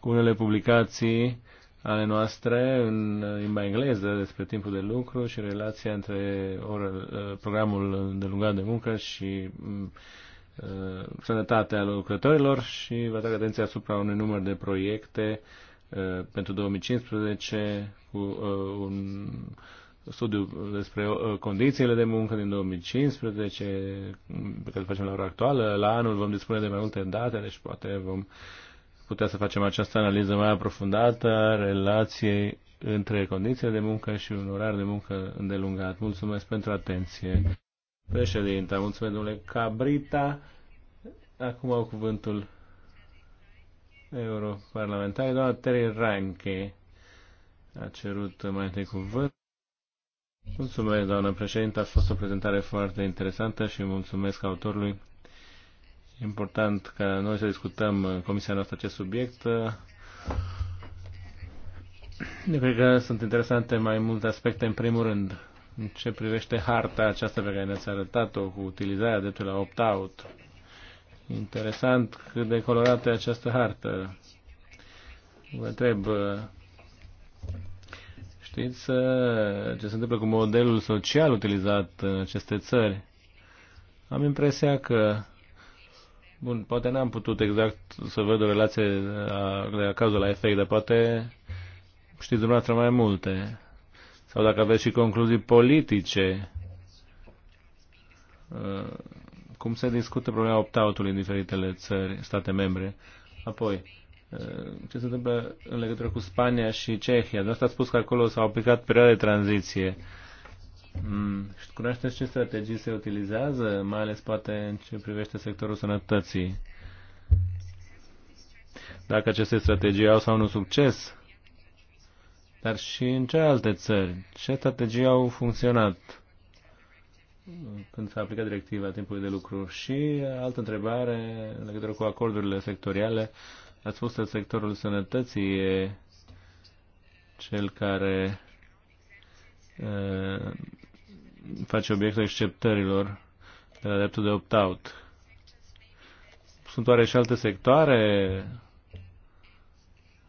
cu unele publicații ale noastre în limba engleză despre timpul de lucru și relația între oră, uh, programul îndelungat de muncă și mm, Uh, sănătatea lucrătorilor și vă atrag atenția asupra unui număr de proiecte uh, pentru 2015 cu uh, un studiu despre condițiile de muncă din 2015 pe care facem la ora actuală. La anul vom dispune de mai multe date, deci poate vom putea să facem această analiză mai aprofundată a relației între condițiile de muncă și un orar de muncă îndelungat. Mulțumesc pentru atenție. Președinte, mulțumesc, domnule Cabrita. Acum au cuvântul europarlamentar. Doamna Terry Ranke a cerut mai întâi cuvânt. Mulțumesc, doamnă președinte. A fost o prezentare foarte interesantă și mulțumesc autorului. E important ca noi să discutăm în comisia noastră acest subiect. Eu cred că sunt interesante mai multe aspecte. În primul rând, în ce privește harta aceasta pe care ne-ați arătat-o cu utilizarea de la opt-out, interesant cât de colorată e această hartă. Vă întreb, știți uh, ce se întâmplă cu modelul social utilizat în aceste țări? Am impresia că Bun, poate n-am putut exact să văd o relație uh, a, la cazul la efect, dar poate știți dumneavoastră mai multe sau dacă aveți și concluzii politice, uh, cum se discută problema opt-out-ului în diferitele țări, state membre. Apoi, uh, ce se întâmplă în legătură cu Spania și Cehia? De a spus că acolo s-au aplicat perioade de tranziție. Mm, și cunoașteți ce strategii se utilizează, mai ales poate în ce privește sectorul sănătății? Dacă aceste strategii au sau nu succes? dar și în celelalte țări. Ce strategii au funcționat când s-a aplicat directiva timpului de lucru? Și altă întrebare în legătură cu acordurile sectoriale. Ați spus că sectorul sănătății e cel care uh, face obiectul exceptărilor de la dreptul de opt-out. Sunt oare și alte sectoare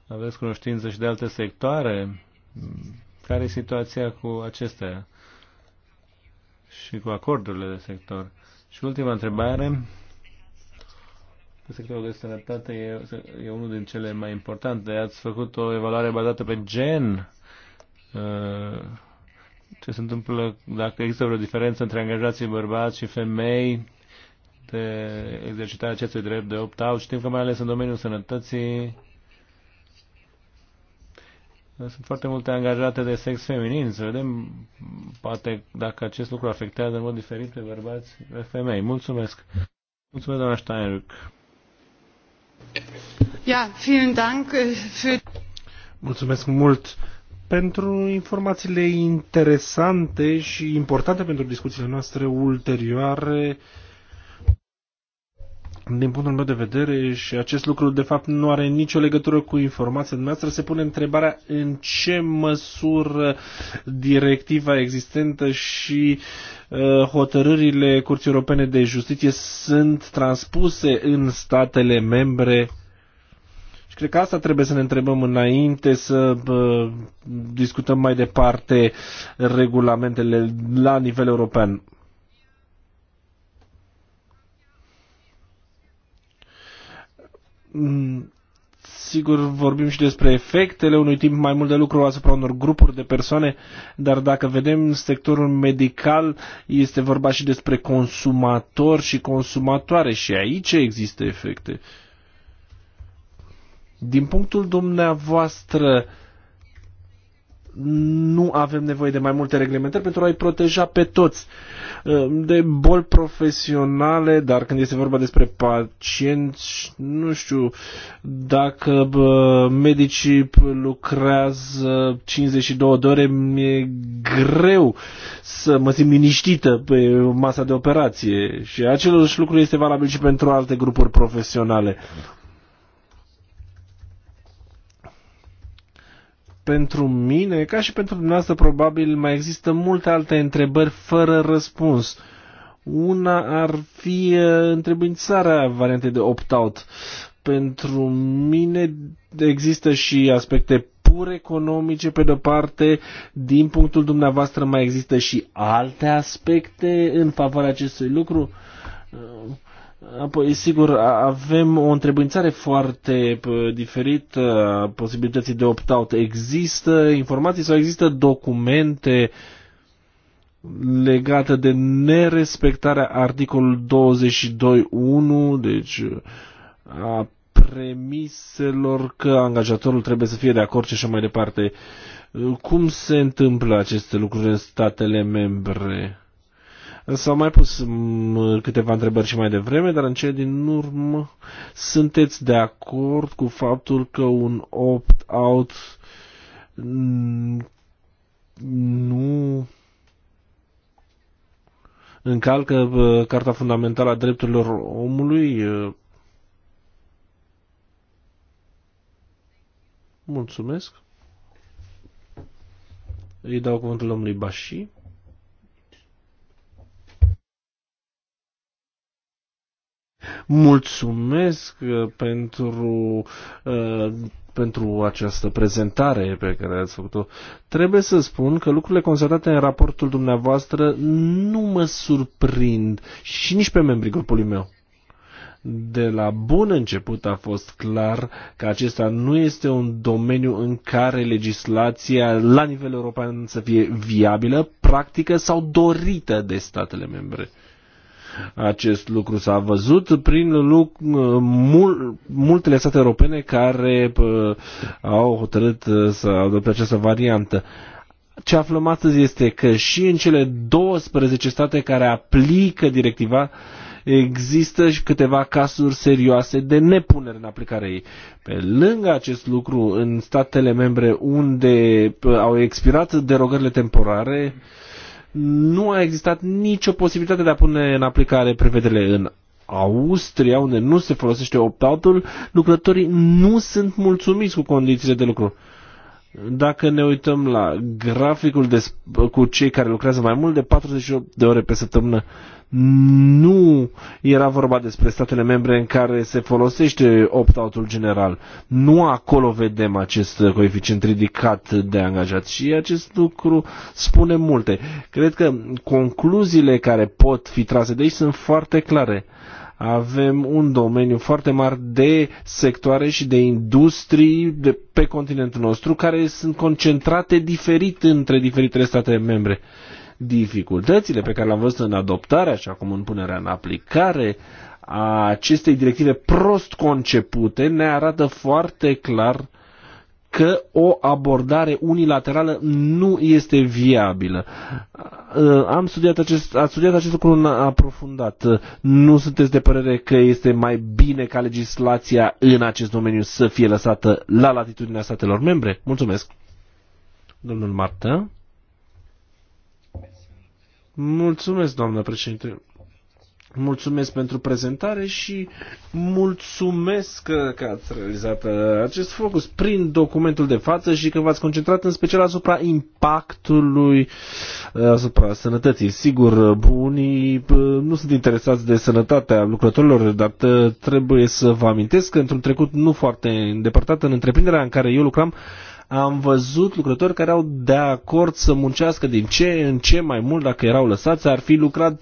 aveți cunoștință și de alte sectoare? Care e situația cu acestea și cu acordurile de sector? Și ultima întrebare. Sectorul de sănătate e, e unul din cele mai importante. Ați făcut o evaluare bazată pe gen. Uh, ce se întâmplă dacă există vreo diferență între angajații bărbați și femei de exercitarea acestui drept de opt-out? Știm că mai ales în domeniul sănătății sunt foarte multe angajate de sex feminin. Să vedem poate dacă acest lucru afectează în mod diferit pe bărbați, pe femei. Mulțumesc. Mulțumesc, doamna Steinruck. Ja, vielen Dank äh, für... Mulțumesc mult pentru informațiile interesante și importante pentru discuțiile noastre ulterioare. Uh, din punctul meu de vedere, și acest lucru de fapt nu are nicio legătură cu informația dumneavoastră, se pune întrebarea în ce măsură directiva existentă și uh, hotărârile Curții Europene de Justiție sunt transpuse în statele membre cred că asta trebuie să ne întrebăm înainte să uh, discutăm mai departe regulamentele la nivel european. Mm, sigur, vorbim și despre efectele unui timp mai mult de lucru asupra unor grupuri de persoane, dar dacă vedem sectorul medical, este vorba și despre consumatori și consumatoare și aici există efecte. Din punctul dumneavoastră, nu avem nevoie de mai multe reglementări pentru a-i proteja pe toți uh, de boli profesionale, dar când este vorba despre pacienți, nu știu dacă medicii lucrează 52 de ore, mi-e greu să mă simt liniștită pe masa de operație și același lucru este valabil și pentru alte grupuri profesionale. pentru mine, ca și pentru dumneavoastră, probabil mai există multe alte întrebări fără răspuns. Una ar fi uh, întrebințarea variantei de opt-out. Pentru mine există și aspecte pur economice pe de-o parte, din punctul dumneavoastră mai există și alte aspecte în favoarea acestui lucru. Uh, Apoi, sigur, avem o întrebăințare foarte diferită posibilității de opt-out. Există informații sau există documente legate de nerespectarea articolul 22.1, deci a premiselor că angajatorul trebuie să fie de acord și așa mai departe. Cum se întâmplă aceste lucruri în statele membre? S-au mai pus mm, câteva întrebări și mai devreme, dar în cele din urmă sunteți de acord cu faptul că un opt-out nu încalcă uh, Carta Fundamentală a Drepturilor Omului? Uh, mulțumesc. Îi dau cuvântul domnului Bashi. mulțumesc uh, pentru uh, pentru această prezentare pe care ați făcut-o. Trebuie să spun că lucrurile constatate în raportul dumneavoastră nu mă surprind și nici pe membrii grupului meu. De la bun început a fost clar că acesta nu este un domeniu în care legislația la nivel european să fie viabilă, practică sau dorită de statele membre. Uh, acest lucru s-a văzut prin mul, multele state europene care au hotărât uh, să adopte această variantă. Ce aflăm astăzi este că și în cele 12 state care aplică directiva există și câteva cazuri serioase de nepunere în aplicare ei. Pe lângă acest lucru, în statele membre unde au expirat derogările temporare, uh, nu a existat nicio posibilitate de a pune în aplicare prevederile în Austria, unde nu se folosește opt-out-ul, lucrătorii nu sunt mulțumiți cu condițiile de lucru. Dacă ne uităm la graficul de, cu cei care lucrează mai mult de 48 de ore pe săptămână, nu era vorba despre statele membre în care se folosește opt-out-ul general. Nu acolo vedem acest coeficient ridicat de angajat și acest lucru spune multe. Cred că concluziile care pot fi trase de aici sunt foarte clare. Uh, avem un domeniu foarte mare de sectoare și de industrii de pe continentul nostru care sunt concentrate diferit între diferitele state membre. Dificultățile pe care le-am văzut în adoptarea și acum în punerea în aplicare a acestei directive prost concepute ne arată foarte clar că o abordare unilaterală nu este viabilă. Uh, am studiat acest, ați studiat acest lucru în aprofundat. Nu sunteți de părere că este mai bine ca legislația în acest domeniu să fie lăsată la latitudinea statelor membre? Mulțumesc. Domnul Marta. Mulțumesc, doamnă președinte. Mulțumesc pentru prezentare și mulțumesc că, că ați realizat uh, acest focus prin documentul de față și că v-ați concentrat în special asupra impactului uh, asupra sănătății. Sigur, bunii uh, nu sunt interesați de sănătatea lucrătorilor, dar trebuie să vă amintesc că într-un trecut nu foarte îndepărtat în întreprinderea în care eu lucram, am văzut lucrători care au de acord să muncească din ce în ce mai mult dacă erau lăsați, ar fi lucrat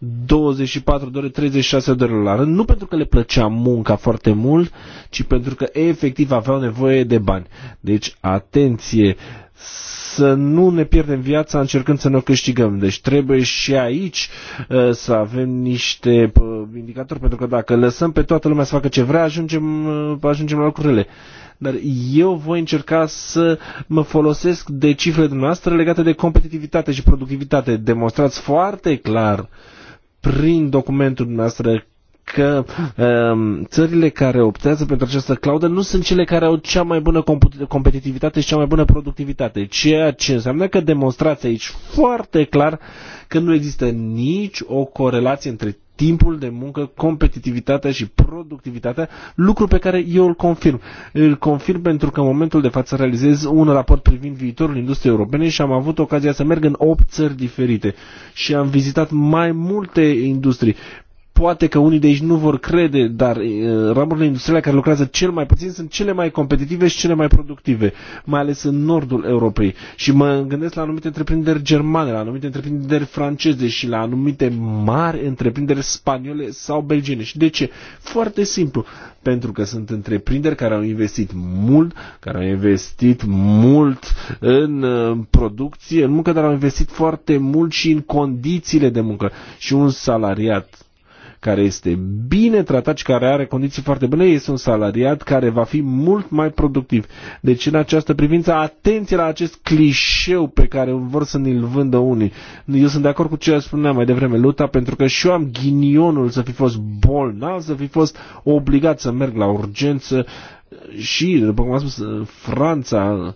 24 de ore, 36 de ore la rând, nu pentru că le plăcea munca foarte mult, ci pentru că efectiv aveau nevoie de bani. Deci, atenție, să nu ne pierdem viața încercând să ne o câștigăm. Deci trebuie și aici uh, să avem niște uh, indicatori, pentru că dacă lăsăm pe toată lumea să facă ce vrea, ajungem, uh, ajungem la lucrurile. Dar eu voi încerca să mă folosesc de cifrele dumneavoastră legate de competitivitate și productivitate. Demonstrați foarte clar uh, prin documentul dumneavoastră că um, țările care optează pentru această claudă nu sunt cele care au cea mai bună competitivitate și cea mai bună productivitate, ceea ce înseamnă că demonstrați aici foarte clar că nu există nici o corelație între timpul de muncă, competitivitatea și productivitatea, lucru pe care eu îl confirm. Îl confirm pentru că în momentul de față realizez un raport privind viitorul industriei europene și am avut ocazia să merg în 8 țări diferite și am vizitat mai multe industrii. Poate că unii de aici nu vor crede, dar ramurile industriale care lucrează cel mai puțin sunt cele mai competitive și cele mai productive, mai ales în nordul Europei. Și mă gândesc la anumite întreprinderi germane, la anumite întreprinderi franceze și la anumite mari întreprinderi spaniole sau belgiene. Și de ce? Foarte simplu. Pentru că sunt întreprinderi care au investit mult, care au investit mult în uh, producție, în muncă, dar au investit foarte mult și în condițiile de muncă. Și un salariat care este bine tratat și care are condiții foarte bune, este un salariat care va fi mult mai productiv. Deci în această privință, atenție la acest clișeu pe care vor să ne-l vândă unii. Eu sunt de acord cu ce spuneam mai devreme, Luta, pentru că și eu am ghinionul să fi fost bolnav, să fi fost obligat să merg la urgență și, după cum am spus, Franța, uh,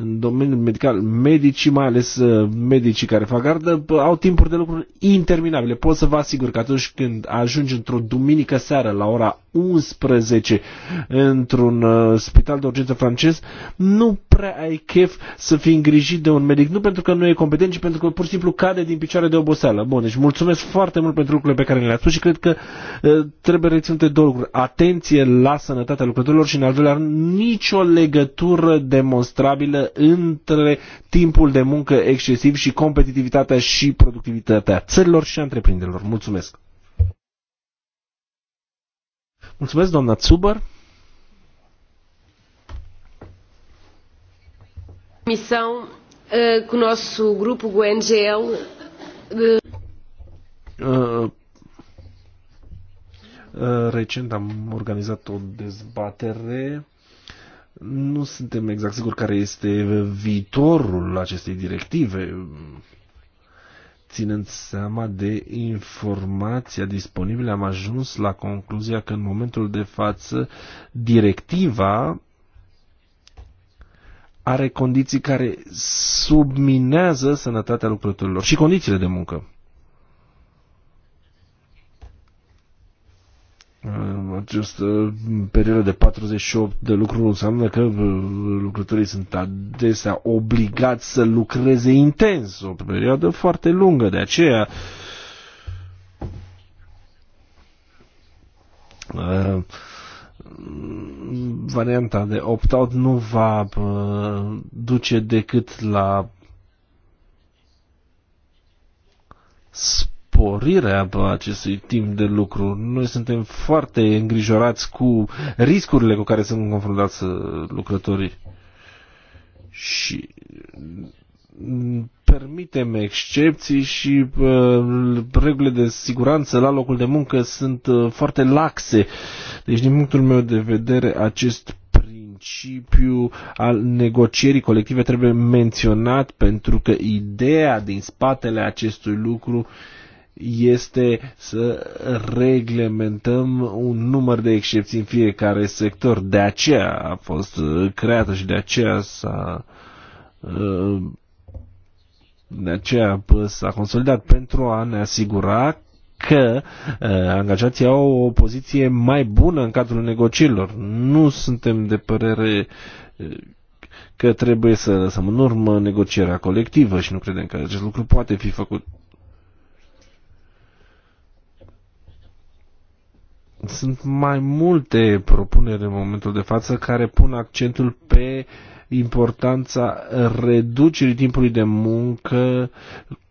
în domeniul medical, medicii, mai ales uh, medicii care fac gardă, au timpuri de lucru interminabile. Pot să vă asigur că atunci când ajungi într-o duminică seară la ora 11 într-un uh, spital de urgență francez, nu prea ai chef să fii îngrijit de un medic, nu pentru că nu e competent, ci pentru că pur și simplu cade din picioare de oboseală. Bun, deci mulțumesc foarte mult pentru lucrurile pe care le-ați spus și cred că uh, trebuie reținute două lucruri. Atenție la sănătatea lucrătorilor și, în al doilea rând, nicio legătură demonstrabilă între timpul de muncă excesiv și competitivitatea și productivitatea țărilor și a întreprinderilor. Mulțumesc! Mulțumesc, doamna Tsubăr. Missão uh, eh, grupul o nosso grupo Uh, uh, recent am organizat o dezbatere nu suntem exact siguri care este viitorul acestei directive, ținând seama de informația disponibilă, am ajuns la concluzia că în momentul de față directiva are condiții care subminează sănătatea lucrătorilor și condițiile de muncă. această perioadă de 48 de lucru înseamnă că uh, lucrătorii sunt adesea obligați să lucreze intens, o perioadă foarte lungă, de aceea uh, varianta de opt-out nu va uh, duce decât la sporirea acestui timp de lucru. Noi suntem foarte îngrijorați cu riscurile cu care sunt confruntați uh, lucrătorii. Și mm, permitem excepții și uh, regulile de siguranță la locul de muncă sunt uh, foarte laxe. Deci, din punctul meu de vedere, acest principiu al negocierii colective trebuie menționat pentru că ideea din spatele acestui lucru este să reglementăm un număr de excepții în fiecare sector. De aceea a fost uh, creată și de aceea s-a uh, de aceea s-a consolidat pentru a ne asigura că uh, angajații au o poziție mai bună în cadrul negocierilor. Nu suntem de părere uh, că trebuie să lăsăm în urmă negocierea colectivă și nu credem că acest lucru poate fi făcut. Sunt mai multe propuneri în momentul de față care pun accentul pe importanța reducerii timpului de muncă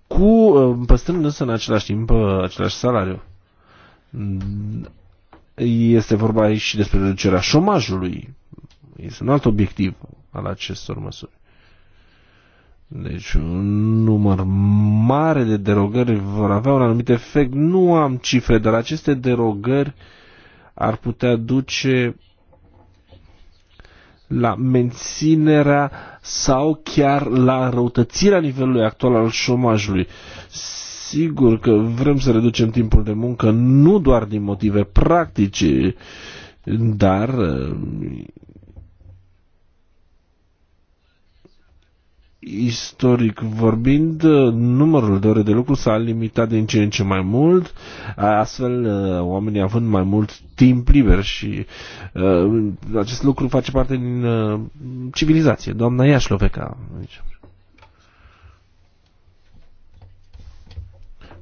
cu uh, păstrând însă în același timp uh, același salariu. Este vorba aici și despre reducerea șomajului. Este un alt obiectiv al acestor măsuri. Deci un număr mare de derogări vor avea un anumit efect. Nu am cifre, dar aceste derogări uh, ar putea duce la menținerea sau chiar la răutățirea nivelului actual al șomajului. Sigur că vrem să reducem timpul de muncă nu doar din motive practice, dar istoric vorbind, numărul de ore de lucru s-a limitat din ce în ce mai mult, astfel uh, oamenii având mai mult timp liber și uh, acest lucru face parte din uh, civilizație. Doamna Iașloveca.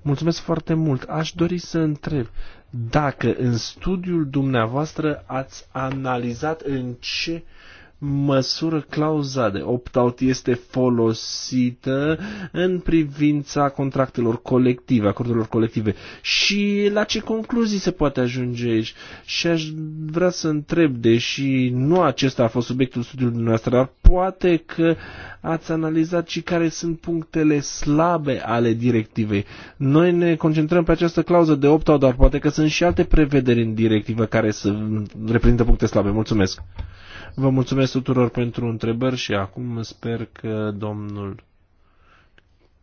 Mulțumesc foarte mult. Aș dori să întreb dacă în studiul dumneavoastră ați analizat în ce uh, măsură clauza de opt-out este folosită în privința contractelor colective, acordurilor colective și la ce concluzii se poate ajunge aici? Și aș vrea să întreb, deși nu acesta a fost subiectul studiului dumneavoastră, dar poate că ați analizat și care sunt punctele slabe ale directivei. Noi ne concentrăm pe această clauză de opt-out, dar poate că sunt și alte prevederi în directivă care să reprezintă puncte slabe. Mulțumesc! Vă mulțumesc tuturor pentru întrebări și acum sper că domnul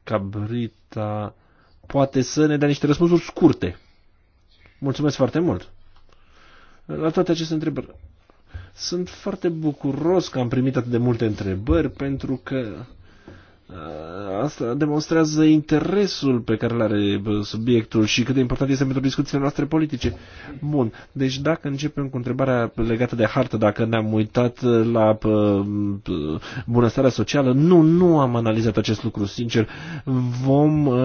Cabrita poate să ne dea niște răspunsuri scurte. Mulțumesc foarte mult la toate aceste întrebări. Sunt foarte bucuros că am primit atât de multe întrebări pentru că Uh, asta demonstrează interesul pe care îl are subiectul și cât de important este pentru discuțiile noastre politice. Bun, deci dacă începem cu întrebarea legată de hartă, dacă ne-am uitat la bunăstarea socială, nu, nu am analizat acest lucru, sincer. Vom uh,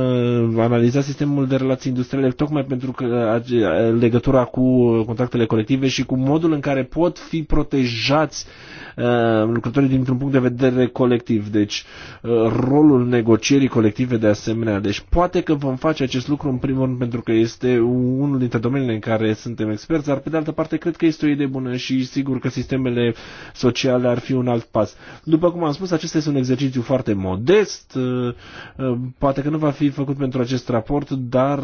analiza sistemul de relații industriale tocmai pentru că uh, legătura cu contractele colective și cu modul în care pot fi protejați uh, Uh, lucrătorii dintr-un punct de vedere colectiv. Deci uh, rolul negocierii colective de asemenea. Deci poate că vom face acest lucru în primul rând pentru că este unul dintre domeniile în care suntem experți, dar pe de altă parte cred că este o idee bună și sigur că sistemele sociale ar fi un alt pas. După cum am spus, acesta este un exercițiu foarte modest, uh, poate că nu va fi făcut pentru acest raport, dar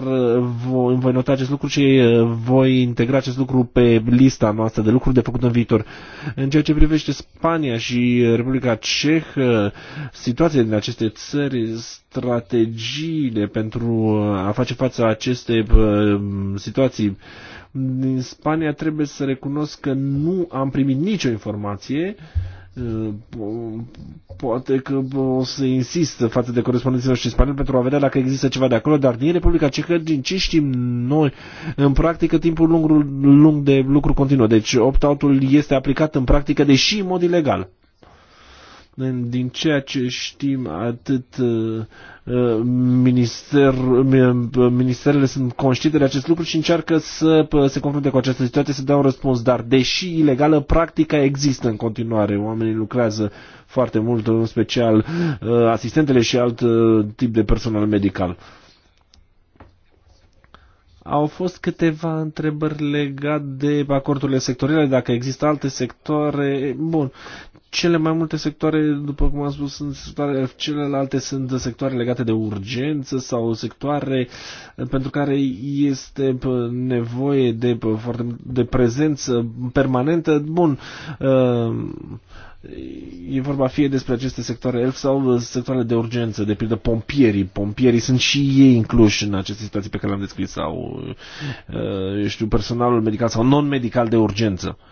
voi, voi nota acest lucru și voi integra acest lucru pe lista noastră de lucruri de făcut în viitor. În ceea ce privește Spania și Republica Cehă, situația din aceste țări, strategiile pentru a face față aceste uh, situații din Spania, trebuie să recunosc că nu am primit nicio informație uh, Eh, poate că o să insist față de corespondenții noștri spaniol pentru a vedea dacă există ceva de acolo, dar din Republica Cehă, din ce știm noi, în practică timpul lung, lung de lucru continuă. Deci opt-out-ul este aplicat în practică, deși în mod ilegal din ceea ce știm atât uh, uh, minister, uh, ministerele sunt conștiente de acest lucru și încearcă să se confrunte cu această situație, să dea un răspuns. Dar deși ilegală, practica există în continuare. Oamenii lucrează foarte mult, în special asistentele și alt tip de personal medical. Au fost câteva întrebări legate de acordurile sectoriale, dacă există alte sectoare. Bun, cele mai multe sectoare, după cum am spus, sunt sectoare, celelalte sunt sectoare legate de urgență sau sectoare eh, pentru care este eh, nevoie de, eh, de prezență permanentă. Bun, e vorba fie despre aceste sectoare elf sau sectoarele de urgență, de pildă pompierii. Pompierii sunt și ei incluși în aceste situații pe care le-am descris sau, eu știu, personalul medical sau non-medical de urgență. Uh,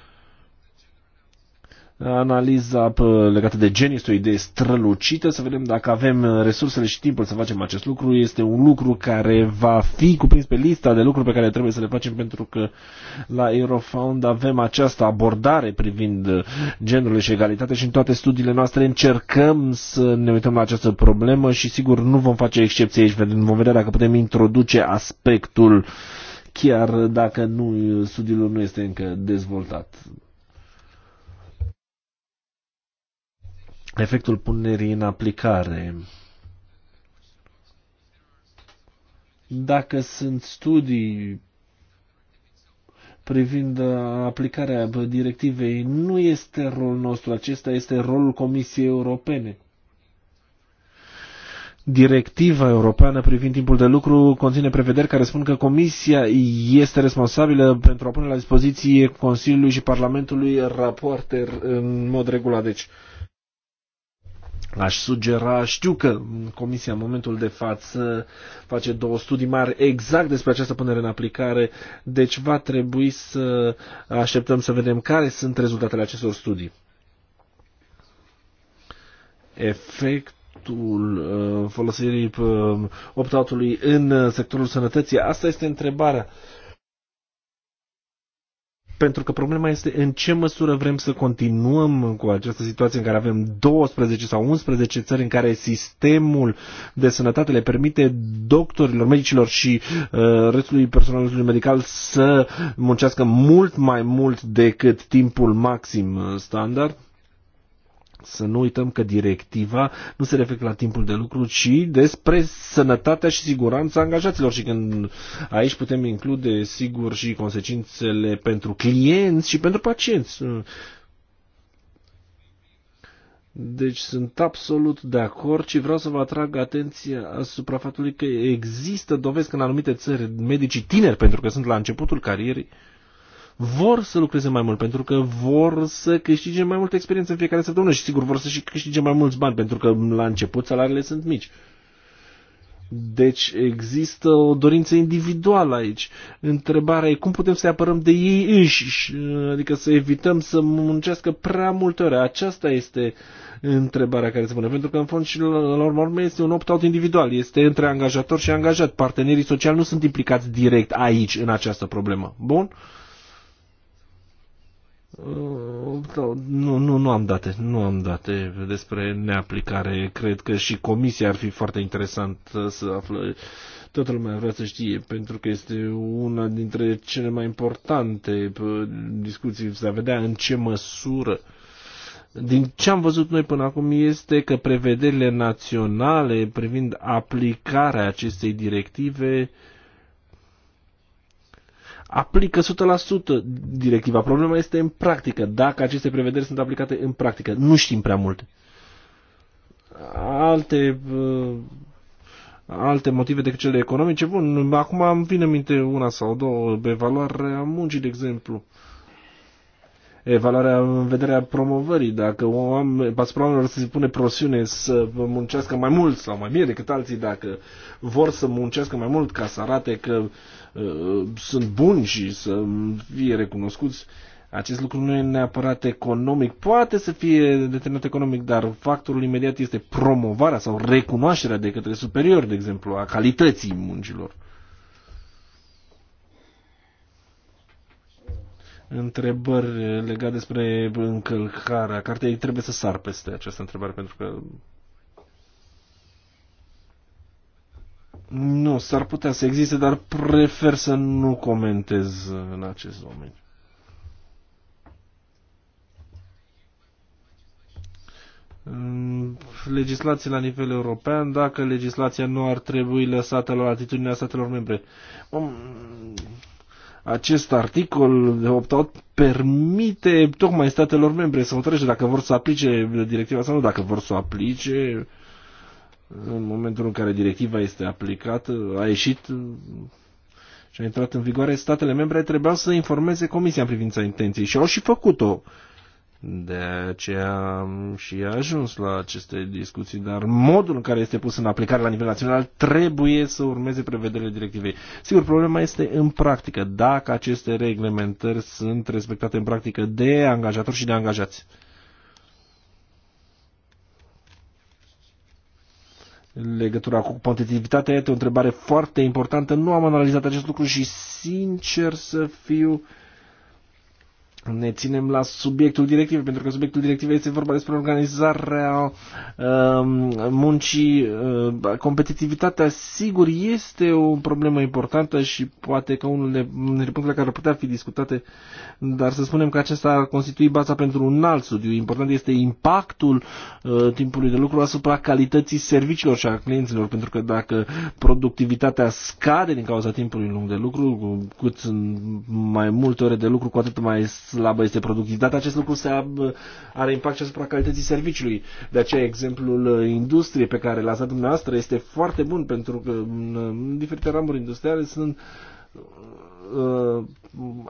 analiza legată de gen este o idee strălucită, să vedem dacă avem resursele și timpul să facem acest lucru. Este un lucru care va fi cuprins pe lista de lucruri pe care trebuie să le facem pentru că la Eurofound avem această abordare privind genurile și egalitate și în toate studiile noastre încercăm să ne uităm la această problemă și sigur nu vom face excepție aici, vom vedea dacă putem introduce aspectul chiar dacă nu, studiul nu este încă dezvoltat. efectul punerii în aplicare. Dacă sunt studii privind aplicarea directivei, nu este rolul nostru, acesta este rolul Comisiei Europene. Directiva europeană privind timpul de lucru conține prevederi care spun că Comisia este responsabilă pentru a pune la dispoziție Consiliului și Parlamentului raporte în mod regulat. Deci, uh, aș sugera, știu că Comisia în momentul de față face două studii mari exact despre această punere în aplicare, deci va trebui să așteptăm să vedem care sunt rezultatele acestor studii. Efect uh, folosirii uh, opt în uh, sectorul sănătății? Asta este întrebarea. Pentru că problema este în ce măsură vrem să continuăm cu această situație în care avem 12 sau 11 țări în care sistemul de sănătate le permite doctorilor, medicilor și uh, restului personalului medical să muncească mult mai mult decât timpul maxim uh, standard. Să nu uităm că directiva nu se referă la timpul de lucru, ci despre sănătatea și siguranța angajaților și când aici putem include, sigur, și consecințele pentru clienți și pentru pacienți. Deci sunt absolut de acord și vreau să vă atrag atenția asupra faptului că există dovezi că în anumite țări medicii tineri, pentru că sunt la începutul carierei, vor să lucreze mai mult, pentru că vor să câștige mai multă experiență în fiecare săptămână și sigur vor să și câștige mai mulți bani, pentru că la început salariile sunt mici. Deci există o dorință individuală aici. Întrebarea e cum putem să apărăm de ei înșiși, adică să evităm să muncească prea multe ore. Aceasta este întrebarea care se pune, pentru că în fond și la, la urmă este un opt-out individual, este între angajator și angajat. Partenerii sociali nu sunt implicați direct aici în această problemă. Bun? Uh, Uh, nu, nu, nu am date, nu am date despre neaplicare. Cred că și comisia ar fi foarte interesant să află. Toată lumea vrea să știe, pentru că este una dintre cele mai importante uh, discuții, să vedea în ce măsură din ce am văzut noi până acum este că prevederile naționale privind aplicarea acestei directive uh, aplică 100% directiva. Problema este în practică, dacă aceste prevederi sunt aplicate în practică. Nu știm prea multe. Alte, uh, alte motive decât cele economice, bun, acum îmi vine în minte una sau două, evaluarea muncii, de exemplu evaluarea în vederea promovării, dacă să se pune presiune să muncească mai mult sau mai bine decât alții, dacă vor să muncească mai mult ca să arate că Uh, sunt buni și să fie recunoscuți. Acest lucru nu e neapărat economic, poate să fie determinat economic, dar factorul imediat este promovarea sau recunoașterea de către superiori, de exemplu, a calității muncilor. întrebări legate despre încălcarea cartei, trebuie să sar peste această întrebare pentru că Nu, s-ar putea să existe, dar prefer să nu comentez în acest domeniu. legislație la nivel european, dacă legislația nu ar trebui lăsată la atitudinea statelor membre. Acest articol de opt-out permite tocmai statelor membre să trece dacă vor să aplice directiva sau nu, dacă vor să o aplice în momentul în care directiva este aplicată, a ieșit uh, și a intrat în vigoare, statele membre trebuiau să informeze Comisia în privința intenției și au și făcut-o. De aceea am și ajuns la aceste discuții, dar modul în care este pus în aplicare la nivel național trebuie să urmeze prevederile directivei. Sigur, problema este în practică, dacă aceste reglementări sunt respectate în practică de angajatori și de angajați. legătura cu competitivitatea este o întrebare foarte importantă. Nu am analizat acest lucru și, sincer să fiu, ne ținem la subiectul directiv, pentru că subiectul directiv este vorba despre organizarea uh, muncii, uh, competitivitatea, sigur, este o problemă importantă și poate că unul dintre punctele care ar putea fi discutate, dar să spunem că acesta ar constitui baza pentru un alt studiu. Important este impactul uh, timpului de lucru asupra calității serviciilor și a clienților, pentru că dacă productivitatea scade din cauza timpului lung de lucru, cu cât sunt mai multe ore de lucru, cu atât mai slabă este productivitatea, acest lucru se are impact și asupra calității serviciului. De aceea, exemplul industriei pe care l-ați dat dumneavoastră este foarte bun, pentru că în diferite ramuri industriale sunt uh,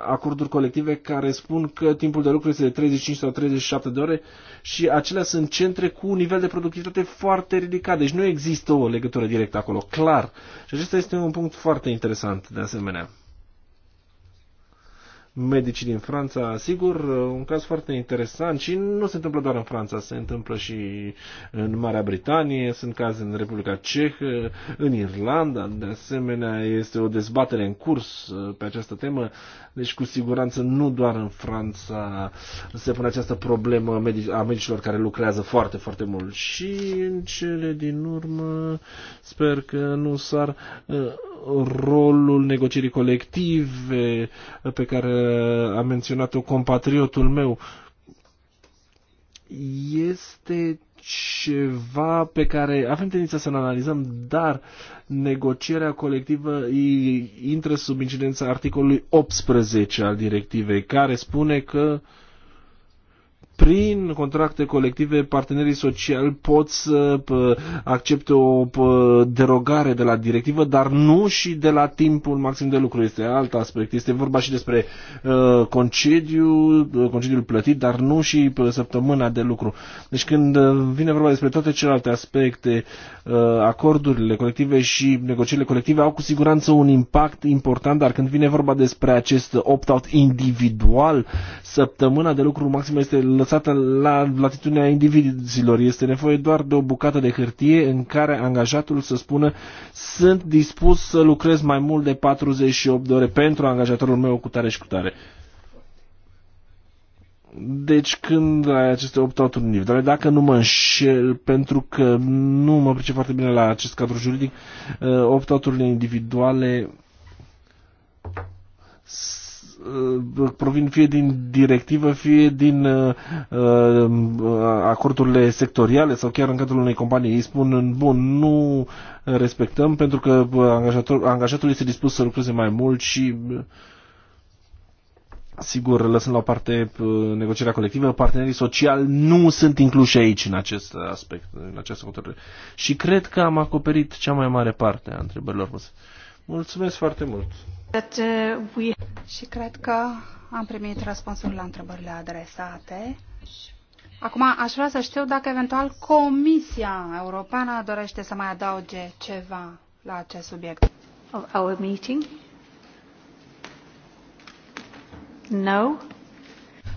acorduri colective care spun că timpul de lucru este de 35 sau 37 de ore și acelea sunt centre cu un nivel de productivitate foarte ridicat. Deci nu există o legătură directă acolo, clar. Și acesta este un punct foarte interesant de asemenea medicii din Franța, sigur, un caz foarte interesant și nu se întâmplă doar în Franța, se întâmplă și în Marea Britanie, sunt cazuri în Republica Cehă, în Irlanda, de asemenea este o dezbatere în curs uh, pe această temă, deci cu siguranță nu doar în Franța se pune această problemă a medicilor care lucrează foarte, foarte mult și în cele din urmă sper că nu s-ar uh, rolul negocierii colective pe care a menționat-o compatriotul meu este ceva pe care avem tendința să-l analizăm, dar negocierea colectivă intră sub incidența articolului 18 al directivei, care spune că uh, prin contracte colective, partenerii sociali pot să accepte o derogare de la directivă, dar nu și de la timpul maxim de lucru. Este alt aspect. Este vorba și despre ă, concediu, ă, concediul plătit, dar nu și săptămâna de lucru. Deci când ă, vine vorba despre toate celelalte aspecte, acordurile colective și negocierile colective au cu siguranță un impact important, dar când vine vorba despre acest opt-out individual, săptămâna de lucru maxim este lăsată învățată la latitudinea indivizilor. Este nevoie doar de o bucată de hârtie în care angajatul să spună sunt dispus să lucrez mai mult de 48 de ore pentru angajatorul meu cu tare și cu tare. Deci când ai aceste 8 out individuale, dacă nu mă înșel, pentru că nu mă pricep foarte bine la acest cadru juridic, 8 eh, out individuale Uh, provin fie din directivă, fie din uh, uh, acordurile sectoriale sau chiar în cadrul unei companii. Ei spun, bun, nu respectăm pentru că angajatul este dispus să lucreze mai mult și sigur, lăsând la o parte negocierea colectivă, partenerii sociali nu sunt incluși aici în acest aspect, în această hotărâre. Și cred că am acoperit cea mai mare parte a întrebărilor. Mulțumesc foarte mult! That, uh, we... Și cred că am primit răspunsul la întrebările adresate. Acum aș vrea să știu dacă eventual Comisia Europeană dorește să mai adauge ceva la acest subiect. Of our meeting? No?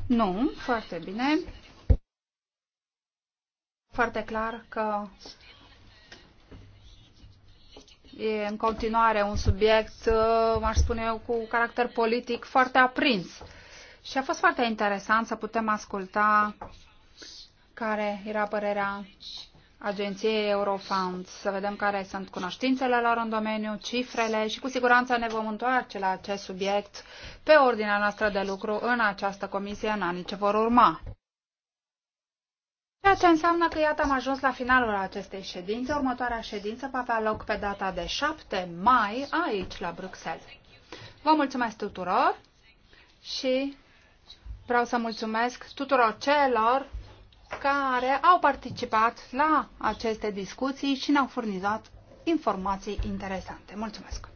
Nu, foarte bine. Foarte clar că E în continuare un subiect, uh, aș spune eu, cu caracter politic foarte aprins. Și a fost foarte interesant să putem asculta care era părerea Agenției Eurofound, să vedem care sunt cunoștințele lor în domeniu, cifrele și cu siguranță ne vom întoarce la acest subiect pe ordinea noastră de lucru în această comisie în anii ce vor urma. Ceea ce înseamnă că, iată, am ajuns la finalul acestei ședințe. Următoarea ședință va avea loc pe data de 7 mai aici, la Bruxelles. Vă mulțumesc tuturor și vreau să mulțumesc tuturor celor care au participat la aceste discuții și ne-au furnizat informații interesante. Mulțumesc!